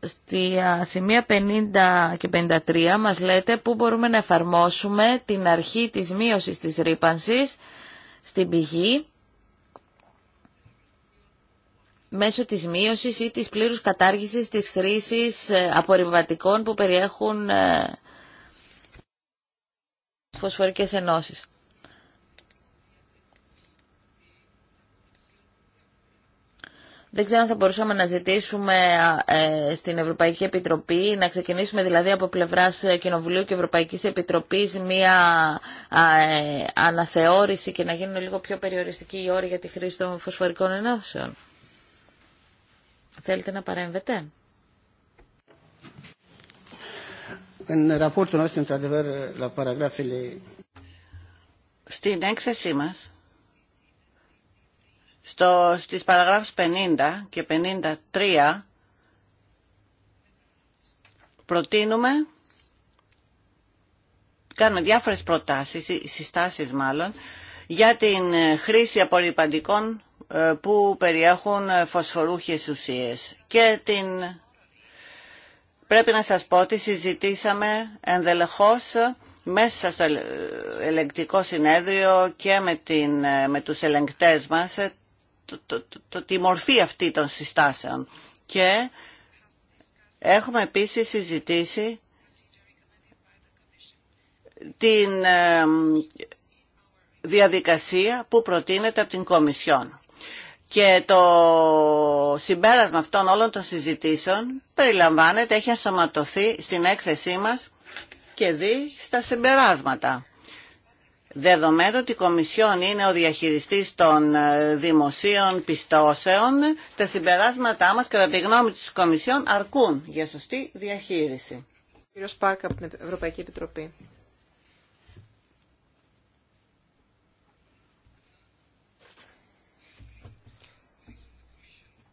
Στη, σημεία 50 και 53 μας λέτε πού μπορούμε να εφαρμόσουμε την αρχή της μείωσης της ρήπανσης στην πηγή μέσω της μείωσης ή της πλήρους κατάργησης της χρήσης ε, απορριβατικών που περιέχουν ε, φωσφορικές ενώσεις. Δεν ξέρω αν θα μπορούσαμε να ζητήσουμε ε, στην Ευρωπαϊκή Επιτροπή, να ξεκινήσουμε δηλαδή από πλευράς Κοινοβουλίου και Ευρωπαϊκής Επιτροπής μία αναθεώρηση και να γίνουν λίγο πιο περιοριστικοί οι όροι για τη χρήση των φωσφορικών ενώσεων. Θέλετε να παρέμβετε. Στην έκθεσή μας, στο, στις παραγράφους 50 και 53, προτείνουμε, κάνουμε διάφορες προτάσεις, συστάσεις μάλλον, για την ε, χρήση απορριπαντικών ε, που περιέχουν ε, φωσφορούχες ουσίες. Και την... πρέπει να σας πω ότι συζητήσαμε ενδελεχώς μέσα στο ελεγκτικό συνέδριο και με, την, ε, με τους ελεγκτές μας το, τη μορφή αυτή των συστάσεων. Και έχουμε επίσης συζητήσει την διαδικασία που προτείνεται από την Κομισιόν. Και το συμπέρασμα αυτών όλων των συζητήσεων περιλαμβάνεται, έχει ασωματωθεί στην έκθεσή μας και δει στα συμπεράσματα. Δεδομένου ότι η Κομισιόν είναι ο διαχειριστής των ε, δημοσίων πιστώσεων, τα συμπεράσματά μας κατά τη γνώμη της Κομισιόν αρκούν για σωστή διαχείριση. Κύριος από την Ευρωπαϊκή Επιτροπή.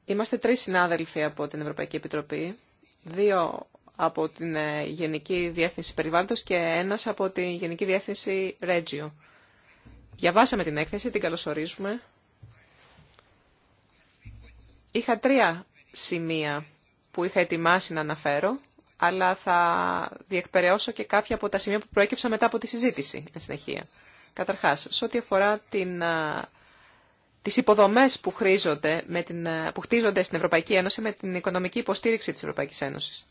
Είμαστε τρεις συνάδελφοι από την Ευρωπαϊκή Επιτροπή, δύο από την ε, Γενική Διεύθυνση Περιβάλλοντος και ένας από την Γενική Διεύθυνση Regio. Διαβάσαμε την έκθεση, την καλωσορίζουμε. Είχα τρία σημεία που είχα ετοιμάσει να αναφέρω, αλλά θα διεκπαιρεώσω και κάποια από τα σημεία που προέκυψα μετά από τη συζήτηση, εν συνεχεία. Καταρχάς, σε ό,τι αφορά την ε, τις υποδομές που, χρήζονται με την, που χτίζονται στην Ευρωπαϊκή Ένωση με την οικονομική υποστήριξη της Ευρωπαϊκής Ένωσης.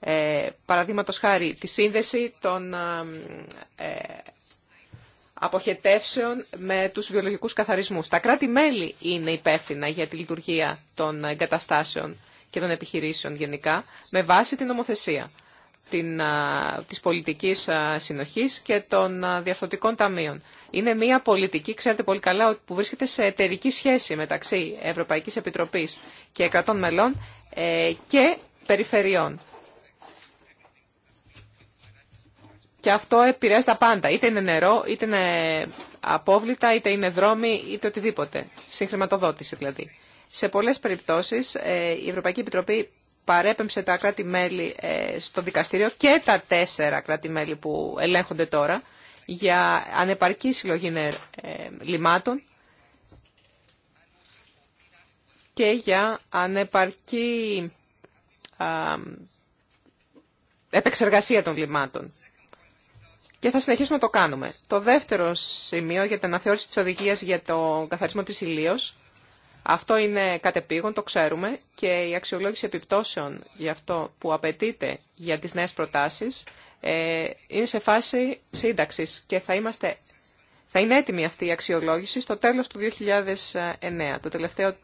Ε, Παραδείγματο χάρη τη σύνδεση των ε, αποχετεύσεων με τους βιολογικούς καθαρισμούς. Τα κράτη-μέλη είναι υπεύθυνα για τη λειτουργία των εγκαταστάσεων και των επιχειρήσεων γενικά με βάση την νομοθεσία την, της πολιτικής συνοχής και των διαφορετικών ταμείων. Είναι μια πολιτική, ξέρετε πολύ καλά, που βρίσκεται σε εταιρική σχέση μεταξύ Ευρωπαϊκής Επιτροπής και 100 μελών ε, και περιφερειών. Και αυτό επηρεάζει τα πάντα. Είτε είναι νερό, είτε είναι απόβλητα, είτε είναι δρόμοι, είτε οτιδήποτε. Συγχρηματοδότηση δηλαδή. Σε πολλές περιπτώσεις ε, η Ευρωπαϊκή Επιτροπή παρέπεμψε τα κράτη-μέλη ε, στο δικαστήριο και τα τέσσερα κράτη-μέλη που ελέγχονται τώρα για ανεπαρκή συλλογή ε, λιμάτων και για ανεπαρκή επεξεργασία των λιμάτων. Και θα συνεχίσουμε να το κάνουμε. Το δεύτερο σημείο για την αναθεώρηση της οδηγίας για τον καθαρισμό της ηλίως αυτό είναι κατεπήγον, το ξέρουμε και η αξιολόγηση επιπτώσεων για αυτό που απαιτείται για τις νέες προτάσεις ε, είναι σε φάση σύνταξης και θα, είμαστε, θα είναι έτοιμη αυτή η αξιολόγηση στο τέλος του 2009, το τελευταίο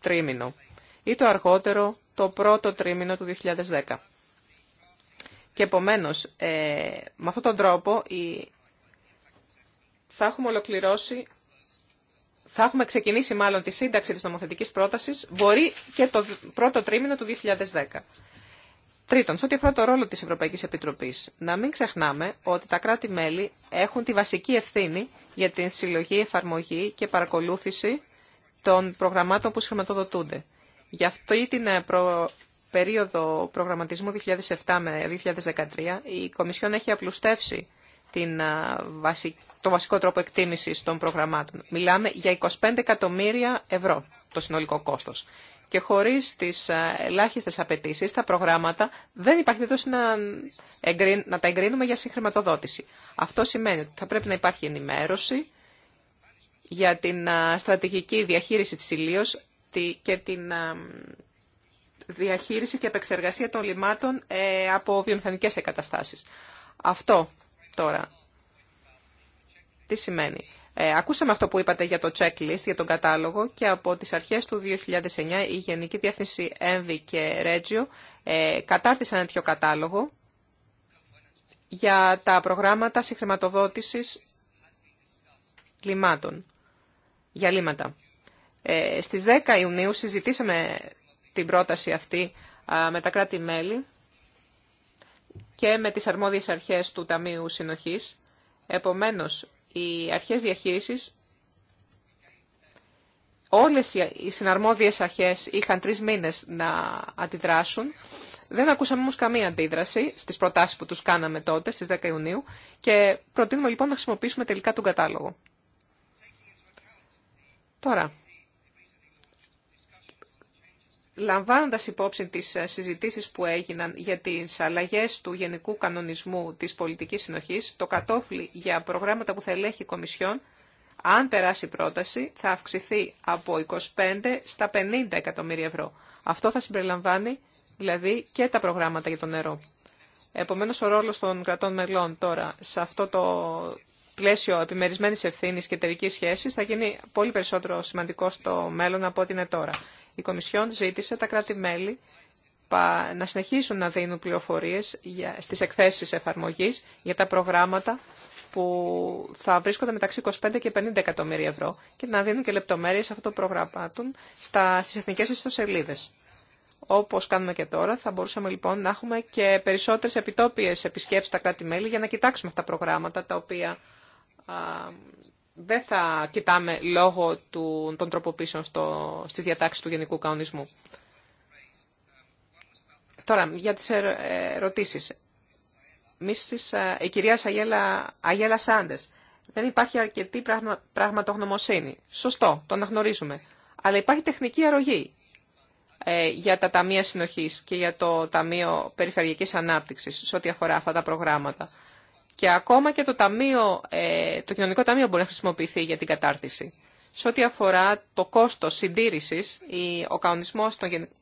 τρίμηνο ή το αργότερο το πρώτο τρίμηνο του 2010. Και επομένως, ε, με αυτόν τον τρόπο θα έχουμε ολοκληρώσει θα έχουμε ξεκινήσει μάλλον τη σύνταξη της νομοθετικής πρότασης, μπορεί και το πρώτο τρίμηνο του 2010. Τρίτον, σε ό,τι αφορά το ρόλο της Ευρωπαϊκής Επιτροπής, να μην ξεχνάμε ότι τα κράτη-μέλη έχουν τη βασική ευθύνη για την συλλογή, εφαρμογή και παρακολούθηση των προγραμμάτων που συγχρηματοδοτούνται. Γι' αυτό την ε, περίοδο προγραμματισμού 2007 με 2013 η Κομισιόν έχει απλουστεύσει την, το βασικό τρόπο εκτίμησης των προγραμμάτων. Μιλάμε για 25 εκατομμύρια ευρώ το συνολικό κόστος. Και χωρίς τις ελάχιστες απαιτήσει, τα προγράμματα δεν υπάρχει περίπτωση να, να τα εγκρίνουμε για συγχρηματοδότηση. Αυτό σημαίνει ότι θα πρέπει να υπάρχει ενημέρωση για την στρατηγική διαχείριση της ηλίως και την διαχείριση και επεξεργασία των λιμάτων ε, από βιομηχανικές εγκαταστάσεις. Αυτό Τώρα, τι σημαίνει. Ε, ακούσαμε αυτό που είπατε για το checklist, για τον κατάλογο και από τις αρχές του 2009 η Γενική Διεύθυνση Envy και ΡΕΤΖΙΟ ε, κατάρτισαν ένα τέτοιο κατάλογο για τα προγράμματα συγχρηματοδότησης κλιμάτων. για λίματα. Ε, στις 10 Ιουνίου συζητήσαμε την πρόταση αυτή με τα κράτη-μέλη και με τις αρμόδιες αρχές του Ταμείου Συνοχής. Επομένως, οι αρχές διαχείρισης, όλες οι συναρμόδιες αρχές είχαν τρεις μήνες να αντιδράσουν. Δεν ακούσαμε όμως καμία αντίδραση στις προτάσεις που τους κάναμε τότε, στις 10 Ιουνίου, και προτείνουμε λοιπόν να χρησιμοποιήσουμε τελικά τον κατάλογο. Τώρα, λαμβάνοντας υπόψη τις ε, συζητήσεις που έγιναν για τις αλλαγές του Γενικού Κανονισμού της Πολιτικής Συνοχής, το κατόφλι για προγράμματα που θα ελέγχει η Κομισιόν, αν περάσει η πρόταση, θα αυξηθεί από 25 στα 50 εκατομμύρια ευρώ. Αυτό θα συμπεριλαμβάνει δηλαδή και τα προγράμματα για το νερό. Επομένως, ο ρόλος των κρατών μελών τώρα σε αυτό το πλαίσιο επιμερισμένης ευθύνης και εταιρική σχέσης θα γίνει πολύ περισσότερο σημαντικό στο μέλλον από ό,τι είναι τώρα η Κομισιόν ζήτησε τα κράτη-μέλη να συνεχίσουν να δίνουν πληροφορίες στις εκθέσεις εφαρμογής για τα προγράμματα που θα βρίσκονται μεταξύ 25 και 50 εκατομμύρια ευρώ και να δίνουν και λεπτομέρειες το των προγραμμάτων στις εθνικές ιστοσελίδες. Όπως κάνουμε και τώρα, θα μπορούσαμε λοιπόν να έχουμε και περισσότερες επιτόπιες επισκέψεις στα κράτη-μέλη για να κοιτάξουμε αυτά τα προγράμματα τα οποία δεν θα κοιτάμε λόγω του, των τροποποίησεων στο, στις διατάξεις του Γενικού Κανονισμού. Τώρα, για τις ε, ερωτήσεις. Μίσης, ε, η κυρία Αγέλα Σάντες. Δεν υπάρχει αρκετή πραγμα, πραγματογνωμοσύνη. Σωστό, το αναγνωρίζουμε. Αλλά υπάρχει τεχνική αρρωγή ε, για τα Ταμεία Συνοχής και για το Ταμείο Περιφερειακής Ανάπτυξης σε ό,τι αφορά αυτά τα προγράμματα. Και ακόμα και το, ταμείο, ε, το κοινωνικό ταμείο μπορεί να χρησιμοποιηθεί για την κατάρτιση. Σε ό,τι αφορά το κόστος συντήρησης, ο κανονισμός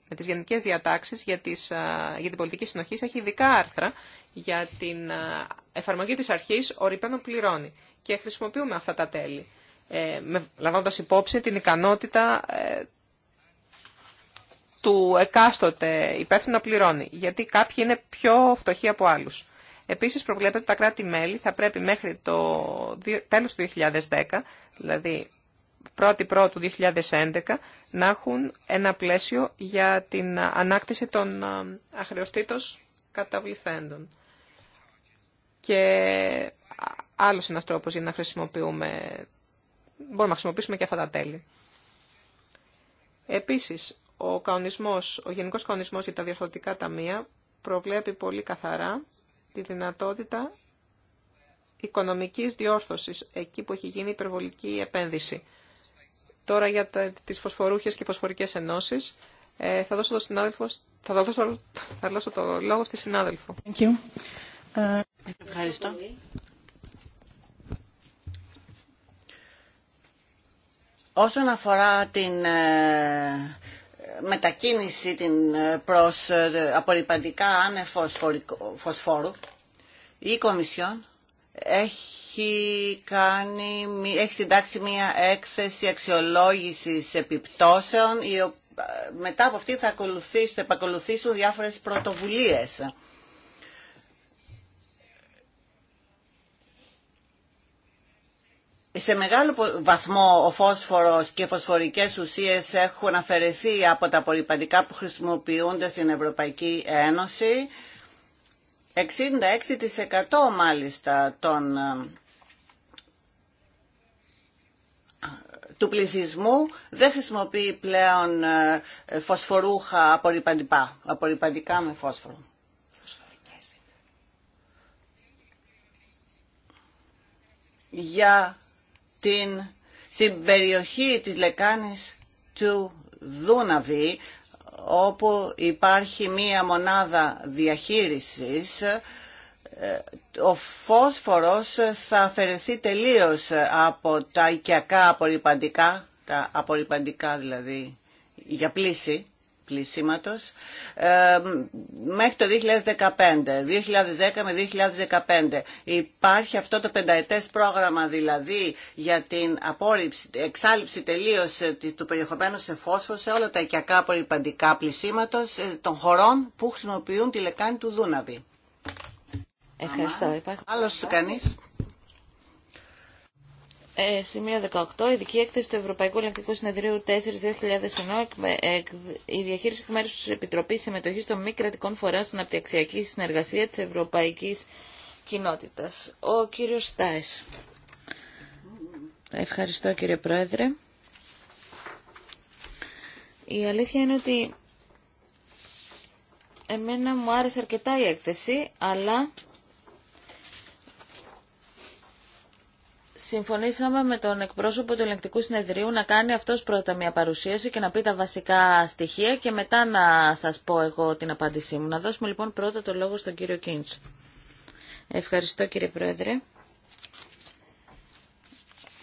με τις γενικές διατάξεις για, τις, για την πολιτική συνοχή έχει ειδικά άρθρα για την εφαρμογή της αρχής ορυπαίνων πληρώνει. Και χρησιμοποιούμε αυτά τα τέλη, ε, λαμβάνοντας υπόψη την ικανότητα ε, του εκάστοτε υπεύθυνου να πληρώνει. Γιατί κάποιοι είναι πιο φτωχοί από άλλους. Επίσης προβλέπεται ότι τα κράτη-μέλη θα πρέπει μέχρι το τέλος του 2010, δηλαδη πρωτη 1η του 2011, να έχουν ένα πλαίσιο για την ανάκτηση των αχρεωστήτως καταβληθέντων. Και άλλος ένας τρόπος για να χρησιμοποιούμε, μπορούμε να χρησιμοποιήσουμε και αυτά τα τέλη. Επίσης, ο, κανονισμός, ο Γενικός Κανονισμός για τα Διαφορετικά Ταμεία προβλέπει πολύ καθαρά τη δυνατότητα οικονομικής διόρθωσης, εκεί που έχει γίνει υπερβολική επένδυση. Τώρα για τις φωσφορούχες και φωσφορικές ενώσεις, ε, θα δώσω το συνάδελφο, θα δώσω, θα το λόγο στη συνάδελφο. Thank you. Ε, ευχαριστώ. Όσον αφορά την ε, μετακίνηση την ε, προς ε, απορριπαντικά άνευ φωσφόρου η Κομισιόν έχει, κάνει, έχει συντάξει μια έξεση αξιολόγησης επιπτώσεων η ε, μετά από αυτή θα θα επακολουθήσουν διάφορες πρωτοβουλίες σε μεγάλο βαθμό ο φόσφορος και οι φωσφορικές ουσίες έχουν αφαιρεθεί από τα απορριπαντικά που χρησιμοποιούνται στην Ευρωπαϊκή Ένωση. 66% μάλιστα των, ε, του πληθυσμού δεν χρησιμοποιεί πλέον ε, φωσφορούχα απορριπαντικά, με φόσφορο. Για στην, περιοχή της λεκάνης του Δούναβη όπου υπάρχει μία μονάδα διαχείρισης ε, ο φόσφορος θα αφαιρεθεί τελείως από τα οικιακά απορριπαντικά, τα απορριπαντικά δηλαδή για πλήση πλησίματος ε, μέχρι το 2015, 2010 με 2015. Υπάρχει αυτό το πενταετές πρόγραμμα δηλαδή για την απόρριψη, εξάλληψη τελείως ε, του περιεχομένου σε φόσφο σε όλα τα οικιακά απορριπαντικά πλησίματος ε, των χωρών που χρησιμοποιούν τη λεκάνη του Δούναβη. Ευχαριστώ. Άλλος κανείς. Ε, σημείο 18. Ειδική έκθεση του Ευρωπαϊκού Ελεγκτικού Συνεδρίου 4-2009. Η διαχείριση εκ μέρου τη Επιτροπή Συμμετοχή των Μη Κρατικών Φορέων στην Απτιαξιακή Συνεργασία τη Ευρωπαϊκή Κοινότητα. Ο κύριο Στάι. Ευχαριστώ κύριε Πρόεδρε. Η αλήθεια είναι ότι εμένα μου άρεσε αρκετά η έκθεση, αλλά συμφωνήσαμε με τον εκπρόσωπο του ελεγκτικού συνεδρίου να κάνει αυτός πρώτα μια παρουσίαση και να πει τα βασικά στοιχεία και μετά να σας πω εγώ την απάντησή μου. Να δώσουμε λοιπόν πρώτα το λόγο στον κύριο Κίντς. Ευχαριστώ κύριε Πρόεδρε.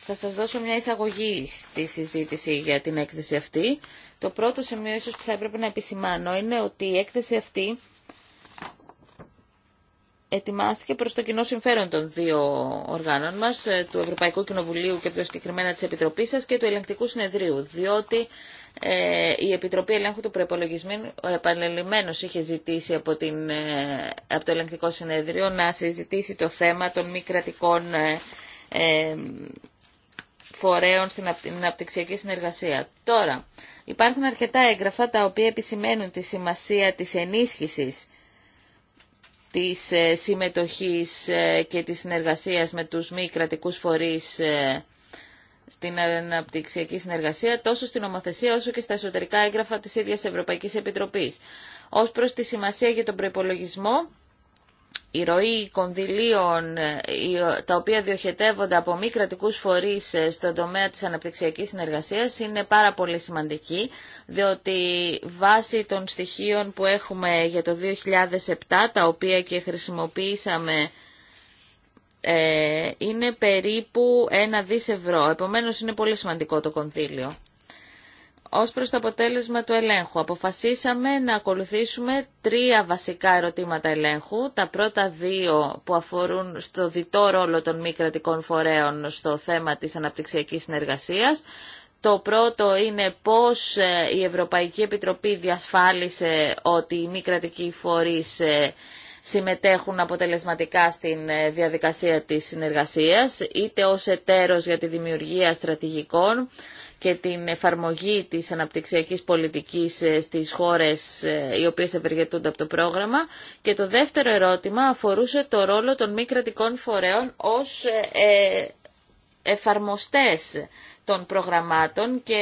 Θα σας δώσω μια εισαγωγή στη συζήτηση για την έκθεση αυτή. Το πρώτο σημείο ίσως που θα έπρεπε να επισημάνω είναι ότι η έκθεση αυτή ετοιμάστηκε προς το κοινό συμφέρον των δύο οργάνων μας, ε, του Ευρωπαϊκού Κοινοβουλίου και πιο συγκεκριμένα της Επιτροπής σας και του Ελεγκτικού Συνεδρίου, διότι ε, η Επιτροπή Ελέγχου του Προπολογισμού επανελειμμένως είχε ζητήσει από, την, ε, το Ελεγκτικό Συνεδρίο να συζητήσει το θέμα των μη κρατικών ε, φορέων στην αναπτυξιακή συνεργασία. Τώρα, υπάρχουν αρκετά έγγραφα τα οποία επισημαίνουν τη σημασία της ενίσχυσης της ε, συμμετοχής ε, και της συνεργασίας με τους μη κρατικούς φορείς ε, στην αναπτυξιακή συνεργασία τόσο στην ομοθεσία όσο και στα εσωτερικά έγγραφα της ίδιας Ευρωπαϊκής Επιτροπής. Ως προς τη σημασία για τον προϋπολογισμό, η ροή κονδυλίων ε, τα οποία διοχετεύονται από μη κρατικού φορεί ε, στον τομέα της αναπτυξιακής συνεργασίας είναι πάρα πολύ σημαντική, διότι βάσει των στοιχείων που έχουμε για το 2007, τα οποία και χρησιμοποίησαμε, ε, είναι περίπου ένα δις ευρώ. Επομένως είναι πολύ σημαντικό το κονδύλιο ως προς το αποτέλεσμα του ελέγχου. Αποφασίσαμε να ακολουθήσουμε τρία βασικά ερωτήματα ελέγχου. Τα πρώτα δύο που αφορούν στο διτό ρόλο των μη κρατικών φορέων στο θέμα της αναπτυξιακής συνεργασίας. Το πρώτο είναι πώς ε, η Ευρωπαϊκή Επιτροπή διασφάλισε ότι οι μη κρατικοί φορείς ε, συμμετέχουν αποτελεσματικά στην ε, διαδικασία της συνεργασίας, είτε ως εταίρος για τη δημιουργία στρατηγικών, και την εφαρμογή της αναπτυξιακής πολιτικής ε, στις χώρες ε, οι οποίες ευεργετούνται από το πρόγραμμα. Και το δεύτερο ερώτημα αφορούσε το ρόλο των μη κρατικών φορέων ως ε, ε εφαρμοστές των προγραμμάτων και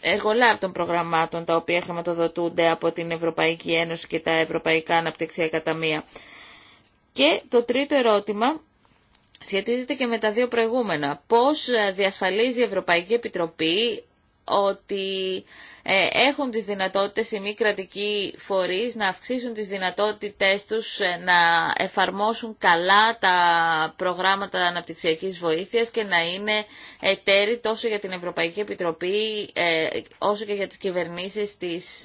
εργολάβων των προγραμμάτων τα οποία χρηματοδοτούνται από την Ευρωπαϊκή Ένωση και τα Ευρωπαϊκά Αναπτυξιακά Ταμεία. Και το τρίτο ερώτημα σχετίζεται και με τα δύο προηγούμενα. Πώς ε, διασφαλίζει η Ευρωπαϊκή Επιτροπή ότι ε, έχουν τις δυνατότητες οι μη κρατικοί φορείς να αυξήσουν τις δυνατότητες τους ε, να εφαρμόσουν καλά τα προγράμματα αναπτυξιακής βοήθειας και να είναι εταίροι τόσο για την Ευρωπαϊκή Επιτροπή όσο και για τις κυβερνήσεις της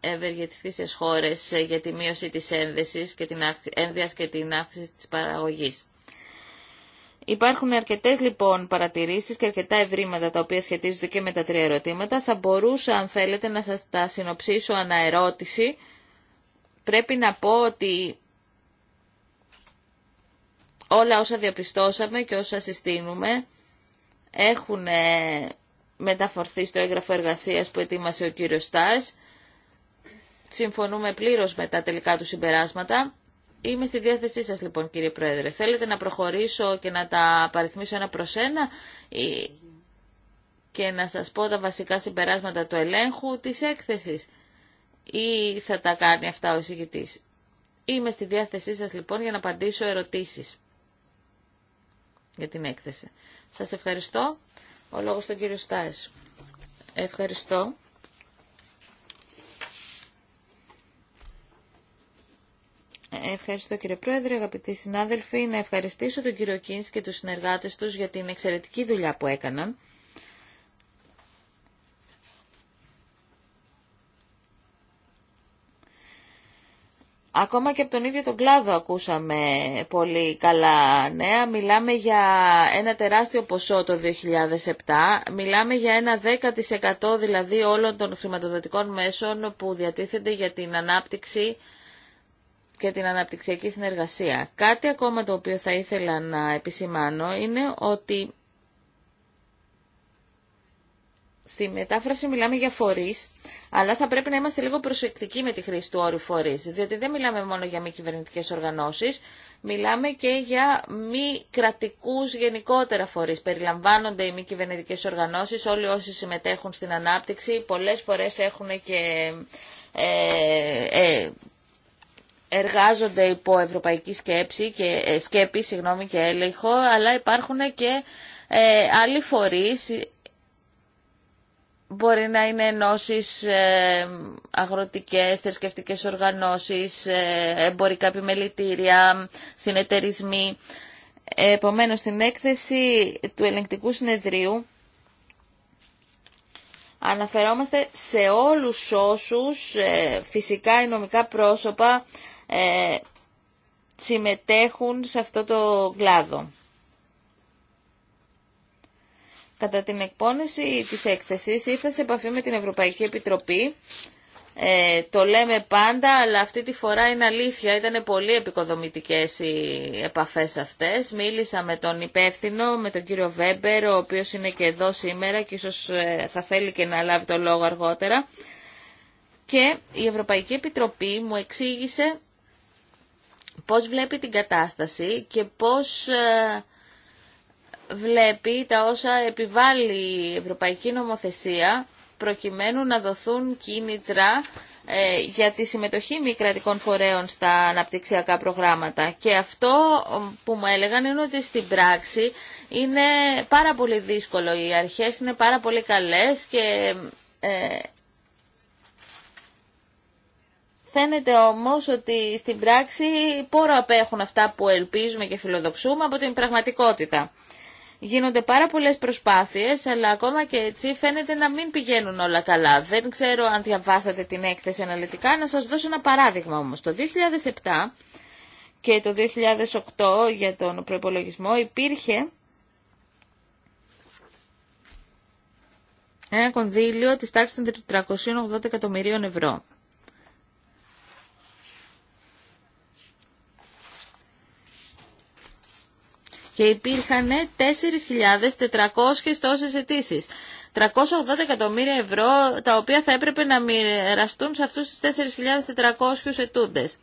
ευεργετηθήσεις χώρες για τη μείωση της και την και την αύξηση της παραγωγής. Υπάρχουν αρκετέ λοιπόν παρατηρήσει και αρκετά ευρήματα τα οποία σχετίζονται και με τα τρία ερωτήματα. Θα μπορούσα αν θέλετε να σας τα συνοψίσω αναερώτηση. Πρέπει να πω ότι όλα όσα διαπιστώσαμε και όσα συστήνουμε έχουν ε, μεταφορθεί στο έγγραφο εργασίας που ετοίμασε ο κύριος Στά. Συμφωνούμε πλήρως με τα τελικά του συμπεράσματα. Είμαι στη διάθεσή σας λοιπόν κύριε Πρόεδρε. Θέλετε να προχωρήσω και να τα παριθμίσω ένα προς ένα ή... και να σας πω τα βασικά συμπεράσματα του ελέγχου της έκθεσης ή θα τα κάνει αυτά ο εισηγητής. Είμαι στη διάθεσή σας λοιπόν για να απαντήσω ερωτήσεις για την έκθεση. Σας ευχαριστώ. Ο λόγος στον κύριο Στάι. Ευχαριστώ. Ευχαριστώ κύριε Πρόεδρε, αγαπητοί συνάδελφοι. Να ευχαριστήσω τον κύριο Κίνς και τους συνεργάτες τους για την εξαιρετική δουλειά που έκαναν. Ακόμα και από τον ίδιο τον κλάδο ακούσαμε πολύ καλά νέα. Μιλάμε για ένα τεράστιο ποσό το 2007. Μιλάμε για ένα 10% δηλαδή όλων των χρηματοδοτικών μέσων που διατίθενται για την ανάπτυξη και την αναπτυξιακή συνεργασία. Κάτι ακόμα το οποίο θα ήθελα να επισημάνω είναι ότι στη μετάφραση μιλάμε για φορείς, αλλά θα πρέπει να είμαστε λίγο προσεκτικοί με τη χρήση του όρου φορείς, διότι δεν μιλάμε μόνο για μη κυβερνητικές οργανώσεις, μιλάμε και για μη κρατικούς γενικότερα φορείς. Περιλαμβάνονται οι μη κυβερνητικές οργανώσεις, όλοι όσοι συμμετέχουν στην ανάπτυξη, πολλές φορές έχουν και ε, ε εργάζονται υπό ευρωπαϊκή σκέψη και, ε, σκέπη συγγνώμη, και έλεγχο, αλλά υπάρχουν και ε, άλλοι φορείς, μπορεί να είναι ενώσεις ε, αγροτικές, θρησκευτικέ οργανώσεις, ε, εμπορικά επιμελητήρια, συνεταιρισμοί. Επομένως, στην έκθεση του ελεγκτικού συνεδρίου αναφερόμαστε σε όλους όσους, φυσικά ή νομικά πρόσωπα, ε, συμμετέχουν σε αυτό το κλάδο. Κατά την εκπόνηση της έκθεσης ήρθα σε επαφή με την Ευρωπαϊκή Επιτροπή. Ε, το λέμε πάντα, αλλά αυτή τη φορά είναι αλήθεια. Ήταν πολύ επικοδομητικές οι επαφές αυτές. Μίλησα με τον υπεύθυνο, με τον κύριο Βέμπερ, ο οποίος είναι και εδώ σήμερα και ίσως ε, θα θέλει και να λάβει το λόγο αργότερα. Και η Ευρωπαϊκή Επιτροπή μου εξήγησε πώς βλέπει την κατάσταση και πώς ε, βλέπει τα όσα επιβάλλει η Ευρωπαϊκή Νομοθεσία προκειμένου να δοθούν κίνητρα ε, για τη συμμετοχή μη κρατικών φορέων στα αναπτυξιακά προγράμματα. Και αυτό που μου έλεγαν είναι ότι στην πράξη είναι πάρα πολύ δύσκολο. Οι αρχές είναι πάρα πολύ καλές και ε, Φαίνεται όμως ότι στην πράξη πόρο απέχουν αυτά που ελπίζουμε και φιλοδοξούμε από την πραγματικότητα. Γίνονται πάρα πολλές προσπάθειες, αλλά ακόμα και έτσι φαίνεται να μην πηγαίνουν όλα καλά. Δεν ξέρω αν διαβάσατε την έκθεση αναλυτικά, να σας δώσω ένα παράδειγμα όμως. Το 2007 και το 2008 για τον προπολογισμό υπήρχε ένα κονδύλιο της τάξης των 380 εκατομμυρίων ευρώ. και υπήρχαν 4.400 τόσε αιτήσει. 380 εκατομμύρια ευρώ τα οποία θα έπρεπε να μοιραστούν σε αυτούς τους 4.400 ετούντες.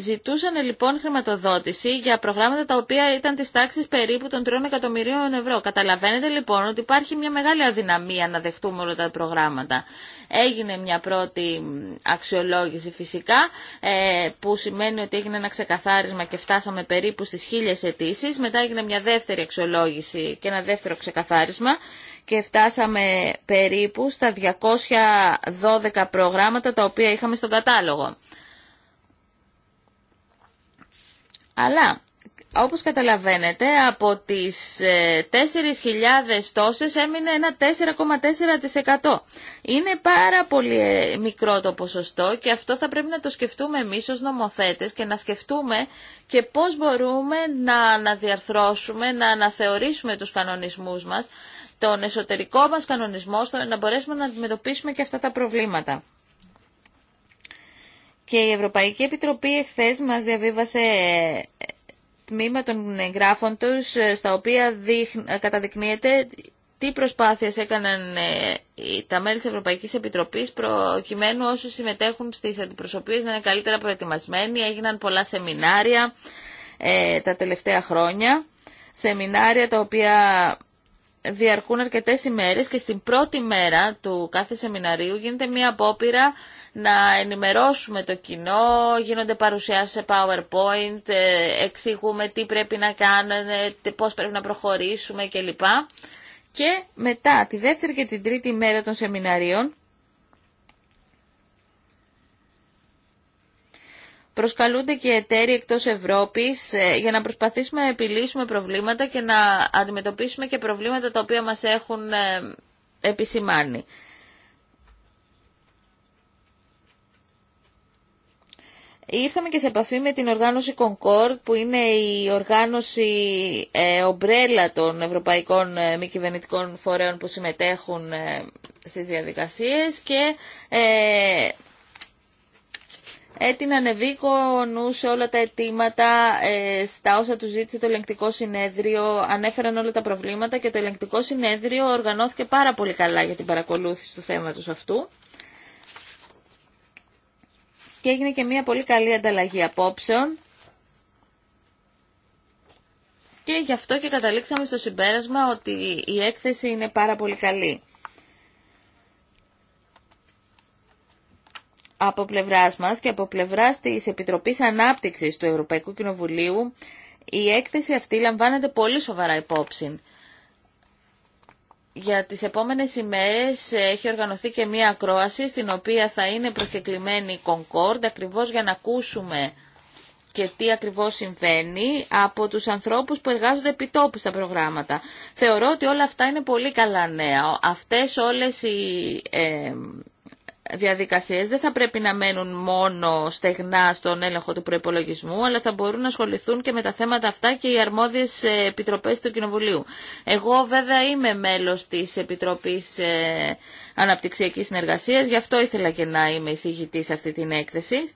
Ζητούσαν λοιπόν χρηματοδότηση για προγράμματα τα οποία ήταν της τάξης περίπου των 3 εκατομμυρίων ευρώ. Καταλαβαίνετε λοιπόν ότι υπάρχει μια μεγάλη αδυναμία να δεχτούμε όλα τα προγράμματα. Έγινε μια πρώτη αξιολόγηση φυσικά ε, που σημαίνει ότι έγινε ένα ξεκαθάρισμα και φτάσαμε περίπου στις χίλιες αιτήσει. Μετά έγινε μια δεύτερη αξιολόγηση και ένα δεύτερο ξεκαθάρισμα και φτάσαμε περίπου στα 212 προγράμματα τα οποία είχαμε στον κατάλογο. Αλλά όπως καταλαβαίνετε, από τις 4.000 ε, τόσες έμεινε ένα 4,4%. Είναι πάρα πολύ ε, μικρό το ποσοστό και αυτό θα πρέπει να το σκεφτούμε εμείς ως νομοθέτες και να σκεφτούμε και πώς μπορούμε να αναδιαρθρώσουμε, να αναθεωρήσουμε τους κανονισμούς μας, τον εσωτερικό μας κανονισμό, να μπορέσουμε να αντιμετωπίσουμε και αυτά τα προβλήματα. Και η Ευρωπαϊκή Επιτροπή εχθέ μας διαβίβασε ε, τμήμα των εγγράφων τους, ε, στα οποία ε, καταδεικνύεται τι προσπάθειες έκαναν τα μέλη της Ευρωπαϊκής Επιτροπής προκειμένου όσους συμμετέχουν στις αντιπροσωπείες να είναι καλύτερα προετοιμασμένοι. Έγιναν πολλά σεμινάρια τα τελευταία χρόνια, σεμινάρια τα οποία διαρκούν αρκετές ημέρες και στην πρώτη μέρα του κάθε σεμιναρίου γίνεται μια απόπειρα να ενημερώσουμε το κοινό, γίνονται παρουσιάσεις σε PowerPoint, ε, εξηγούμε τι πρέπει να κάνουμε, πώς πρέπει να προχωρήσουμε κλπ. Και μετά τη δεύτερη και την τρίτη μέρα των σεμιναρίων, Προσκαλούνται και εταίροι εκτός Ευρώπης ε, για να προσπαθήσουμε να επιλύσουμε προβλήματα και να αντιμετωπίσουμε και προβλήματα τα οποία μας έχουν ε, επισημάνει. ήρθαμε και σε επαφή με την οργάνωση Concord που είναι η οργάνωση ε, ομπρέλα των ευρωπαϊκών ε, μη κυβερνητικών φορέων που συμμετέχουν ε, στις διαδικασίες και ε, έτειναν ε, νου σε όλα τα αιτήματα, ε, στα όσα του ζήτησε το ελεγκτικό συνέδριο, ανέφεραν όλα τα προβλήματα και το ελεγκτικό συνέδριο οργανώθηκε πάρα πολύ καλά για την παρακολούθηση του θέματος αυτού και έγινε και μια πολύ καλή ανταλλαγή απόψεων και γι' αυτό και καταλήξαμε στο συμπέρασμα ότι η έκθεση είναι πάρα πολύ καλή. Από πλευράς μας και από πλευράς της Επιτροπής Ανάπτυξης του Ευρωπαϊκού Κοινοβουλίου η έκθεση αυτή λαμβάνεται πολύ σοβαρά υπόψη για τις επόμενες ημέρες έχει οργανωθεί και μία ακρόαση στην οποία θα είναι προσκεκλημένη η Concord ακριβώς για να ακούσουμε και τι ακριβώς συμβαίνει από τους ανθρώπους που εργάζονται επιτόπου στα προγράμματα. Θεωρώ ότι όλα αυτά είναι πολύ καλά νέα. Αυτές όλες οι ε, διαδικασίες δεν θα πρέπει να μένουν μόνο στεγνά στον έλεγχο του προϋπολογισμού, αλλά θα μπορούν να ασχοληθούν και με τα θέματα αυτά και οι αρμόδιες ε, επιτροπές του Κοινοβουλίου. Εγώ βέβαια είμαι μέλος της Επιτροπής ε, Αναπτυξιακής Συνεργασίας, γι' αυτό ήθελα και να είμαι εισηγητή σε αυτή την έκθεση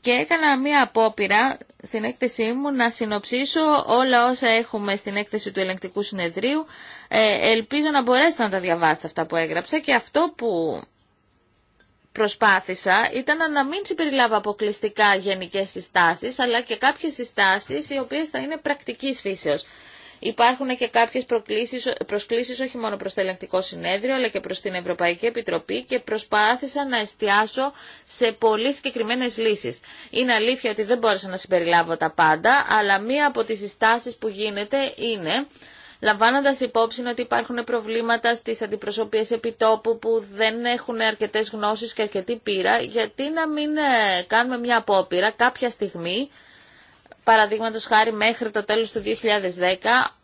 και έκανα μία απόπειρα στην έκθεσή μου να συνοψίσω όλα όσα έχουμε στην έκθεση του ελεγκτικού συνεδρίου. Ε, ελπίζω να μπορέσετε να τα διαβάσετε αυτά που έγραψα και αυτό που προσπάθησα ήταν να μην συμπεριλάβω αποκλειστικά γενικές συστάσεις αλλά και κάποιες συστάσεις οι οποίες θα είναι πρακτικής φύσεως. Υπάρχουν και κάποιες προκλήσεις, προσκλήσεις όχι μόνο προς το ελεγκτικό συνέδριο αλλά και προς την Ευρωπαϊκή Επιτροπή και προσπάθησα να εστιάσω σε πολύ συγκεκριμένε λύσεις. Είναι αλήθεια ότι δεν μπόρεσα να συμπεριλάβω τα πάντα, αλλά μία από τις συστάσεις που γίνεται είναι λαμβάνοντας υπόψη ότι υπάρχουν προβλήματα στις αντιπροσωπείες επιτόπου που δεν έχουν αρκετές γνώσεις και αρκετή πείρα, γιατί να μην ε, κάνουμε μια απόπειρα κάποια στιγμή Παραδείγματο χάρη μέχρι το τέλος του 2010,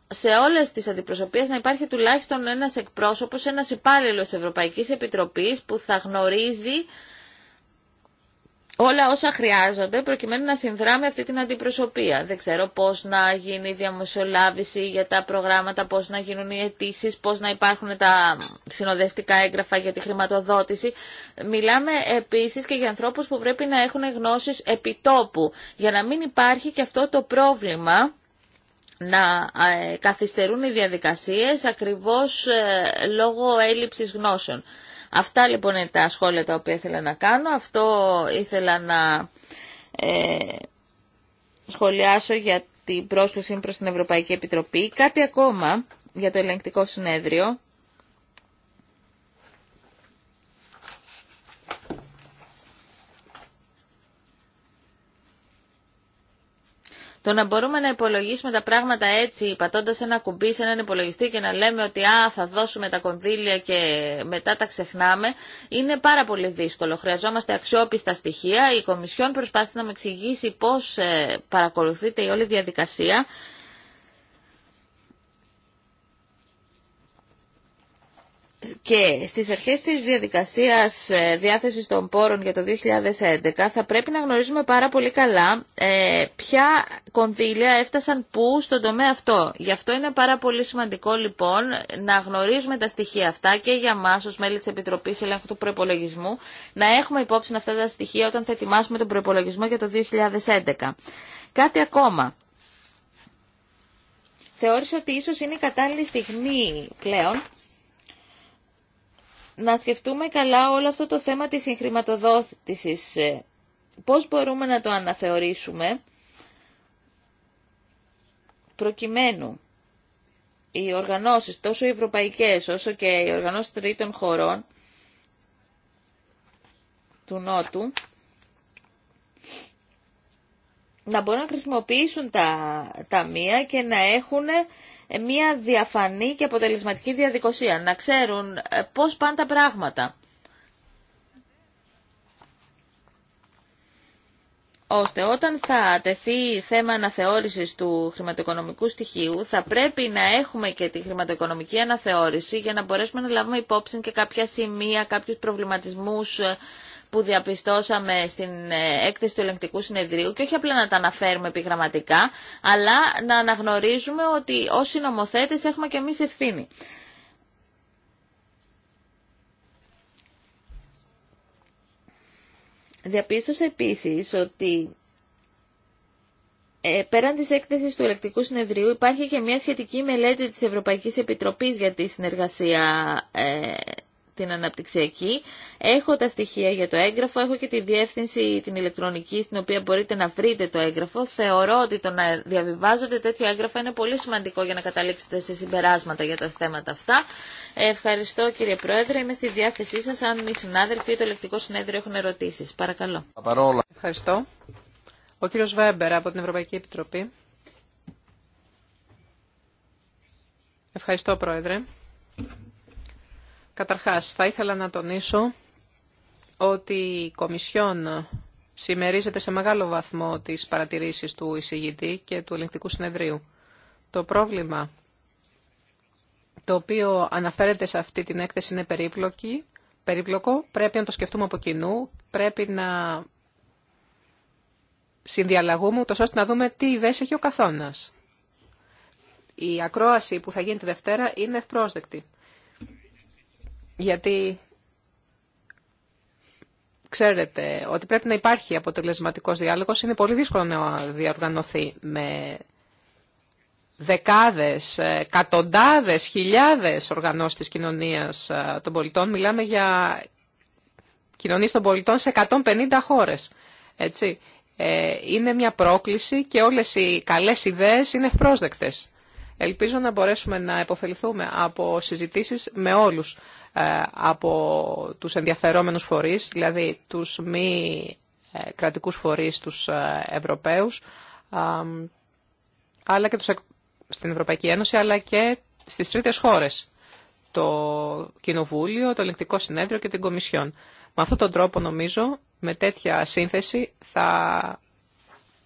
σε όλες τις αντιπροσωπείες να υπάρχει τουλάχιστον ένας εκπρόσωπος, ένα υπάλληλο Ευρωπαϊκής Επιτροπής που θα γνωρίζει όλα όσα χρειάζονται προκειμένου να συνδράμε αυτή την αντιπροσωπεία. Δεν ξέρω πώς να γίνει η διαμοσολάβηση για τα προγράμματα, πώς να γίνουν οι αιτήσει, πώς να υπάρχουν τα συνοδευτικά έγγραφα για τη χρηματοδότηση. Μιλάμε επίσης και για ανθρώπους που πρέπει να έχουν γνώσεις επιτόπου, για να μην υπάρχει και αυτό το πρόβλημα να ε, καθυστερούν οι διαδικασίες ακριβώς ε, λόγω έλλειψης γνώσεων. Αυτά λοιπόν είναι τα σχόλια τα οποία ήθελα να κάνω. Αυτό ήθελα να ε, σχολιάσω για την πρόσκληση προς την Ευρωπαϊκή Επιτροπή. Κάτι ακόμα για το ελεγκτικό συνέδριο. Το να μπορούμε να υπολογίσουμε τα πράγματα έτσι, πατώντα ένα κουμπί σε έναν υπολογιστή και να λέμε ότι α, θα δώσουμε τα κονδύλια και μετά τα ξεχνάμε, είναι πάρα πολύ δύσκολο. Χρειαζόμαστε αξιόπιστα στοιχεία. Η Κομισιόν προσπάθησε να με εξηγήσει πώ ε, παρακολουθείται η όλη διαδικασία. και στις αρχές της διαδικασίας ε, διάθεσης των πόρων για το 2011 θα πρέπει να γνωρίζουμε πάρα πολύ καλά ε, ποια κονδύλια έφτασαν πού στον τομέα αυτό. Γι' αυτό είναι πάρα πολύ σημαντικό λοιπόν να γνωρίζουμε τα στοιχεία αυτά και για μας ως μέλη της Επιτροπής Ελέγχου του Προπολογισμού να έχουμε υπόψη αυτά τα στοιχεία όταν θα ετοιμάσουμε τον προπολογισμό για το 2011. Κάτι ακόμα. Θεώρησε ότι ίσως είναι η κατάλληλη στιγμή πλέον να σκεφτούμε καλά όλο αυτό το θέμα της συγχρηματοδότησης. Ε, πώς μπορούμε να το αναθεωρήσουμε προκειμένου οι οργανώσεις, τόσο οι ευρωπαϊκές όσο και οι οργανώσεις τρίτων χωρών του Νότου, να μπορούν να χρησιμοποιήσουν τα ταμεία και να έχουν ε, μια διαφανή και αποτελεσματική διαδικασία, να ξέρουν ε, πώς πάνε τα πράγματα. ώστε όταν θα τεθεί θέμα αναθεώρησης του χρηματοοικονομικού στοιχείου θα πρέπει να έχουμε και τη χρηματοοικονομική αναθεώρηση για να μπορέσουμε να λάβουμε υπόψη και κάποια σημεία, κάποιους προβληματισμούς ε, που διαπιστώσαμε στην ε, έκθεση του ελεγκτικού συνεδρίου και όχι απλά να τα αναφέρουμε επιγραμματικά, αλλά να αναγνωρίζουμε ότι ως συνομοθέτες έχουμε και εμείς ευθύνη. Διαπίστωσα επίσης ότι ε, πέραν της έκθεσης του ελεκτικού συνεδρίου υπάρχει και μια σχετική μελέτη της Ευρωπαϊκής Επιτροπής για τη συνεργασία ε, την αναπτυξιακή. Έχω τα στοιχεία για το έγγραφο, έχω και τη διεύθυνση την ηλεκτρονική στην οποία μπορείτε να βρείτε το έγγραφο. Θεωρώ ότι το να διαβιβάζονται τέτοια έγγραφα είναι πολύ σημαντικό για να καταλήξετε σε συμπεράσματα για τα θέματα αυτά. Ευχαριστώ κύριε Πρόεδρε, είμαι στη διάθεσή σας αν οι συνάδελφοι ή το ελεκτικό συνέδριο έχουν ερωτήσεις. Παρακαλώ. Ευχαριστώ. Ο κύριος Βέμπερ από την Ευρωπαϊκή Επιτροπή. Ευχαριστώ Πρόεδρε. Καταρχάς, θα ήθελα να τονίσω ότι η Κομισιόν συμμερίζεται σε μεγάλο βαθμό τις παρατηρήσεις του εισηγητή και του ελεγκτικού συνεδρίου. Το πρόβλημα το οποίο αναφέρεται σε αυτή την έκθεση είναι περίπλοκη, περίπλοκο, πρέπει να το σκεφτούμε από κοινού, πρέπει να συνδιαλλαγούμε, ούτως ώστε να δούμε τι ιδέες έχει ο καθόνας. Η ακρόαση που θα γίνει τη Δευτέρα είναι ευπρόσδεκτη γιατί ξέρετε ότι πρέπει να υπάρχει αποτελεσματικός διάλογος. Είναι πολύ δύσκολο να διοργανωθεί με δεκάδες, ε, κατοντάδες, χιλιάδες οργανώσεις της κοινωνίας ε, των πολιτών. Μιλάμε για κοινωνίες των πολιτών σε 150 χώρες. Έτσι. Ε, είναι μια πρόκληση και όλες οι καλές ιδέες είναι ευπρόσδεκτες. Ελπίζω να μπορέσουμε να επωφεληθούμε από συζητήσεις με όλους. Ε, από τους ενδιαφερόμενους φορείς, δηλαδή τους μη ε, κρατικούς φορείς, τους ε, Ευρωπαίους, αλλά και τους, στην Ευρωπαϊκή Ένωση, αλλά και στις τρίτες χώρες. Το Κοινοβούλιο, το Ελεκτικό Συνέδριο και την Κομισιόν. Με αυτόν τον τρόπο, νομίζω, με τέτοια σύνθεση θα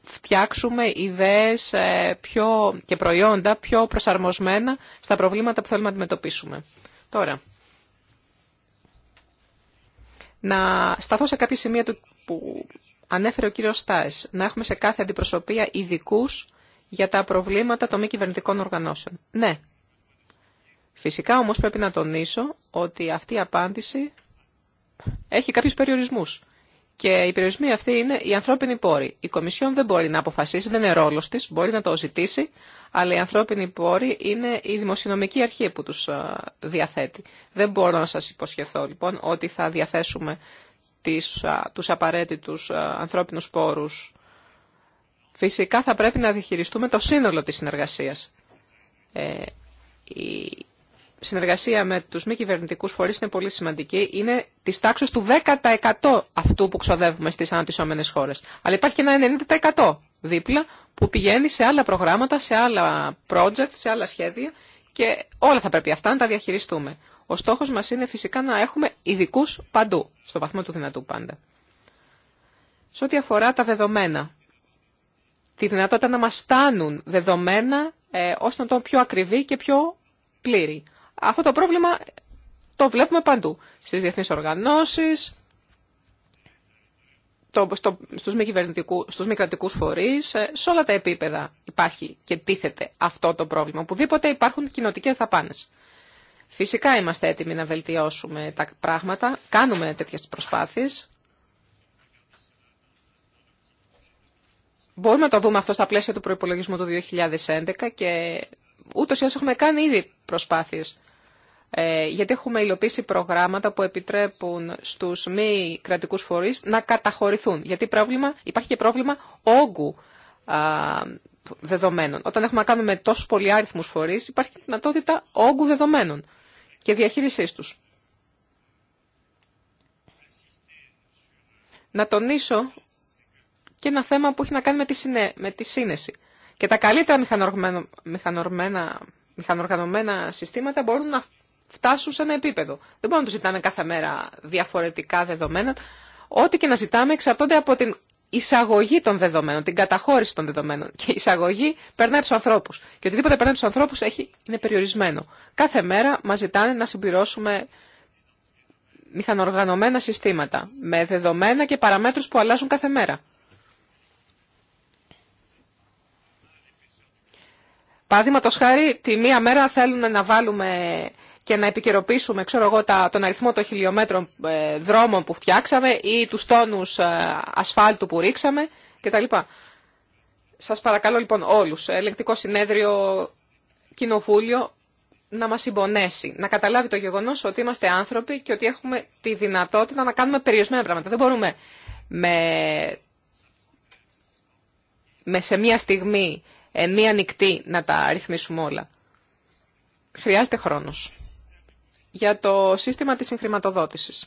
φτιάξουμε ιδέες πιο, και προϊόντα πιο προσαρμοσμένα στα προβλήματα που θέλουμε να αντιμετωπίσουμε. Τώρα, να σταθώ σε κάποια σημεία του που ανέφερε ο κύριος Στάις, να έχουμε σε κάθε αντιπροσωπεία ειδικού για τα προβλήματα των μη κυβερνητικών οργανώσεων. Ναι. Φυσικά όμως πρέπει να τονίσω ότι αυτή η απάντηση έχει κάποιους περιορισμούς. Και οι περιορισμοί αυτοί είναι οι ανθρώπινοι πόροι. Η Κομισιόν δεν μπορεί να αποφασίσει, δεν είναι ρόλος της, μπορεί να το ζητήσει, αλλά οι ανθρώπινοι πόροι είναι η δημοσιονομική αρχή που τους διαθέτει. Δεν μπορώ να σας υποσχεθώ λοιπόν ότι θα διαθέσουμε τις, τους απαραίτητους ανθρώπινους πόρους. Φυσικά θα πρέπει να διχειριστούμε το σύνολο της συνεργασίας. Ε, συνεργασία με τους μη κυβερνητικού φορείς είναι πολύ σημαντική. Είναι της τάξης του 10% αυτού που ξοδεύουμε στις αναπτυσσόμενες χώρες. Αλλά υπάρχει και ένα 90% δίπλα που πηγαίνει σε άλλα προγράμματα, σε άλλα project, σε άλλα σχέδια και όλα θα πρέπει αυτά να τα διαχειριστούμε. Ο στόχος μας είναι φυσικά να έχουμε ειδικού παντού, στο βαθμό του δυνατού πάντα. Σε ό,τι αφορά τα δεδομένα, τη δυνατότητα να μας στάνουν δεδομένα ε, ώστε να το πιο ακριβή και πιο πλήρη. Αυτό το πρόβλημα το βλέπουμε παντού. Στις διεθνείς οργανώσεις, το, στο, στους, μη στους μη κρατικούς φορείς, ε, σε όλα τα επίπεδα υπάρχει και τίθεται αυτό το πρόβλημα. Οπουδήποτε υπάρχουν κοινοτικέ δαπάνε. Φυσικά είμαστε έτοιμοι να βελτιώσουμε τα πράγματα, κάνουμε τέτοιες προσπάθειες. Μπορούμε να το δούμε αυτό στα πλαίσια του προϋπολογισμού του 2011 και ούτως ή έχουμε κάνει ήδη προσπάθειες. Ε, γιατί έχουμε υλοποιήσει προγράμματα που επιτρέπουν στους μη κρατικούς φορείς να καταχωρηθούν. Γιατί πρόβλημα, υπάρχει και πρόβλημα όγκου δεδομένων. Όταν έχουμε να κάνουμε τόσους πολυάριθμους φορείς, υπάρχει δυνατότητα όγκου δεδομένων και διαχείρισή τους. Να τονίσω και ένα θέμα που έχει να κάνει με τη, με τη σύνεση. Και τα καλύτερα μηχανοργανωμένα συστήματα μπορούν να φτάσουν σε ένα επίπεδο. Δεν μπορούμε να του ζητάμε κάθε μέρα διαφορετικά δεδομένα. Ό,τι και να ζητάμε εξαρτώνται από την εισαγωγή των δεδομένων, την καταχώρηση των δεδομένων. Και η εισαγωγή περνάει από του ανθρώπου. Και οτιδήποτε περνάει από του ανθρώπου είναι περιορισμένο. Κάθε μέρα μα ζητάνε να συμπληρώσουμε μηχανοργανωμένα συστήματα με δεδομένα και παραμέτρους που αλλάζουν κάθε μέρα. Παραδείγματο χάρη, τη μία μέρα θέλουν να βάλουμε και να επικαιροποιήσουμε ξέρω εγώ, τον αριθμό των χιλιόμετρων ε, δρόμων που φτιάξαμε ή τους τόνους ε, ασφάλτου που ρίξαμε κτλ. Σας παρακαλώ λοιπόν όλους, ελεγκτικό συνέδριο, κοινοβούλιο, να μας συμπονέσει, να καταλάβει το γεγονός ότι είμαστε άνθρωποι και ότι έχουμε τη δυνατότητα να κάνουμε περιορισμένα πράγματα. Δεν μπορούμε με, με σε μία στιγμή, ε, μία νυχτή να τα ρυθμίσουμε όλα. Χρειάζεται χρόνος για το σύστημα της συγχρηματοδότησης.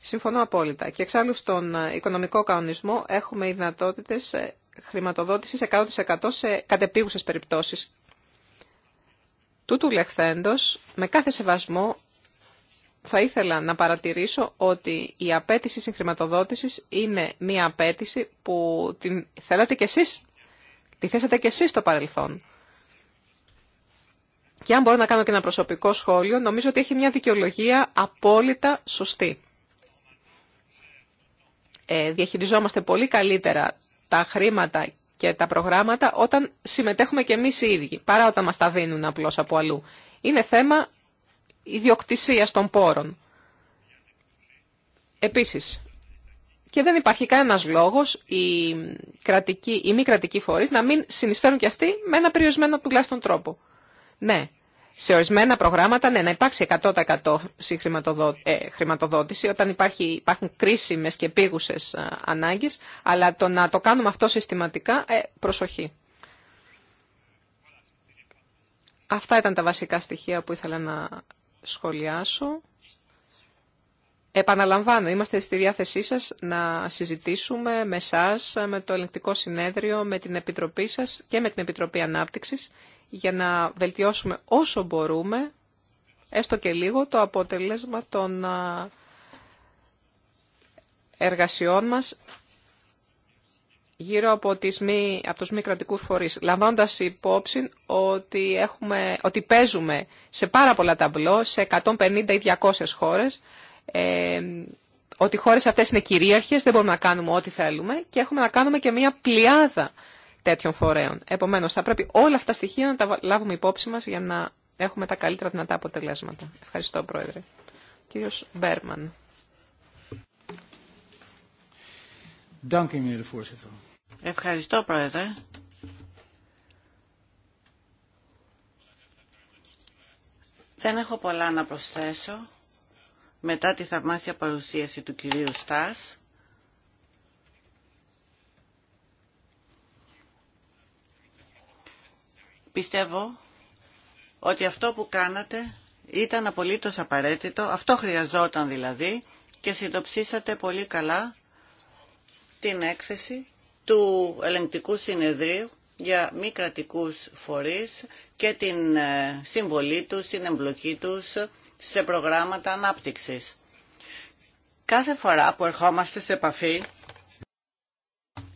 Συμφωνώ απόλυτα. Και εξάλλου στον οικονομικό κανονισμό έχουμε οι δυνατότητες χρηματοδότησης 100% σε κατεπίγουσες περιπτώσεις. Τούτου λεχθέντος, με κάθε σεβασμό, θα ήθελα να παρατηρήσω ότι η απέτηση συγχρηματοδότησης είναι μια απέτηση που την θέλατε κι εσείς, τη θέσατε κι εσείς στο παρελθόν. Και αν μπορώ να κάνω και ένα προσωπικό σχόλιο, νομίζω ότι έχει μια δικαιολογία απόλυτα σωστή. Ε, διαχειριζόμαστε πολύ καλύτερα τα χρήματα και τα προγράμματα όταν συμμετέχουμε και εμείς οι ίδιοι, παρά όταν μας τα δίνουν απλώς από αλλού. Είναι θέμα ιδιοκτησίας των πόρων. Επίσης, και δεν υπάρχει κανένας λόγος οι, κρατικοί, μη κρατικοί φορείς να μην συνεισφέρουν και αυτοί με ένα περιορισμένο τουλάχιστον τρόπο. Ναι, σε ορισμένα προγράμματα ναι, να υπάρξει 100% ε, χρηματοδότηση όταν υπάρχει, υπάρχουν κρίσιμες και πήγουσες ανάγκες, αλλά το να το κάνουμε αυτό συστηματικά, ε, προσοχή. Αυτά ήταν τα βασικά στοιχεία που ήθελα να σχολιάσω. Επαναλαμβάνω, είμαστε στη διάθεσή σας να συζητήσουμε με εσά, με το Ελεκτικό Συνέδριο, με την Επιτροπή σας και με την Επιτροπή Ανάπτυξης για να βελτιώσουμε όσο μπορούμε, έστω και λίγο, το αποτέλεσμα των εργασιών μας γύρω από, τις μη, από τους μη κρατικούς φορείς, λαμβάνοντας υπόψη ότι, έχουμε, ότι παίζουμε σε πάρα πολλά ταμπλό, σε 150 ή 200 χώρες, ε, ότι οι χώρες αυτές είναι κυρίαρχες, δεν μπορούμε να κάνουμε ό,τι θέλουμε και έχουμε να κάνουμε και μια πλειάδα τέτοιων φορέων. Επομένως, θα πρέπει όλα αυτά τα στοιχεία να τα λάβουμε υπόψη μας για να έχουμε τα καλύτερα δυνατά αποτελέσματα. Ευχαριστώ, Πρόεδρε. Κύριος Μπέρμαν. Ευχαριστώ, Πρόεδρε. Δεν έχω πολλά να προσθέσω μετά τη θαυμάσια παρουσίαση του κυρίου Στάς. πιστεύω ότι αυτό που κάνατε ήταν απολύτως απαραίτητο, αυτό χρειαζόταν δηλαδή και συντοψίσατε πολύ καλά την έκθεση του ελεγκτικού συνεδρίου για μη κρατικού φορείς και την ε, συμβολή τους, την εμπλοκή τους σε προγράμματα ανάπτυξης. Κάθε φορά που ερχόμαστε σε επαφή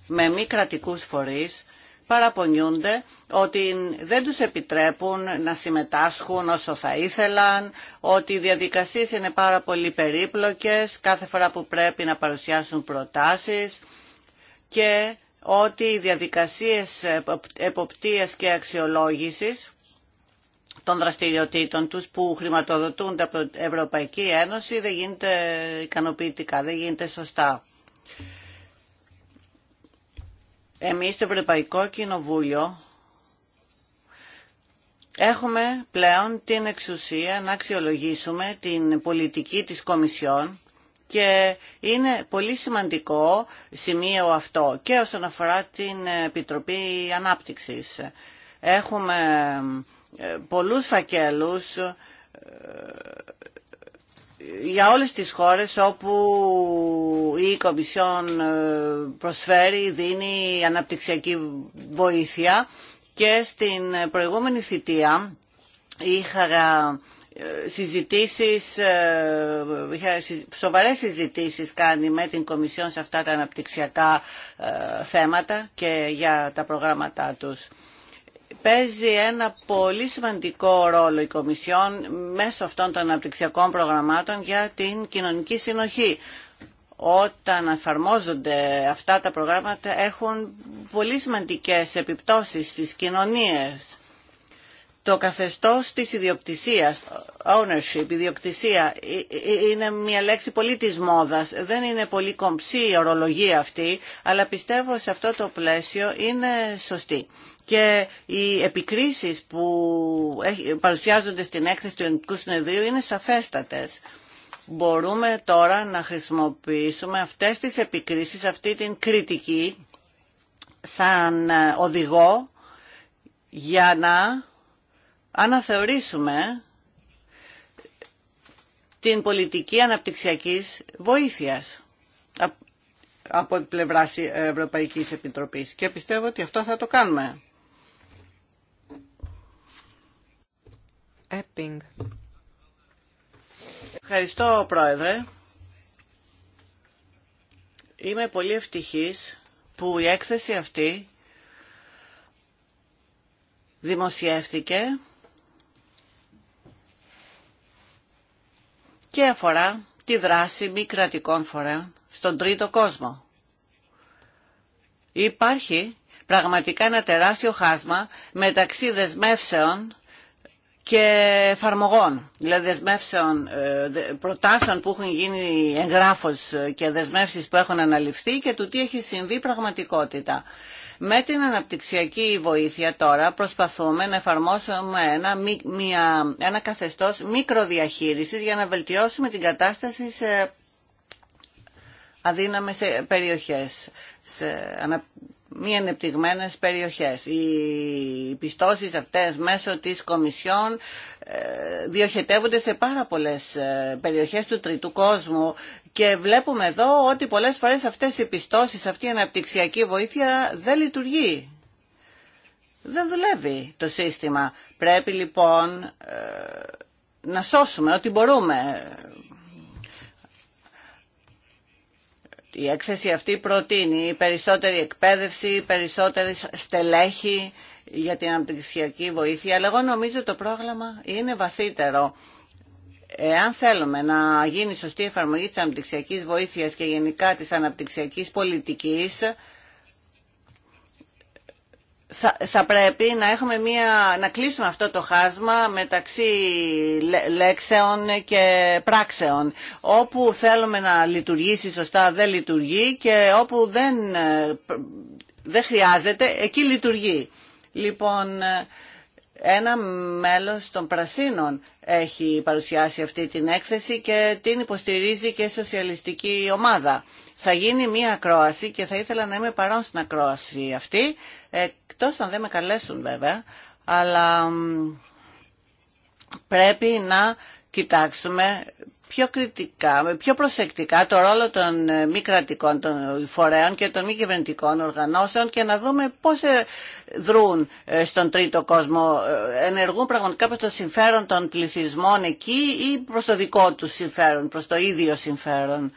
με μη κρατικού φορείς, παραπονιούνται ότι δεν τους επιτρέπουν να συμμετάσχουν όσο θα ήθελαν, ότι οι διαδικασίες είναι πάρα πολύ περίπλοκες κάθε φορά που πρέπει να παρουσιάσουν προτάσεις και ότι οι διαδικασίες εποπτείας και αξιολόγησης των δραστηριοτήτων τους που χρηματοδοτούνται από την Ευρωπαϊκή Ένωση δεν γίνεται ικανοποιητικά, δεν γίνεται σωστά. Εμείς στο Ευρωπαϊκό Κοινοβούλιο έχουμε πλέον την εξουσία να αξιολογήσουμε την πολιτική της Κομισιόν και είναι πολύ σημαντικό σημείο αυτό και όσον αφορά την Επιτροπή Ανάπτυξης. Έχουμε ε, πολλούς φακέλους ε, για όλες τις χώρες όπου η Κομισιόν ε, προσφέρει, δίνει αναπτυξιακή βοήθεια και στην προηγούμενη θητεία είχα ε, συζητήσεις, ε, σοβαρές συζητήσεις κάνει με την Κομισιόν σε αυτά τα αναπτυξιακά θέματα και για τα προγράμματά τους παίζει ένα πολύ σημαντικό ρόλο η Κομισιόν μέσω αυτών των αναπτυξιακών προγραμμάτων για την κοινωνική συνοχή. Όταν εφαρμόζονται αυτά τα προγράμματα έχουν πολύ σημαντικές επιπτώσεις στις κοινωνίες. Το καθεστώς της ιδιοκτησίας, ownership, ιδιοκτησία, ε, ε, είναι μια λέξη πολύ της μόδας. Δεν είναι πολύ κομψή η ορολογία αυτή, αλλά πιστεύω σε αυτό το πλαίσιο είναι σωστή και οι επικρίσεις που παρουσιάζονται στην έκθεση του Ελληνικού Συνεδρίου είναι σαφέστατες. Μπορούμε τώρα να χρησιμοποιήσουμε αυτές τις επικρίσεις, αυτή την κριτική, σαν ε, οδηγό για να αναθεωρήσουμε την πολιτική αναπτυξιακής βοήθειας από την πλευρά Ευρωπαϊκής Επιτροπής. Και πιστεύω ότι αυτό θα το κάνουμε. Ευχαριστώ, Πρόεδρε. Είμαι πολύ ευτυχής που η έκθεση αυτή δημοσιεύτηκε και αφορά τη δράση μη κρατικών φορέων στον τρίτο κόσμο. Υπάρχει πραγματικά ένα τεράστιο χάσμα μεταξύ δεσμεύσεων και εφαρμογών, δηλαδή δεσμεύσεων, ε, προτάσεων που έχουν γίνει εγγράφος ε, και δεσμεύσεις που έχουν αναλυφθεί και του τι έχει συμβεί πραγματικότητα. Με την αναπτυξιακή βοήθεια τώρα προσπαθούμε να εφαρμόσουμε ένα, μια, ένα καθεστώς μικροδιαχείρισης για να βελτιώσουμε την κατάσταση σε αδύναμες ε, περιοχές, σε μη ανεπτυγμένες περιοχές. Οι πιστώσεις αυτές μέσω της Κομισιόν ε, διοχετεύονται σε πάρα πολλές ε, περιοχές του τριτού κόσμου και βλέπουμε εδώ ότι πολλές φορές αυτές οι πιστώσεις, αυτή η αναπτυξιακή βοήθεια δεν λειτουργεί. Δεν δουλεύει το σύστημα. Πρέπει λοιπόν ε, να σώσουμε ό,τι μπορούμε η έξεση αυτή προτείνει περισσότερη εκπαίδευση, περισσότερη στελέχη για την αναπτυξιακή βοήθεια, αλλά εγώ νομίζω το πρόγραμμα είναι βασίτερο. Εάν θέλουμε να γίνει σωστή εφαρμογή της αναπτυξιακής βοήθειας και γενικά της αναπτυξιακής πολιτικής, θα, πρέπει να, έχουμε μία, να κλείσουμε αυτό το χάσμα μεταξύ λέξεων και πράξεων. Όπου θέλουμε να λειτουργήσει σωστά δεν λειτουργεί και όπου δεν, ε, δεν χρειάζεται εκεί λειτουργεί. Λοιπόν, ε, ένα μέλος των Πρασίνων έχει παρουσιάσει αυτή την έκθεση και την υποστηρίζει και η σοσιαλιστική ομάδα. Θα γίνει μία ακρόαση και θα ήθελα να είμαι παρόν στην ακρόαση αυτή ε, εκτός αν δεν με καλέσουν βέβαια, αλλά πρέπει να κοιτάξουμε πιο κριτικά, πιο προσεκτικά το ρόλο των ε, μη κρατικών των φορέων και των μη κυβερνητικών οργανώσεων και να δούμε πώς ε, δρούν ε, στον τρίτο κόσμο. Ενεργούν πραγματικά προς το συμφέρον των πληθυσμών εκεί ή προς το δικό τους συμφέρον, προς το ίδιο συμφέρον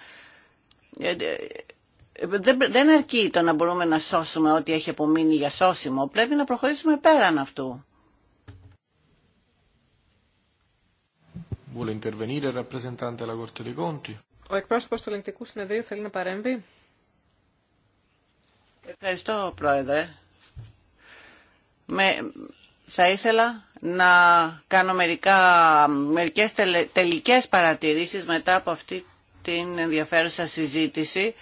δεν αρκεί το να μπορούμε να σώσουμε ό,τι έχει απομείνει για σώσιμο. Πρέπει να προχωρήσουμε πέραν αυτού. Ο εκπρόσωπο του ελληνικού Συνεδρίου θέλει να παρέμβει. Ευχαριστώ, Πρόεδρε. Με, θα ήθελα να κάνω μερικά, μερικές τελικές παρατηρήσεις μετά από αυτή την ενδιαφέρουσα συζήτηση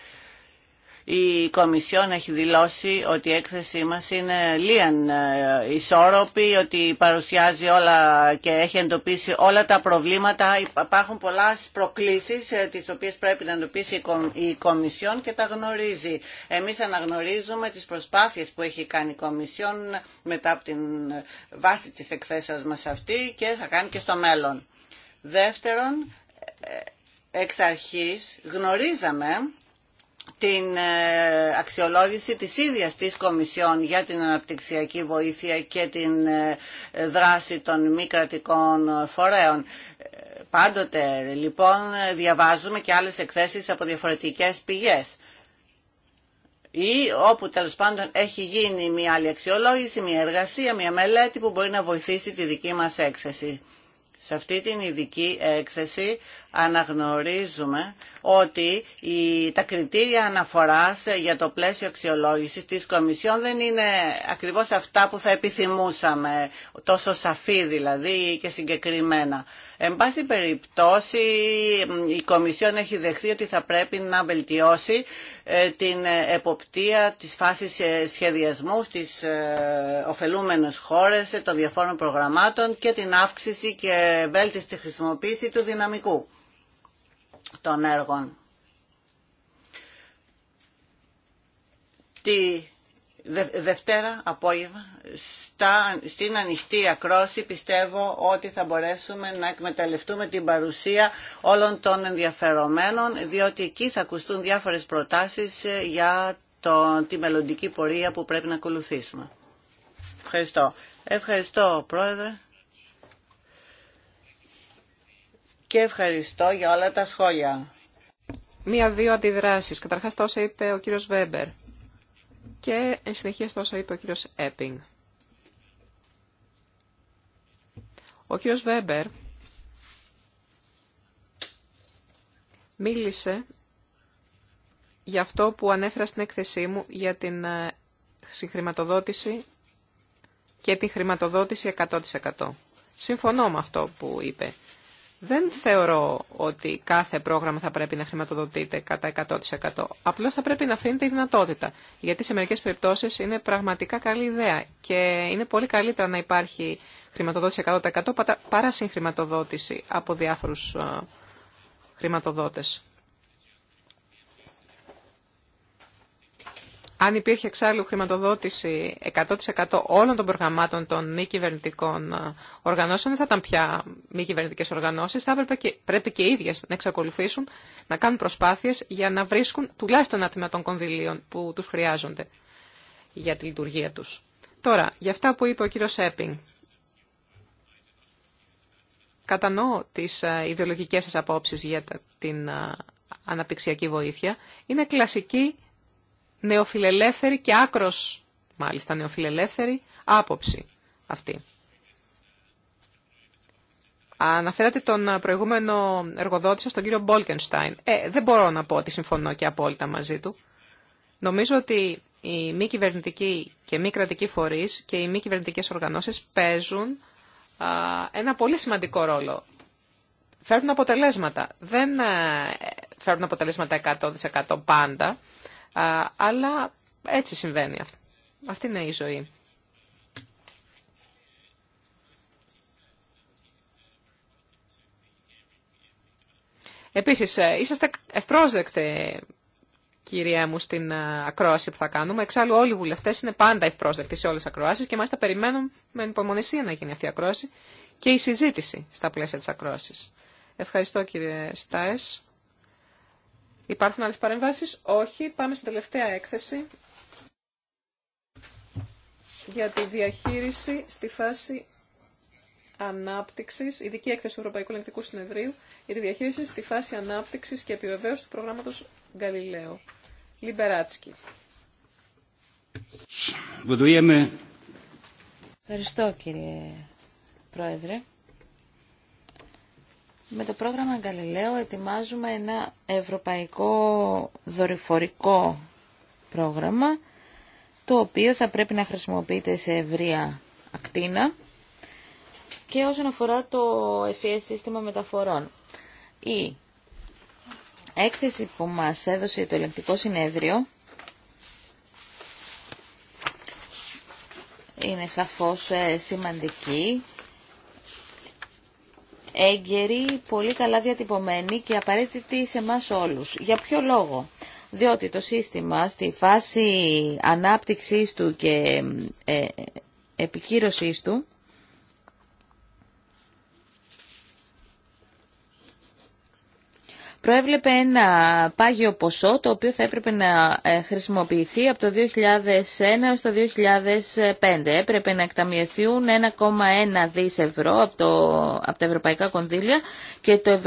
η Κομισιόν έχει δηλώσει ότι η έκθεσή μας είναι λίαν ε, ισόρροπη, ότι παρουσιάζει όλα και έχει εντοπίσει όλα τα προβλήματα. Υπάρχουν πολλά προκλήσεις ε, τις οποίες πρέπει να εντοπίσει η Κομισιόν και τα γνωρίζει. Εμείς αναγνωρίζουμε τις προσπάθειες που έχει κάνει η Κομισιόν μετά από την βάση της εκθέσεως μας αυτή και θα κάνει και στο μέλλον. Δεύτερον, ε, εξ αρχής γνωρίζαμε την ε, αξιολόγηση της ίδιας της Κομισιόν για την αναπτυξιακή βοήθεια και την ε, δράση των μη κρατικών φορέων. Πάντοτε λοιπόν διαβάζουμε και άλλες εκθέσεις από διαφορετικές πηγές ή όπου τέλο πάντων έχει γίνει μια άλλη αξιολόγηση, μια εργασία, μια μελέτη που μπορεί να βοηθήσει τη δική μας έκθεση. Σε αυτή την ειδική έκθεση αναγνωρίζουμε ότι η, τα κριτήρια αναφοράς για το πλαίσιο αξιολόγησης της Κομισιόν δεν είναι ακριβώς αυτά που θα επιθυμούσαμε, τόσο σαφή δηλαδή και συγκεκριμένα. Εν πάση περιπτώσει, η Κομισιόν έχει δεχθεί ότι θα πρέπει να βελτιώσει ε, την εποπτεία της φάσης σχεδιασμού στις ε, ωφελούμενες χώρες των διαφόρων προγραμμάτων και την αύξηση και βέλτιστη χρησιμοποίηση του δυναμικού των έργων. Τη Δευτέρα απόγευμα στα, στην ανοιχτή ακρόση πιστεύω ότι θα μπορέσουμε να εκμεταλλευτούμε την παρουσία όλων των ενδιαφερομένων διότι εκεί θα ακουστούν διάφορες προτάσεις ε, για τη μελλοντική πορεία που πρέπει να ακολουθήσουμε. Ευχαριστώ. Ευχαριστώ Πρόεδρε. και ευχαριστώ για όλα τα σχόλια. Μία-δύο αντιδράσεις. Καταρχάς τόσα είπε ο κύριο Βέμπερ και εν συνεχεία τόσα είπε ο κύριο Έπινγκ. Ο κύριο Βέμπερ μίλησε για αυτό που ανέφερα στην έκθεσή μου για την ε, συγχρηματοδότηση και την χρηματοδότηση 100%. Συμφωνώ με αυτό που είπε. Δεν θεωρώ ότι κάθε πρόγραμμα θα πρέπει να χρηματοδοτείται κατά 100%. Απλώς θα πρέπει να αφήνεται η δυνατότητα. Γιατί σε μερικές περιπτώσεις είναι πραγματικά καλή ιδέα και είναι πολύ καλύτερα να υπάρχει χρηματοδότηση 100% παρά συγχρηματοδότηση από διάφορους ε, χρηματοδότες. Αν υπήρχε εξάλλου χρηματοδότηση 100% όλων των προγραμμάτων των μη κυβερνητικών ε, οργανώσεων, δεν θα ήταν πια μη κυβερνητικέ οργανώσει. Θα και, πρέπει και οι ίδιε να εξακολουθήσουν να κάνουν προσπάθειε για να βρίσκουν τουλάχιστον ένα τμήμα των κονδυλίων που του χρειάζονται για τη λειτουργία του. Τώρα, για αυτά που είπε ο κύριο Σέπινγκ. Κατανοώ τι ε, ιδεολογικέ σα απόψει για την ε, αναπτυξιακή βοήθεια. Είναι κλασική νεοφιλελεύθερη και άκρος, μάλιστα νεοφιλελεύθερη, άποψη αυτή. Αναφέρατε τον προηγούμενο εργοδότη σας, τον κύριο Μπόλκενστάιν. Ε, δεν μπορώ να πω ότι συμφωνώ και απόλυτα μαζί του. Νομίζω ότι οι μη κυβερνητικοί και μη κρατικοί φορείς και οι μη κυβερνητικές οργανώσεις παίζουν ένα πολύ σημαντικό ρόλο. Φέρνουν αποτελέσματα. Δεν ε, φέρνουν αποτελέσματα 100% πάντα, αλλά έτσι συμβαίνει αυτό. Αυτή είναι η ζωή. Επίσης, ε, είσαστε ευπρόσδεκτοι, κυρία μου, στην ε, ακρόαση που θα κάνουμε. Εξάλλου, όλοι οι βουλευτές είναι πάντα ευπρόσδεκτοι σε όλες τις ακροάσεις και μάλιστα περιμένουν με υπομονησία να γίνει αυτή η ακρόαση και η συζήτηση στα πλαίσια της ακρόασης. Ευχαριστώ, κύριε Στάες. Υπάρχουν άλλες παρεμβάσεις. Όχι. Πάμε στην τελευταία έκθεση για τη διαχείριση στη φάση ανάπτυξη, ειδική έκθεση του Ευρωπαϊκού Ελεγκτικού Συνεδρίου για τη διαχείριση στη φάση ανάπτυξης και επιβεβαίωση του προγράμματος Γκαλιλαίο. Λιμπεράτσκι. Ευχαριστώ κύριε Πρόεδρε. Με το πρόγραμμα Γκαλιλαίου ετοιμάζουμε ένα ευρωπαϊκό δορυφορικό πρόγραμμα το οποίο θα πρέπει να χρησιμοποιείται σε ευρεία ακτίνα και όσον αφορά το FES σύστημα μεταφορών. Η έκθεση που μας έδωσε το ελεγκτικό συνέδριο είναι σαφώς ε, σημαντική έγκαιρη, πολύ καλά διατυπωμένη και απαραίτητη σε εμά όλους. Για ποιο λόγο. Διότι το σύστημα στη φάση ανάπτυξής του και ε, ε, επικύρωσής του προέβλεπε ένα πάγιο ποσό το οποίο θα έπρεπε να ε, χρησιμοποιηθεί από το 2001 έως το 2005. Έπρεπε να εκταμιευθούν 1,1 δις ευρώ από, το, από τα ευρωπαϊκά κονδύλια και το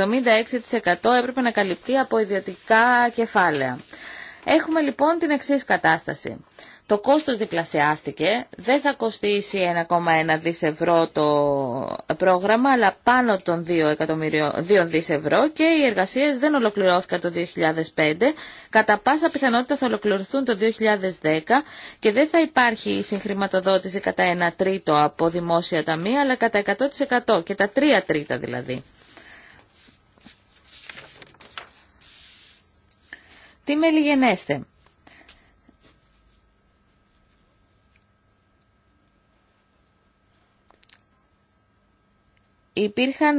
76% έπρεπε να καλυφθεί από ιδιωτικά κεφάλαια. Έχουμε λοιπόν την εξής κατάσταση. Το κόστος διπλασιάστηκε, δεν θα κοστίσει 1,1 δις ευρώ το πρόγραμμα, αλλά πάνω των 2, 2 δις ευρώ και οι εργασίες δεν ολοκληρώθηκαν το 2005. Κατά πάσα πιθανότητα θα ολοκληρωθούν το 2010 και δεν θα υπάρχει συγχρηματοδότηση κατά 1 τρίτο από δημόσια ταμεία, αλλά κατά 100% και τα 3 τρίτα δηλαδή. Τι με λιγενέστε. Υπήρχαν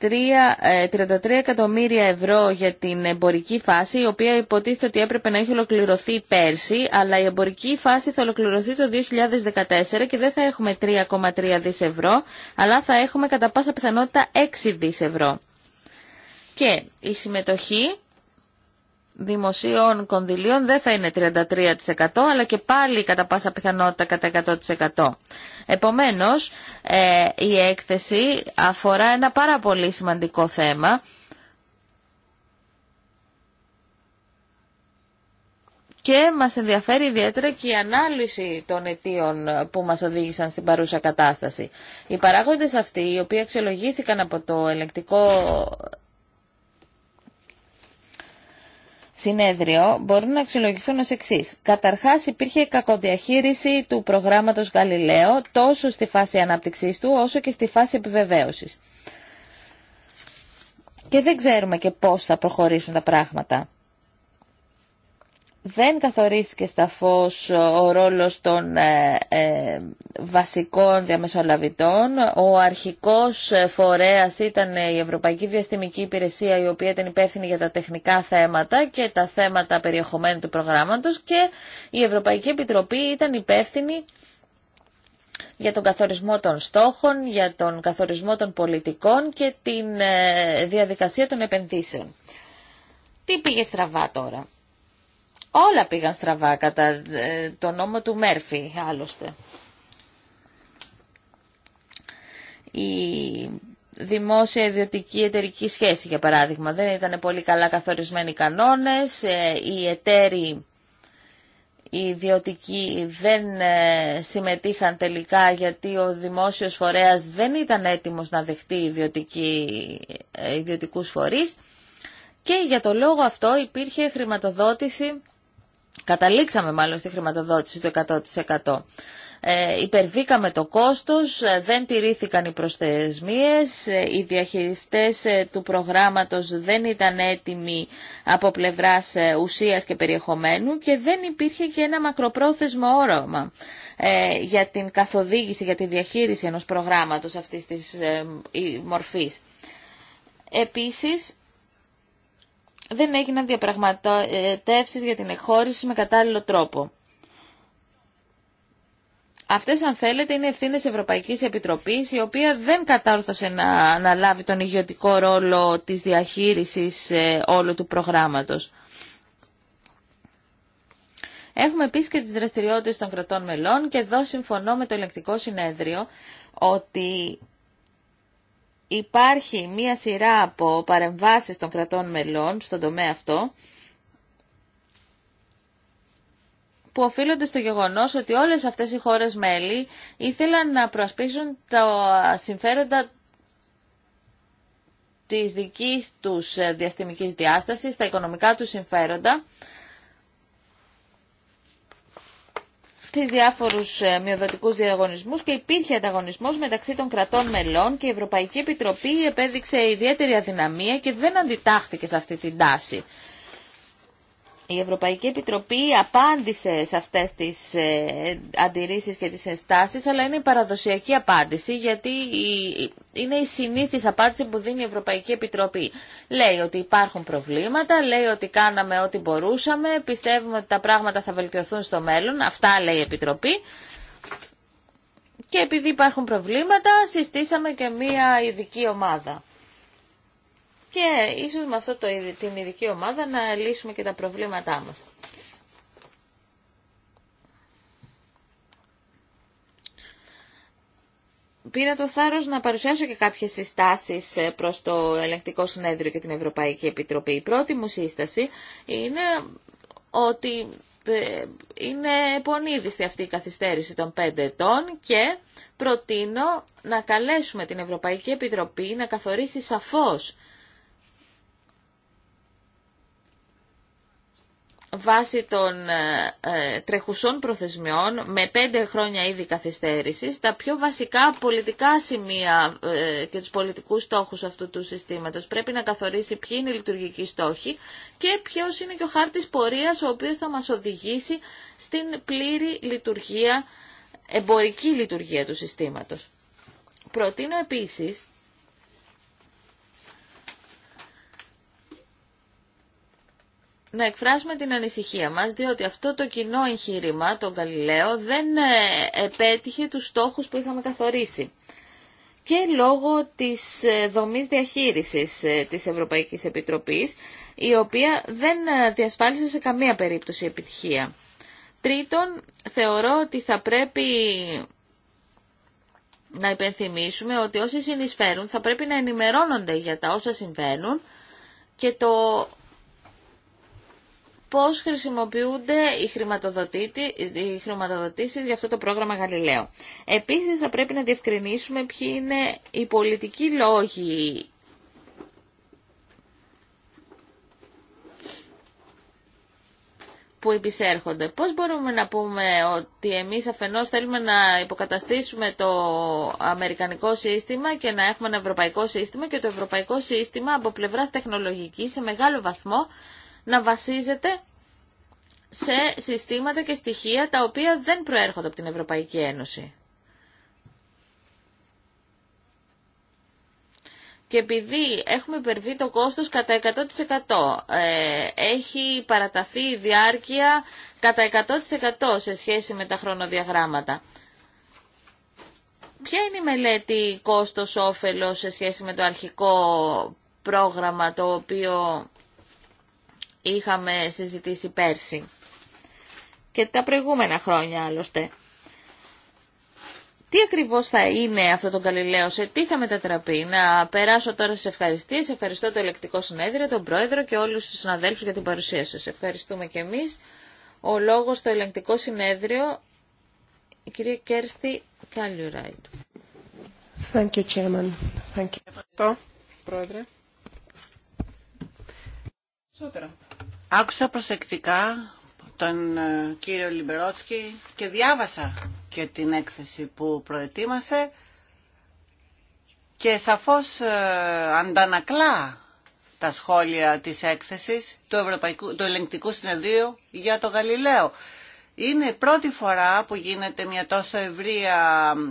33 ε, ε, εκατομμύρια ευρώ για την εμπορική φάση, η οποία υποτίθεται ότι έπρεπε να έχει ολοκληρωθεί πέρσι, αλλά η εμπορική φάση θα ολοκληρωθεί το 2014 και δεν θα έχουμε 3,3 δις ευρώ, αλλά θα έχουμε κατά πάσα πιθανότητα 6 δις ευρώ. Και η συμμετοχή δημοσίων κονδυλίων δεν θα είναι 33% αλλά και πάλι κατά πάσα πιθανότητα κατά 100%. Επομένως, ε, η έκθεση αφορά ένα πάρα πολύ σημαντικό θέμα και μας ενδιαφέρει ιδιαίτερα και η ανάλυση των αιτίων που μας οδήγησαν στην παρούσα κατάσταση. Οι παράγοντες αυτοί, οι οποίοι αξιολογήθηκαν από το ελεκτικό. συνέδριο μπορούν να αξιολογηθούν ως εξή. Καταρχάς υπήρχε κακοδιαχείριση του προγράμματος Γαλιλαίο τόσο στη φάση ανάπτυξής του όσο και στη φάση επιβεβαίωσης. Και δεν ξέρουμε και πώς θα προχωρήσουν τα πράγματα δεν καθορίστηκε σταφώς ο ρόλος των ε, ε, βασικών διαμεσολαβητών. Ο αρχικός φορέας ήταν η Ευρωπαϊκή Διαστημική Υπηρεσία η οποία ήταν υπεύθυνη για τα τεχνικά θέματα και τα θέματα περιεχομένου του προγράμματος και η Ευρωπαϊκή Επιτροπή ήταν υπεύθυνη για τον καθορισμό των στόχων, για τον καθορισμό των πολιτικών και την ε, διαδικασία των επενδύσεων. Τι πήγε στραβά τώρα. Όλα πήγαν στραβά κατά ε, το νόμο του Μέρφυ, άλλωστε. Η δημόσια ιδιωτική εταιρική σχέση, για παράδειγμα, δεν ήταν πολύ καλά καθορισμένοι κανόνες, ε, οι εταίροι οι ιδιωτικοί δεν ε, συμμετείχαν τελικά γιατί ο δημόσιος φορέας δεν ήταν έτοιμος να δεχτεί ιδιωτική, ιδιωτικούς φορείς και για το λόγο αυτό υπήρχε χρηματοδότηση Καταλήξαμε μάλλον στη χρηματοδότηση του 100%. Ε, υπερβήκαμε το κόστος, ε, δεν τηρήθηκαν οι προσθεσμίες, ε, οι διαχειριστές του προγράμματος δεν ήταν έτοιμοι από πλευράς ουσίας και περιεχομένου και δεν υπήρχε και ένα μακροπρόθεσμο όρομα για την καθοδήγηση, για τη διαχείριση ενός προγράμματος αυτής της ε, μορφής. Επίσης, δεν έγιναν διαπραγματεύσεις για την εκχώρηση με κατάλληλο τρόπο. Αυτές αν θέλετε είναι ευθύνε Ευρωπαϊκής Επιτροπής η οποία δεν κατάρθωσε να αναλάβει τον ηγετικό ρόλο της διαχείρισης ε, όλου του προγράμματος. Έχουμε επίσης και τις δραστηριότητες των κρατών μελών και εδώ συμφωνώ με το ελεκτικό συνέδριο ότι υπάρχει μία σειρά από παρεμβάσεις των κρατών μελών στον τομέα αυτό που οφείλονται στο γεγονός ότι όλες αυτές οι χώρες μέλη ήθελαν να προασπίσουν τα συμφέροντα της δικής τους ε, διαστημικής διάστασης, τα οικονομικά τους συμφέροντα στις διάφορους ε, μειοδοτικούς διαγωνισμούς και υπήρχε ανταγωνισμός μεταξύ των κρατών μελών και η Ευρωπαϊκή Επιτροπή επέδειξε ιδιαίτερη αδυναμία και δεν αντιτάχθηκε σε αυτή την τάση η Ευρωπαϊκή Επιτροπή απάντησε σε αυτές τις ε, αντιρρήσεις και τις ενστάσεις, αλλά είναι η παραδοσιακή απάντηση, γιατί είναι η συνήθις απάντηση που δίνει η Ευρωπαϊκή Επιτροπή. Λέει ότι υπάρχουν προβλήματα, λέει ότι κάναμε ό,τι μπορούσαμε, πιστεύουμε ότι τα πράγματα θα βελτιωθούν στο μέλλον, αυτά λέει η Επιτροπή. Και επειδή υπάρχουν προβλήματα, συστήσαμε και μία ειδική ομάδα και ίσως με αυτό το, την ειδική ομάδα να λύσουμε και τα προβλήματά μας. πήρα το θάρρος να παρουσιάσω και κάποιες συστάσεις ε, προς το Ελεκτικό Συνέδριο και την Ευρωπαϊκή Επιτροπή. Η πρώτη μου σύσταση είναι ότι ε, είναι πονίδιστη αυτή η καθυστέρηση των πέντε ετών και προτείνω να καλέσουμε την Ευρωπαϊκή Επιτροπή να καθορίσει σαφώς βάσει των ε, ε, τρεχουσών προθεσμιών με πέντε χρόνια ήδη καθυστέρησης τα πιο βασικά πολιτικά σημεία ε, και τους πολιτικούς στόχους αυτού του συστήματος. Πρέπει να καθορίσει ποιοι είναι οι λειτουργικοί στόχοι και ποιος είναι και ο χάρτης πορείας ο οποίος θα μας οδηγήσει στην πλήρη λειτουργία, εμπορική λειτουργία του συστήματος. Προτείνω επίσης να εκφράσουμε την ανησυχία μας, διότι αυτό το κοινό εγχείρημα, τον Γαλιλαίο, δεν ε, επέτυχε τους στόχους που είχαμε καθορίσει. Και λόγω της ε, δομής διαχείρισης ε, της Ευρωπαϊκής Επιτροπής, η οποία δεν διασφάλισε σε καμία περίπτωση επιτυχία. Τρίτον, θεωρώ ότι θα πρέπει να υπενθυμίσουμε ότι όσοι συνεισφέρουν θα πρέπει να ενημερώνονται για τα όσα συμβαίνουν και το πώς χρησιμοποιούνται οι χρηματοδοτήσεις για αυτό το πρόγραμμα Γαλιλαίο. Επίσης θα πρέπει να διευκρινίσουμε ποιοι είναι οι πολιτικοί λόγοι που επισέρχονται. Πώς μπορούμε να πούμε ότι εμείς αφενός θέλουμε να υποκαταστήσουμε το αμερικανικό σύστημα και να έχουμε ένα ευρωπαϊκό σύστημα και το ευρωπαϊκό σύστημα από πλευράς τεχνολογικής σε μεγάλο βαθμό να βασίζεται σε συστήματα και στοιχεία τα οποία δεν προέρχονται από την Ευρωπαϊκή Ένωση. Και επειδή έχουμε υπερβεί το κόστος κατά 100%, ε, έχει παραταθεί η διάρκεια κατά 100% σε σχέση με τα χρονοδιαγράμματα. Ποια είναι η μελέτη κόστος-όφελος σε σχέση με το αρχικό πρόγραμμα το οποίο είχαμε συζητήσει πέρσι και τα προηγούμενα χρόνια άλλωστε. Τι ακριβώς θα είναι αυτό το καλλιλέο, σε τι θα μετατραπεί. Να περάσω τώρα στις ευχαριστίες. Ευχαριστώ το ελεκτικό συνέδριο, τον πρόεδρο και όλους τους συναδέλφους για την παρουσία σας. Ευχαριστούμε και εμείς. Ο λόγος στο ελεκτικό συνέδριο, η κυρία Κέρστη Κάλιουραϊτ. Thank you, Chairman. Thank you. Ευχαριστώ, Πρόεδρε. Άκουσα προσεκτικά τον ε, κύριο Λιμπερότσκι και διάβασα και την έκθεση που προετοίμασε και σαφώς ε, αντανακλά τα σχόλια της έκθεσης του, Ευρωπαϊκού, του Ελεγκτικού Συνεδρίου για το Γαλιλαίο. Είναι η πρώτη φορά που γίνεται μια τόσο ευρία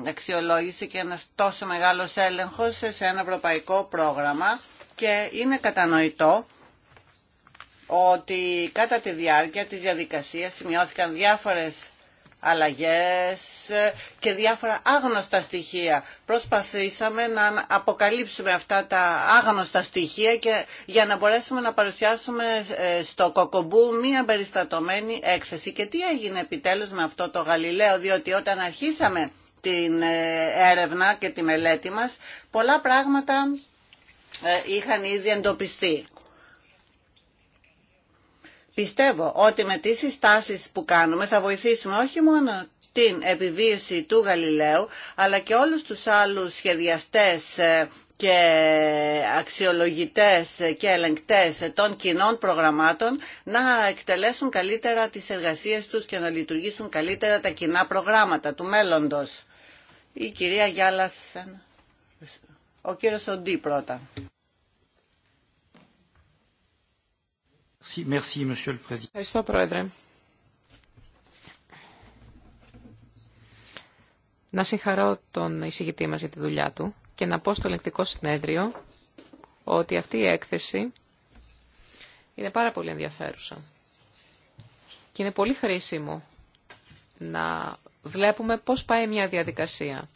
αξιολόγηση και ένας τόσο μεγάλος έλεγχος σε ένα ευρωπαϊκό πρόγραμμα και είναι κατανοητό ότι κατά τη διάρκεια της διαδικασίας σημειώθηκαν διάφορες αλλαγές και διάφορα άγνωστα στοιχεία. Προσπαθήσαμε να αποκαλύψουμε αυτά τα άγνωστα στοιχεία και για να μπορέσουμε να παρουσιάσουμε ε, στο Κοκομπού μία περιστατωμένη έκθεση. Και τι έγινε επιτέλους με αυτό το Γαλιλαίο, διότι όταν αρχίσαμε την ε, έρευνα και τη μελέτη μας, πολλά πράγματα ε, είχαν ήδη εντοπιστεί. Πιστεύω ότι με τις συστάσεις που κάνουμε θα βοηθήσουμε όχι μόνο την επιβίωση του Γαλιλαίου, αλλά και όλους τους άλλους σχεδιαστές ε, και αξιολογητές και ελεγκτές των κοινών προγραμμάτων να εκτελέσουν καλύτερα τις εργασίες τους και να λειτουργήσουν καλύτερα τα κοινά προγράμματα του μέλλοντος. Η κυρία Γιάλας, ο κύριος Οντή πρώτα. Ευχαριστώ, Πρόεδρε. Να συγχαρώ τον εισηγητή μας για τη δουλειά του και να πω στο ελεκτικό συνέδριο ότι αυτή η έκθεση είναι πάρα πολύ ενδιαφέρουσα. Και είναι πολύ χρήσιμο να βλέπουμε πώς πάει μια διαδικασία,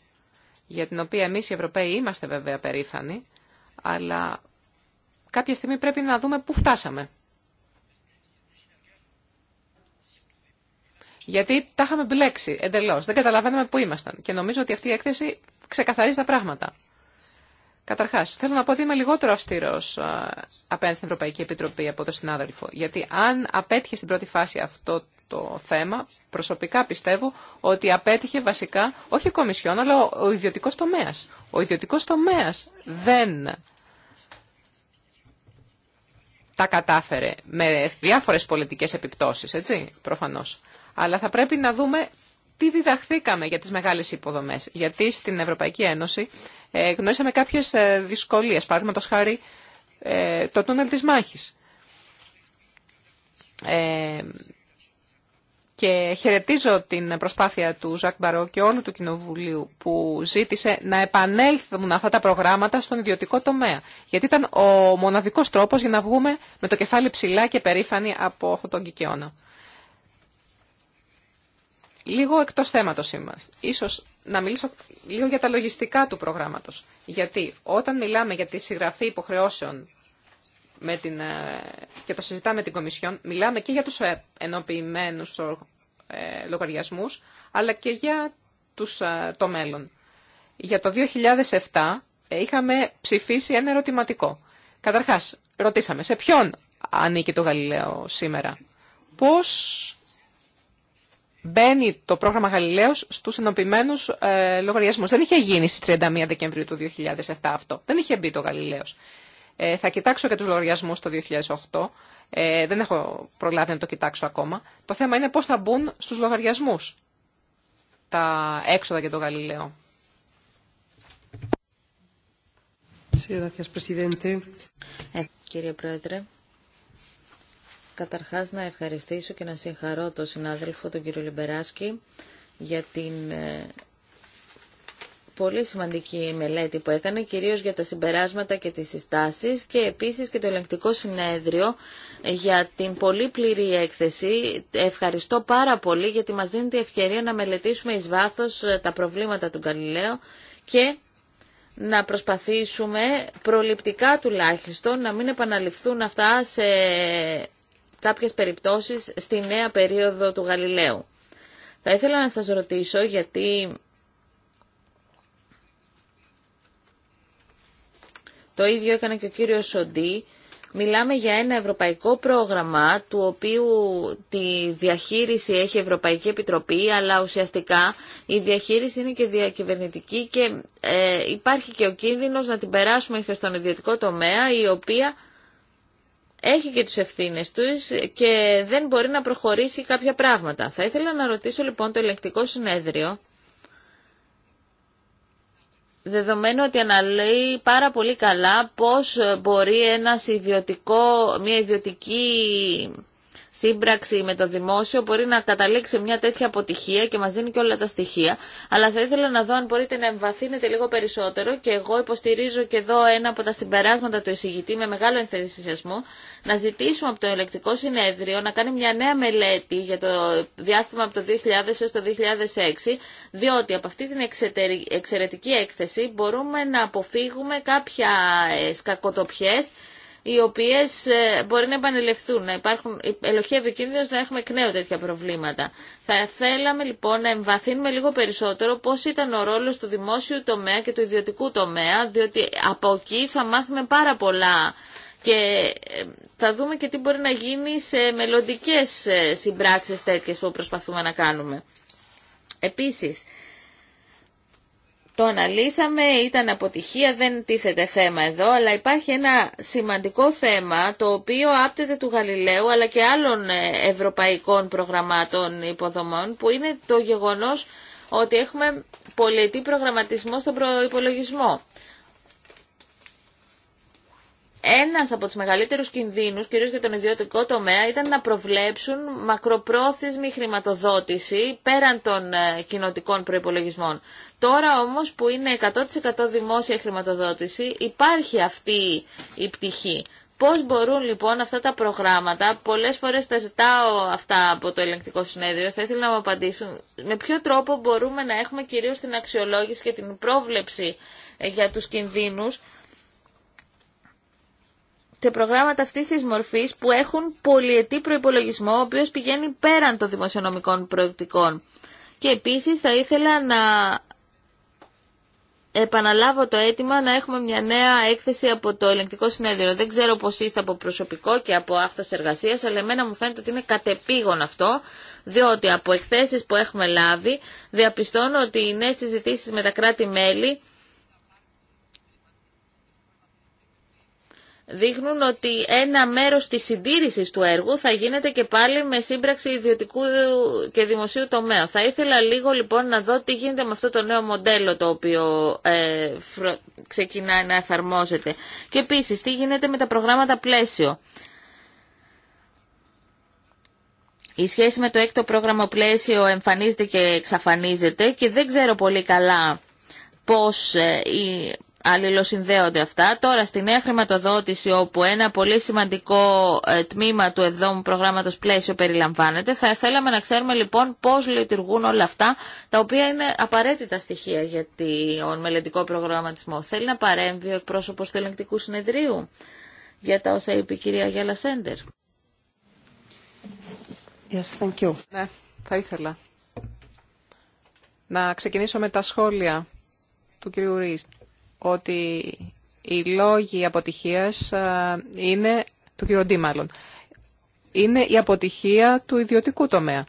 για την οποία εμείς οι Ευρωπαίοι είμαστε βέβαια περήφανοι, αλλά κάποια στιγμή πρέπει να δούμε πού φτάσαμε. Γιατί τα είχαμε μπλέξει εντελώ. Δεν καταλαβαίναμε πού ήμασταν. Και νομίζω ότι αυτή η έκθεση ξεκαθαρίζει τα πράγματα. Καταρχά, θέλω να πω ότι είμαι λιγότερο αυστηρό απέναντι στην Ευρωπαϊκή Επιτροπή από τον συνάδελφο. Γιατί αν απέτυχε στην πρώτη φάση αυτό το θέμα, προσωπικά πιστεύω ότι απέτυχε βασικά όχι η Κομισιόν, αλλά ο ιδιωτικό τομέα. Ο ιδιωτικό τομέα δεν τα κατάφερε με διάφορες πολιτικές επιπτώσεις, έτσι, προφανώς. Αλλά θα πρέπει να δούμε τι διδαχθήκαμε για τις μεγάλες υποδομές. Γιατί στην Ευρωπαϊκή Ένωση ε, γνώρισαμε κάποιες ε, δυσκολίες. Παραδείγματο χάρη ε, το τούνελ της μάχης. Και χαιρετίζω την προσπάθεια του Ζακ Μπαρό και όλου του Κοινοβουλίου που ζήτησε να επανέλθουν αυτά τα προγράμματα στον ιδιωτικό τομέα. Γιατί ήταν ο μοναδικός τρόπος για να βγούμε με το κεφάλι ψηλά και περήφανοι από αυτόν τον κικαιώνα. Λίγο εκτός θέματος είμαστε. Ίσως να μιλήσω λίγο για τα λογιστικά του προγράμματος. Γιατί όταν μιλάμε για τη συγγραφή υποχρεώσεων με την, ε, και το συζητάμε με την Κομισιόν, μιλάμε και για τους ε, ενοποιημένους ε, λογαριασμούς, αλλά και για τους, το μέλλον. Για το 2007 είχαμε ψηφίσει ένα ερωτηματικό. Καταρχάς, ρωτήσαμε σε ποιον ανήκει το Γαλιλαίο σήμερα. Πώς μπαίνει το πρόγραμμα Γαλιλαίο στου ενωπημένου ε, λογαριασμούς. Δεν είχε γίνει στις 31 Δεκεμβρίου του 2007 αυτό. Δεν είχε μπει το Γαλιλαίο. Ε, θα κοιτάξω και του λογαριασμού το 2008. Ε, δεν έχω προλάβει να το κοιτάξω ακόμα. Το θέμα είναι πώς θα μπουν στους λογαριασμούς τα έξοδα για το Γαλιλαίο. Ε, κύριε Πρόεδρε, Καταρχάς να ευχαριστήσω και να συγχαρώ τον συνάδελφο τον κύριο Λιμπεράσκη για την ε, πολύ σημαντική μελέτη που έκανε, κυρίως για τα συμπεράσματα και τις συστάσεις και επίσης και το ελεγκτικό συνέδριο για την πολύ πλήρη έκθεση. Ευχαριστώ πάρα πολύ γιατί μας δίνει τη ευκαιρία να μελετήσουμε εις βάθος ε, τα προβλήματα του Γαλιλαίου και να προσπαθήσουμε προληπτικά τουλάχιστον να μην επαναληφθούν αυτά σε κάποιες περιπτώσεις στη νέα περίοδο του Γαλιλαίου. Θα ήθελα να σας ρωτήσω γιατί το ίδιο έκανε και ο κύριος Σοντή. Μιλάμε για ένα ευρωπαϊκό πρόγραμμα του οποίου τη διαχείριση έχει Ευρωπαϊκή Επιτροπή αλλά ουσιαστικά η διαχείριση είναι και διακυβερνητική και ε, υπάρχει και ο κίνδυνος να την περάσουμε στον ιδιωτικό τομέα η οποία έχει και τους ευθύνες του και δεν μπορεί να προχωρήσει κάποια πράγματα. Θα ήθελα να ρωτήσω λοιπόν το ελεγκτικό συνέδριο, δεδομένου ότι αναλύει πάρα πολύ καλά πώς μπορεί ένας ιδιωτικό, μια ιδιωτική σύμπραξη με το δημόσιο μπορεί να καταλήξει μια τέτοια αποτυχία και μας δίνει και όλα τα στοιχεία. Αλλά θα ήθελα να δω αν μπορείτε να εμβαθύνετε λίγο περισσότερο και εγώ υποστηρίζω και εδώ ένα από τα συμπεράσματα του εισηγητή με μεγάλο ενθουσιασμό να ζητήσουμε από το ελεκτικό συνέδριο να κάνει μια νέα μελέτη για το διάστημα από το 2000 έως το 2006 διότι από αυτή την εξαιρετική έκθεση μπορούμε να αποφύγουμε κάποια σκακοτοπιές οι οποίε ε, μπορεί να επανελευθούν, να υπάρχουν, ελοχεύει κίνδυνο να έχουμε εκ νέου τέτοια προβλήματα. Θα θέλαμε λοιπόν να εμβαθύνουμε λίγο περισσότερο πώς ήταν ο ρόλος του δημόσιου τομέα και του ιδιωτικού τομέα, διότι από εκεί θα μάθουμε πάρα πολλά και ε, θα δούμε και τι μπορεί να γίνει σε μελλοντικέ ε, συμπράξει τέτοιε που προσπαθούμε να κάνουμε. Επίσης, το αναλύσαμε, ήταν αποτυχία, δεν τίθεται θέμα εδώ, αλλά υπάρχει ένα σημαντικό θέμα το οποίο άπτεται του Γαλιλαίου αλλά και άλλων ε, ευρωπαϊκών προγραμμάτων υποδομών που είναι το γεγονός ότι έχουμε πολιετή προγραμματισμό στον προϋπολογισμό. Ένας από τους μεγαλύτερους κινδύνους, κυρίως για τον ιδιωτικό τομέα, ήταν να προβλέψουν μακροπρόθεσμη χρηματοδότηση πέραν των ε, κοινοτικών προϋπολογισμών. Τώρα όμως που είναι 100% δημόσια χρηματοδότηση υπάρχει αυτή η πτυχή. Πώς μπορούν λοιπόν αυτά τα προγράμματα, πολλές φορές τα ζητάω αυτά από το ελεγκτικό συνέδριο, θα ήθελα να μου απαντήσουν, με ποιο τρόπο μπορούμε να έχουμε κυρίως την αξιολόγηση και την πρόβλεψη ε, για τους κινδύνους σε προγράμματα αυτή τη μορφή που έχουν πολυετή προπολογισμό, ο οποίο πηγαίνει πέραν των δημοσιονομικών προεκτικών. Και επίση θα ήθελα να επαναλάβω το αίτημα να έχουμε μια νέα έκθεση από το ελεγκτικό συνέδριο. Δεν ξέρω πώς είστε από προσωπικό και από αυτός εργασία, αλλά εμένα μου φαίνεται ότι είναι κατεπήγον αυτό, διότι από εκθέσει που έχουμε λάβει διαπιστώνω ότι οι νέε συζητήσει με τα κράτη-μέλη δείχνουν ότι ένα μέρος της συντήρησης του έργου θα γίνεται και πάλι με σύμπραξη ιδιωτικού και δημοσίου τομέα. Θα ήθελα λίγο λοιπόν να δω τι γίνεται με αυτό το νέο μοντέλο το οποίο ε, ξεκινάει να εφαρμόζεται. Και επίσης τι γίνεται με τα προγράμματα πλαίσιο. Η σχέση με το έκτο πρόγραμμα πλαίσιο εμφανίζεται και εξαφανίζεται και δεν ξέρω πολύ καλά πώς ε, αλληλοσυνδέονται αυτά. Τώρα στη νέα χρηματοδότηση όπου ένα πολύ σημαντικό ε, τμήμα του εβδόμου προγράμματος πλαίσιο περιλαμβάνεται θα θέλαμε να ξέρουμε λοιπόν πώς λειτουργούν όλα αυτά τα οποία είναι απαραίτητα στοιχεία για τον μελλοντικό προγραμματισμό. Θέλει να παρέμβει ο εκπρόσωπος του ελεγκτικού συνεδρίου για τα όσα είπε η κυρία Γιάλα Σέντερ. Yes, thank you. Ναι, θα ήθελα. Να ξεκινήσω με τα σχόλια του κυρίου ότι οι λόγοι αποτυχίας ε, είναι, του κ. μάλλον, είναι η αποτυχία του ιδιωτικού τομέα.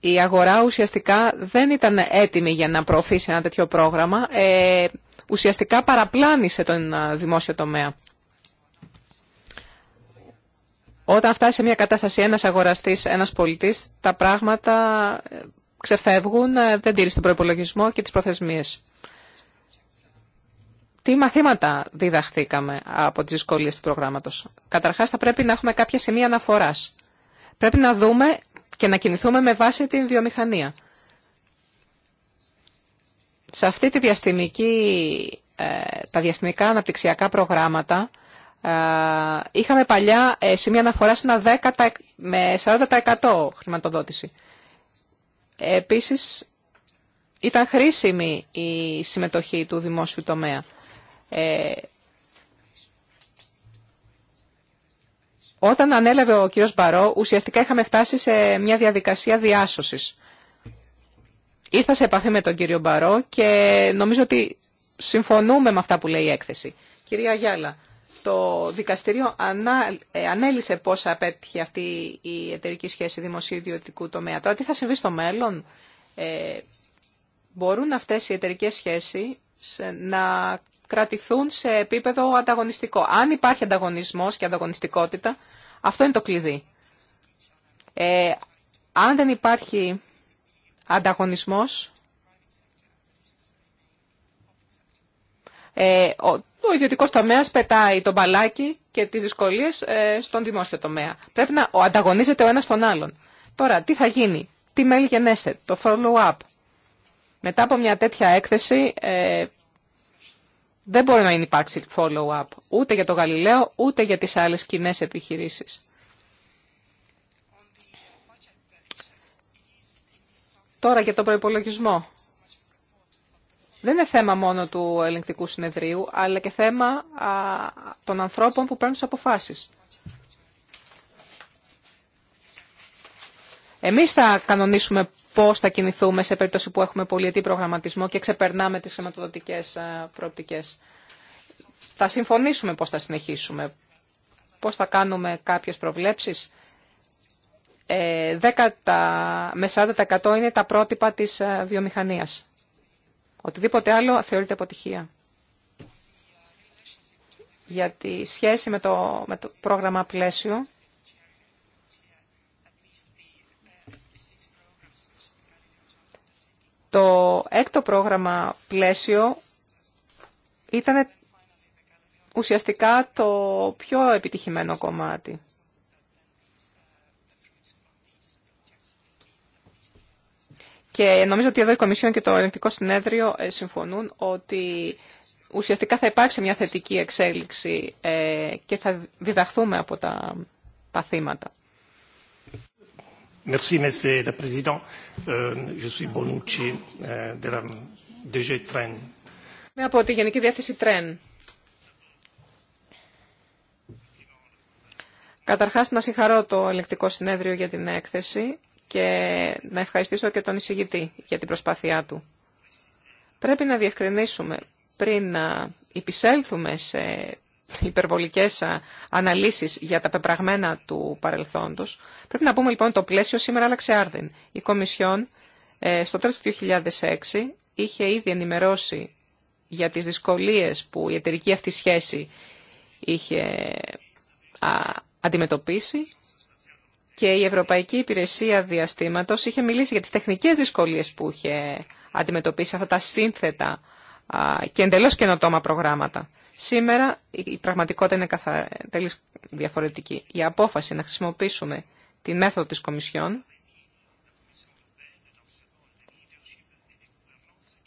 Η αγορά ουσιαστικά δεν ήταν έτοιμη για να προωθήσει ένα τέτοιο πρόγραμμα. Ε, ουσιαστικά παραπλάνησε τον ε, δημόσιο τομέα. Όταν φτάσει σε μια κατάσταση ένας αγοραστής, ένας πολιτής, τα πράγματα ε, ξεφεύγουν, ε, δεν τήρησε τον προπολογισμό και τις προθεσμίες. Τι μαθήματα διδαχθήκαμε από τις δυσκολίες του προγράμματος. Καταρχάς θα πρέπει να έχουμε κάποια σημεία αναφοράς. Πρέπει να δούμε και να κινηθούμε με βάση την βιομηχανία. Σε αυτή τη διαστημική, ε, τα διαστημικά αναπτυξιακά προγράμματα ε, είχαμε παλιά σημεία αναφορά με 40% χρηματοδότηση. Επίσης, ήταν χρήσιμη η συμμετοχή του δημόσιου τομέα. Ε, όταν ανέλαβε ο κύριος Μπαρό, ουσιαστικά είχαμε φτάσει σε μια διαδικασία διάσωσης. Ήρθα σε επαφή με τον κύριο Μπαρό και νομίζω ότι συμφωνούμε με αυτά που λέει η έκθεση. Κυρία Γιάλα, το δικαστήριο ανά, ε, ανέλησε πώς απέτυχε αυτή η εταιρική σχέση δημοσίου-ιδιωτικού τομέα. Τώρα τι θα συμβεί στο μέλλον. Ε, μπορούν αυτές οι εταιρικέ σχέσεις ε, να κρατηθούν σε επίπεδο ανταγωνιστικό. Αν υπάρχει ανταγωνισμός και ανταγωνιστικότητα, αυτό είναι το κλειδί. Ε, αν δεν υπάρχει ανταγωνισμός, ο ιδιωτικό τομέα πετάει τον μπαλάκι και τι δυσκολίε ε, στον δημόσιο τομέα. Πρέπει να ανταγωνίζεται ο ένα τον άλλον. Τώρα, τι θα γίνει, τι μέλη γενέστε, το follow-up. Μετά από μια τέτοια έκθεση ε, δεν μπορεί να υπάρξει follow-up ούτε για το Γαλιλαίο ούτε για τις άλλες κοινέ επιχειρήσεις. Τώρα για τον προϋπολογισμό δεν είναι θέμα μόνο του ελεγκτικού συνεδρίου, αλλά και θέμα των ανθρώπων που παίρνουν τι αποφάσει. Εμείς θα κανονίσουμε πώς θα κινηθούμε σε περίπτωση που έχουμε πολιετή προγραμματισμό και ξεπερνάμε τι χρηματοδοτικέ προοπτικέ. Θα συμφωνήσουμε πώς θα συνεχίσουμε, πώς θα κάνουμε κάποιες προβλέψεις. 10 ε, με 40% είναι τα πρότυπα της βιομηχανίας. Οτιδήποτε άλλο θεωρείται αποτυχία. Για τη σχέση με το, με το πρόγραμμα πλαίσιο, Το έκτο πρόγραμμα πλαίσιο ήταν ουσιαστικά το πιο επιτυχημένο κομμάτι. Και νομίζω ότι εδώ η Κομισιόν και το Ελεκτικό Συνέδριο ε, συμφωνούν ότι ουσιαστικά θα υπάρξει μια θετική εξέλιξη ε, και θα διδαχθούμε από τα παθήματα. Merci, Monsieur le Président. Euh, je suis Bonucci euh, de la DG από τη Γενική Διεύθυνση Τρέν. Καταρχάς, να συγχαρώ το Ελεκτικό Συνέδριο για την έκθεση και να ευχαριστήσω και τον εισηγητή για την προσπάθειά του. Πρέπει να διευκρινίσουμε πριν να υπησέλθουμε σε υπερβολικές αναλύσεις για τα πεπραγμένα του παρελθόντος. Πρέπει να πούμε λοιπόν το πλαίσιο σήμερα άλλαξε άρδιν. Η Κομισιόν ε, στο τέλος του 2006 είχε ήδη ενημερώσει για τις δυσκολίες που η εταιρική αυτή σχέση είχε αντιμετωπίσει και η Ευρωπαϊκή Υπηρεσία Διαστήματος είχε μιλήσει για τις τεχνικές δυσκολίες που είχε αντιμετωπίσει αυτά τα σύνθετα και εντελώς καινοτόμα προγράμματα. Σήμερα η πραγματικότητα είναι διαφορετική. Η απόφαση να χρησιμοποιήσουμε τη μέθοδο της Κομισιόν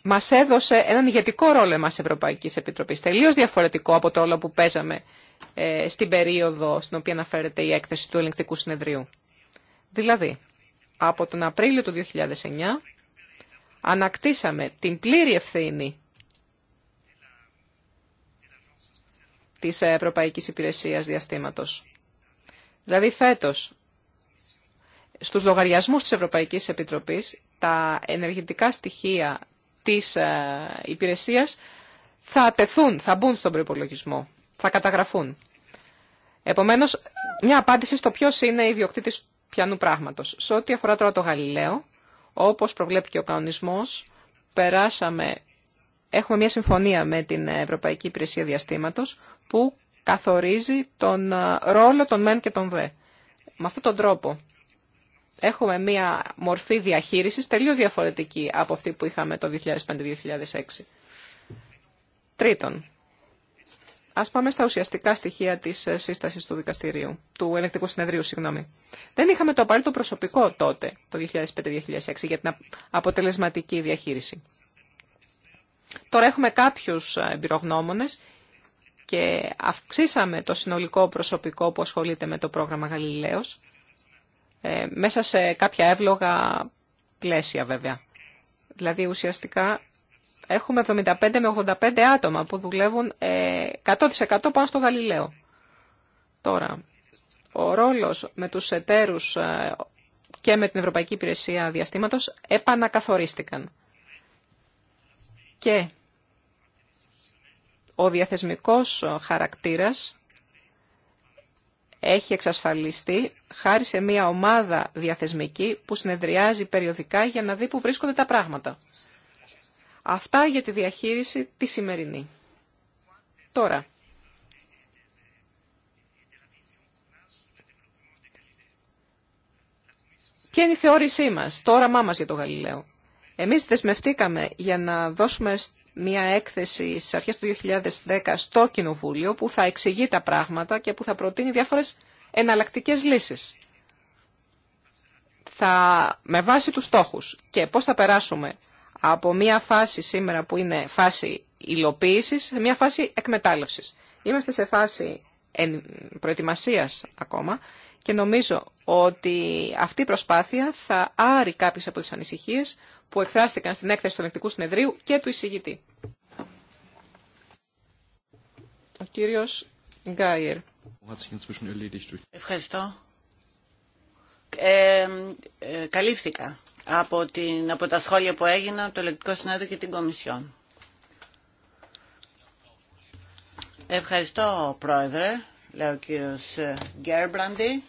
μας έδωσε έναν ηγετικό ρόλο εμάς Ευρωπαϊκής Επιτροπής, τελείως διαφορετικό από το όλο που παίζαμε ε, στην περίοδο στην οποία αναφέρεται η έκθεση του ελεγκτικού συνεδρίου. Δηλαδή, από τον Απρίλιο του 2009 ανακτήσαμε την πλήρη ευθύνη της Ευρωπαϊκής Υπηρεσίας Διαστήματος. Δηλαδή φέτος, στους λογαριασμούς της Ευρωπαϊκής Επιτροπής, τα ενεργητικά στοιχεία της ε, υπηρεσίας θα τεθούν, θα μπουν στον προϋπολογισμό θα καταγραφούν. Επομένως, μια απάντηση στο ποιος είναι ιδιοκτήτης πιανού πράγματος. Σε ό,τι αφορά τώρα το Γαλιλαίο, όπως προβλέπει και ο κανονισμός, περάσαμε, έχουμε μια συμφωνία με την Ευρωπαϊκή Υπηρεσία Διαστήματος που καθορίζει τον ε, ρόλο των μεν και των δε. Με αυτόν τον τρόπο έχουμε μια μορφή διαχείρισης τελείως διαφορετική από αυτή που είχαμε το 2005-2006. Τρίτον, Α πάμε στα ουσιαστικά στοιχεία της ε, σύσταση του δικαστηρίου, του ελεκτικού συνεδρίου, συγγνώμη. Δεν είχαμε το απαραίτητο προσωπικό τότε, το 2005-2006, για την αποτελεσματική διαχείριση. Τώρα έχουμε κάποιους ε, εμπειρογνώμονε και αυξήσαμε το συνολικό προσωπικό που ασχολείται με το πρόγραμμα Γαλιλαίος, ε, μέσα σε κάποια εύλογα πλαίσια βέβαια. Δηλαδή ουσιαστικά έχουμε 75 με 85 άτομα που δουλεύουν 100% ε, πάνω στο Γαλιλαίο. Τώρα, ο ρόλος με τους εταίρους ε, και με την Ευρωπαϊκή Υπηρεσία Διαστήματος επανακαθορίστηκαν. Και ο διαθεσμικός χαρακτήρας έχει εξασφαλιστεί χάρη σε μια ομάδα διαθεσμική που συνεδριάζει περιοδικά για να δει που βρίσκονται τα πράγματα. Αυτά για τη διαχείριση τη σημερινή. Τώρα, ποια είναι η θεώρησή μα, το όραμά μα για το Γαλιλαίο. Εμείς δεσμευτήκαμε για να δώσουμε μια έκθεση στι αρχέ του 2010 στο Κοινοβούλιο που θα εξηγεί τα πράγματα και που θα προτείνει διάφορες εναλλακτικέ λύσεις. Θα, με βάση τους στόχους και πώς θα περάσουμε από μια φάση σήμερα που είναι φάση υλοποίησης σε μια φάση εκμετάλλευσης. Είμαστε σε φάση προετοιμασία ακόμα και νομίζω ότι αυτή η προσπάθεια θα άρει κάποιε από τις ανησυχίες που εκφράστηκαν στην έκθεση του Ελεκτικού Συνεδρίου και του εισηγητή. Ο κύριος Γκάιερ. Ευχαριστώ. Ε, ε, καλύφθηκα από, την, από τα σχόλια που έγιναν το Ελεκτικό Συνέδριο και την Κομισιόν. Ευχαριστώ, Πρόεδρε, λέει ο κύριος ε, Γκέρμπραντι.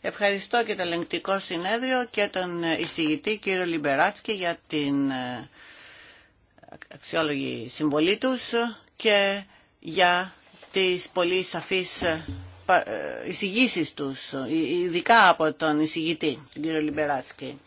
Ευχαριστώ και το Ελεγκτικό Συνέδριο και τον ε, εισηγητή κύριο Λιμπεράτσκι για την ε, αξιόλογη συμβολή τους και για τις πολύ σαφείς εισηγήσεις τους, ειδικά από τον εισηγητή, τον κύριο Λιμπεράτσκι.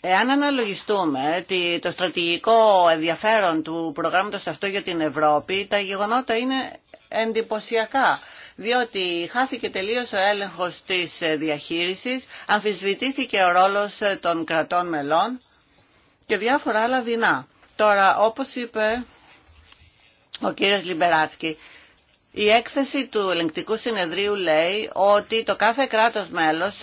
Εάν αναλογιστούμε το στρατηγικό ενδιαφέρον του προγράμματος αυτό για την Ευρώπη, τα γεγονότα είναι εντυπωσιακά, διότι χάθηκε τελείως ο έλεγχος της διαχείρισης, αμφισβητήθηκε ο ρόλος των κρατών μελών και διάφορα άλλα δεινά. Τώρα, όπως είπε ο κύριος Λιμπεράτσκι, η έκθεση του ελεγκτικού συνεδρίου λέει ότι το κάθε κράτος μέλος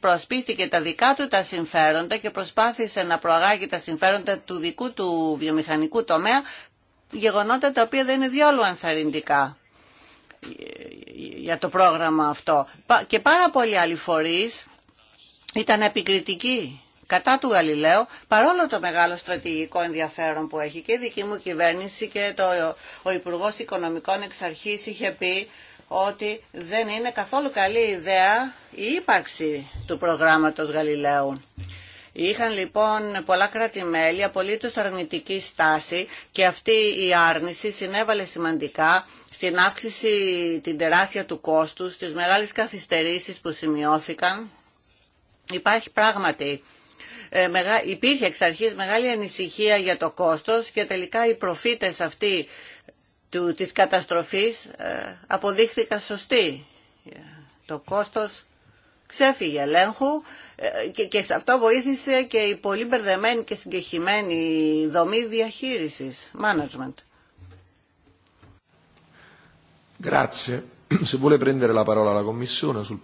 προασπίστηκε τα δικά του τα συμφέροντα και προσπάθησε να προαγάγει τα συμφέροντα του δικού του βιομηχανικού τομέα, γεγονότα τα οποία δεν είναι διόλου ανθαρρυντικά για το πρόγραμμα αυτό. Και πάρα πολλοί άλλοι φορείς ήταν επικριτικοί κατά του Γαλιλαίου, παρόλο το μεγάλο στρατηγικό ενδιαφέρον που έχει και η δική μου κυβέρνηση και το, ο Υπουργό Οικονομικών εξ αρχής είχε πει ότι δεν είναι καθόλου καλή ιδέα η ύπαρξη του προγράμματος Γαλιλαίου. Είχαν λοιπόν πολλά κράτη-μέλη απολύτως αρνητική στάση και αυτή η άρνηση συνέβαλε σημαντικά στην αύξηση την τεράστια του κόστους, στις μεγάλες καθυστερήσεις που σημειώθηκαν. Υπάρχει πράγματι ε, υπήρχε εξ αρχής μεγάλη ανησυχία για το κόστος και τελικά οι προφήτες αυτή τη της καταστροφής ε, αποδείχθηκαν σωστοί. Το κόστος ξέφυγε ελέγχου ε, και, σε αυτό βοήθησε και η πολύ μπερδεμένη και συγκεχημένη δομή διαχείρισης, management. Grazie. Se vuole prendere la parola la Commissione sul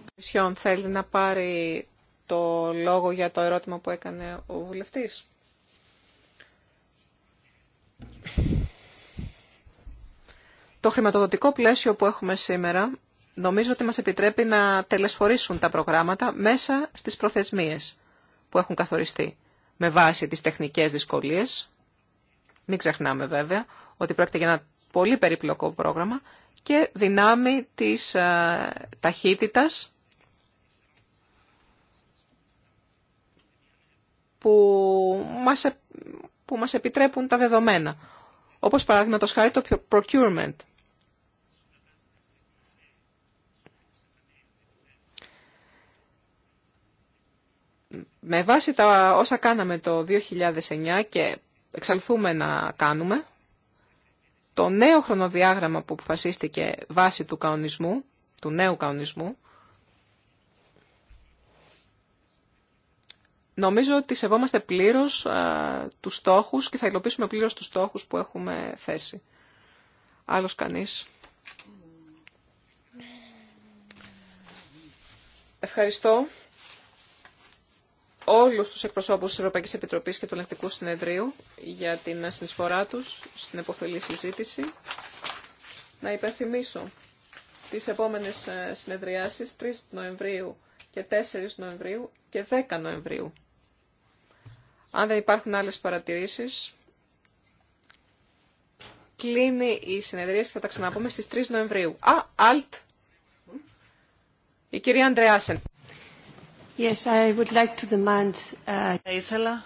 το λόγο για το ερώτημα που έκανε ο βουλευτής. Το χρηματοδοτικό πλαίσιο που έχουμε σήμερα νομίζω ότι μας επιτρέπει να τελεσφορήσουν τα προγράμματα μέσα στις προθεσμίες που έχουν καθοριστεί με βάση τις τεχνικές δυσκολίες. Μην ξεχνάμε βέβαια ότι πρόκειται για ένα πολύ περίπλοκο πρόγραμμα και δυνάμει της ε, ταχύτητας που μας, που μας επιτρέπουν τα δεδομένα. Όπως παράδειγμα το χάρη το procurement. Με βάση τα όσα κάναμε το 2009 και εξαλθούμε να κάνουμε, το νέο χρονοδιάγραμμα που αποφασίστηκε βάσει του κανονισμού, του νέου κανονισμού, Νομίζω ότι σεβόμαστε πλήρως του τους στόχους και θα υλοποιήσουμε πλήρω του στόχου που έχουμε θέσει. Άλλο κανεί. Ευχαριστώ όλου του εκπροσώπους τη Ευρωπαϊκή Επιτροπή και του Ελεκτικού Συνεδρίου για την συνεισφορά του στην εποφελή συζήτηση. Να υπενθυμίσω τις επόμενες ε, συνεδριάσεις 3 Νοεμβρίου και 4 Νοεμβρίου και 10 Νοεμβρίου. Αν δεν υπάρχουν άλλες παρατηρήσεις, κλείνει η συνεδρία και θα τα ξαναπούμε στις 3 Νοεμβρίου. Α, Alt. Η κυρία Αντρεάσεν. Yes, I would like to demand... Uh, θα ήθελα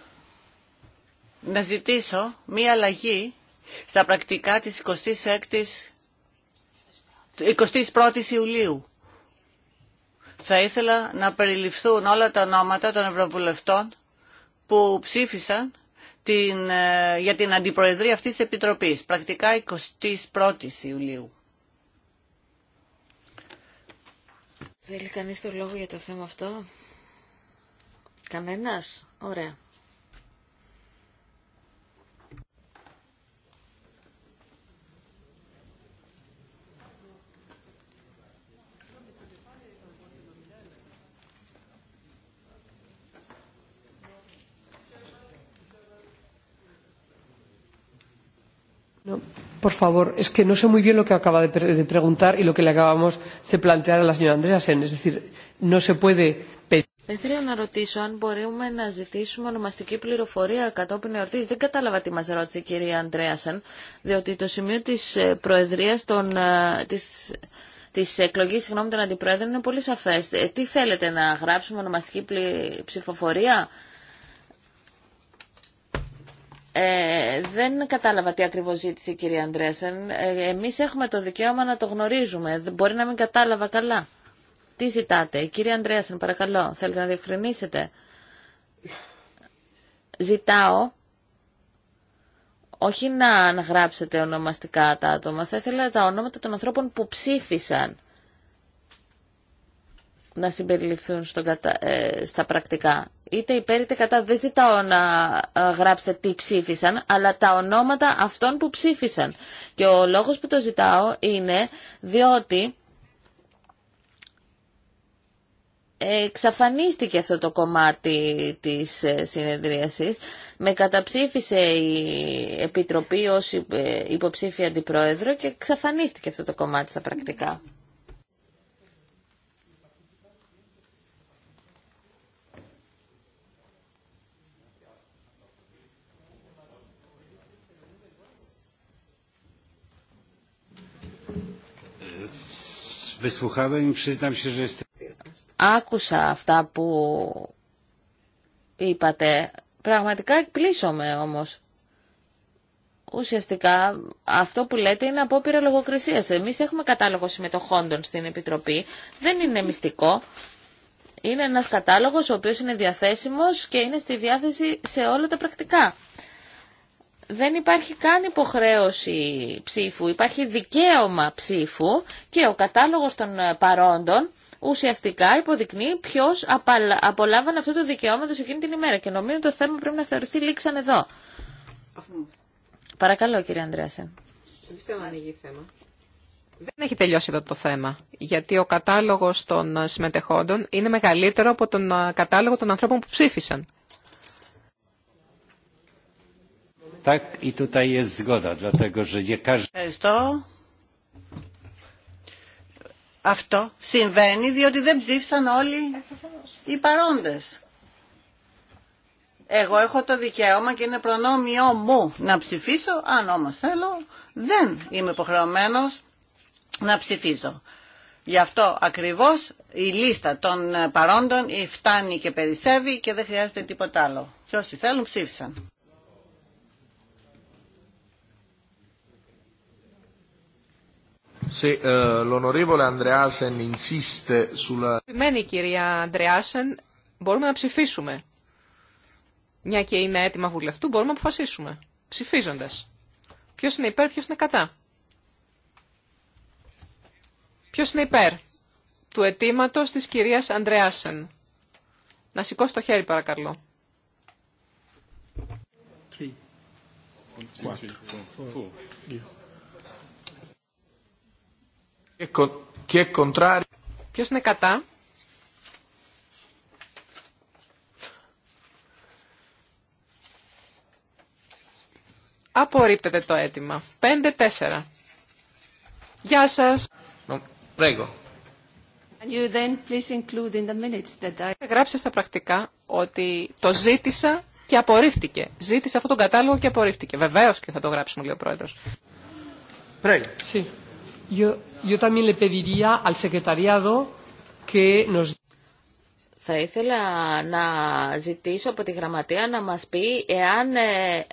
να ζητήσω μία αλλαγή στα πρακτικά της 26ης, 21ης Ιουλίου. Θα ήθελα να περιληφθούν όλα τα ονόματα των Ευρωβουλευτών που ψήφισαν την, ε, για την αντιπροεδρία αυτής της Επιτροπής, πρακτικά 21η Ιουλίου. Θέλει κανείς το λόγο για το θέμα αυτό. Κανένας. Ωραία. Por favor, es que no sé muy bien lo que να ρωτήσω αν μπορούμε να ζητήσουμε ονομαστική πληροφορία κατόπιν Δεν κατάλαβα τι μα ρώτησε η κυρία Αντρέασεν, διότι το σημείο της ε, προεδρίας των, ε, της, συγγνώμη, των αντιπρόεδρων είναι πολύ σαφέ. Ε, τι θέλετε να γράψουμε ονομαστική ψηφοφορία ε, δεν κατάλαβα τι ακριβώς ζήτησε η κυρία Αντρέσεν. Ε, εμείς έχουμε το δικαίωμα να το γνωρίζουμε. Μπορεί να μην κατάλαβα καλά. Τι ζητάτε. κύριε Αντρέσεν, παρακαλώ, θέλετε να διευκρινίσετε. Ζητάω όχι να αναγράψετε ονομαστικά τα άτομα. Θα ήθελα τα ονόματα των ανθρώπων που ψήφισαν να συμπεριληφθούν κατα... Ε, στα πρακτικά. Είτε υπέρ είτε κατά. Δεν ζητάω να ε, γράψετε τι ψήφισαν, αλλά τα ονόματα αυτών που ψήφισαν. Και ο λόγος που το ζητάω είναι διότι εξαφανίστηκε αυτό το κομμάτι της ε, συνεδρίασης. Με καταψήφισε η Επιτροπή ως υποψήφια αντιπρόεδρο και εξαφανίστηκε αυτό το κομμάτι στα πρακτικά. Άκουσα αυτά που είπατε. Πραγματικά εκπλήσωμαι όμως. Ουσιαστικά αυτό που λέτε είναι απόπειρα λογοκρισίας. Εμείς έχουμε κατάλογο συμμετοχόντων στην Επιτροπή. Δεν είναι μυστικό. Είναι ένας κατάλογος ο οποίος είναι διαθέσιμος και είναι στη διάθεση σε όλα τα πρακτικά δεν υπάρχει καν υποχρέωση ψήφου, υπάρχει δικαίωμα ψήφου και ο κατάλογος των ε, παρόντων ουσιαστικά υποδεικνύει ποιο απολάβανε αυτό το δικαιώματο εκείνη την ημέρα. Και νομίζω το θέμα πρέπει να θεωρηθεί λήξαν εδώ. Παρακαλώ, κύριε Ανδρέασεν. Δεν πιστεύω θέμα. Δεν έχει τελειώσει εδώ το θέμα, γιατί ο κατάλογος των ε, συμμετεχόντων είναι μεγαλύτερο από τον ε, κατάλογο των ανθρώπων που ψήφισαν. Ευχαριστώ. Αυτό συμβαίνει διότι δεν ψήφισαν όλοι οι παρόντες. Εγώ έχω το δικαίωμα και είναι προνόμιο μου να ψηφίσω, αν όμως θέλω, δεν είμαι υποχρεωμένος να ψηφίζω. Γι' αυτό ακριβώς η λίστα των παρόντων φτάνει και περισσεύει και δεν χρειάζεται τίποτα άλλο. Και όσοι θέλουν ψήφισαν. Eh, Επιμένει η κυρία Αντρεάσεν, μπορούμε να ψηφίσουμε. Μια και είναι έτοιμα βουλευτού, μπορούμε να αποφασίσουμε. Ψηφίζοντα. Ποιο είναι υπέρ, ποιο είναι κατά. Ποιο είναι υπέρ του αιτήματο τη κυρία Αντρεάσεν. Να σηκώσει το χέρι, παρακαλώ. Και Ποιος είναι κατά. Απορρίπτεται το αίτημα. 5-4. Γεια σας. Πρέγω. Γράψε στα πρακτικά ότι το ζήτησα και απορρίφθηκε. Ζήτησε αυτόν τον κατάλογο και απορρίφθηκε. Βεβαίω και θα το γράψουμε, λέει ο Πρόεδρος. Πρέγω. Sí. Yo, yo también le pediría al secretariado que nos... Θα ήθελα να ζητήσω από τη Γραμματεία να μας πει εάν ε,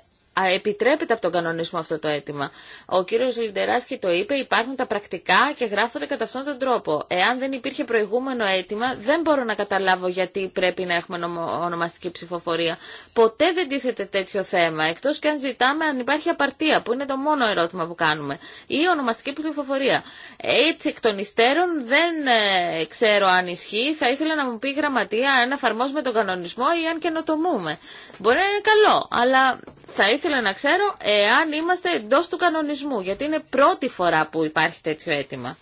επιτρέπεται από τον κανονισμό αυτό το αίτημα. Ο κύριος Λιντεράσκη το είπε, υπάρχουν τα πρακτικά και γράφονται κατά αυτόν τον τρόπο. Εάν δεν υπήρχε προηγούμενο αίτημα, δεν μπορώ να καταλάβω γιατί πρέπει να έχουμε ονομαστική ψηφοφορία. Ποτέ δεν τίθεται τέτοιο θέμα, εκτός και αν ζητάμε αν υπάρχει απαρτία, που είναι το μόνο ερώτημα που κάνουμε, ή ονομαστική ψηφοφορία. Έτσι εκ των υστέρων δεν ε, ξέρω αν ισχύει, θα ήθελα να μου πει η γραμματεία αν εφαρμόζουμε τον κανονισμό ή αν καινοτομούμε. Μπορεί να είναι καλό, αλλά θα ήθελα ήθελα να ξέρω εάν είμαστε εντός του κανονισμού, γιατί είναι πρώτη φορά που υπάρχει τέτοιο αίτημα.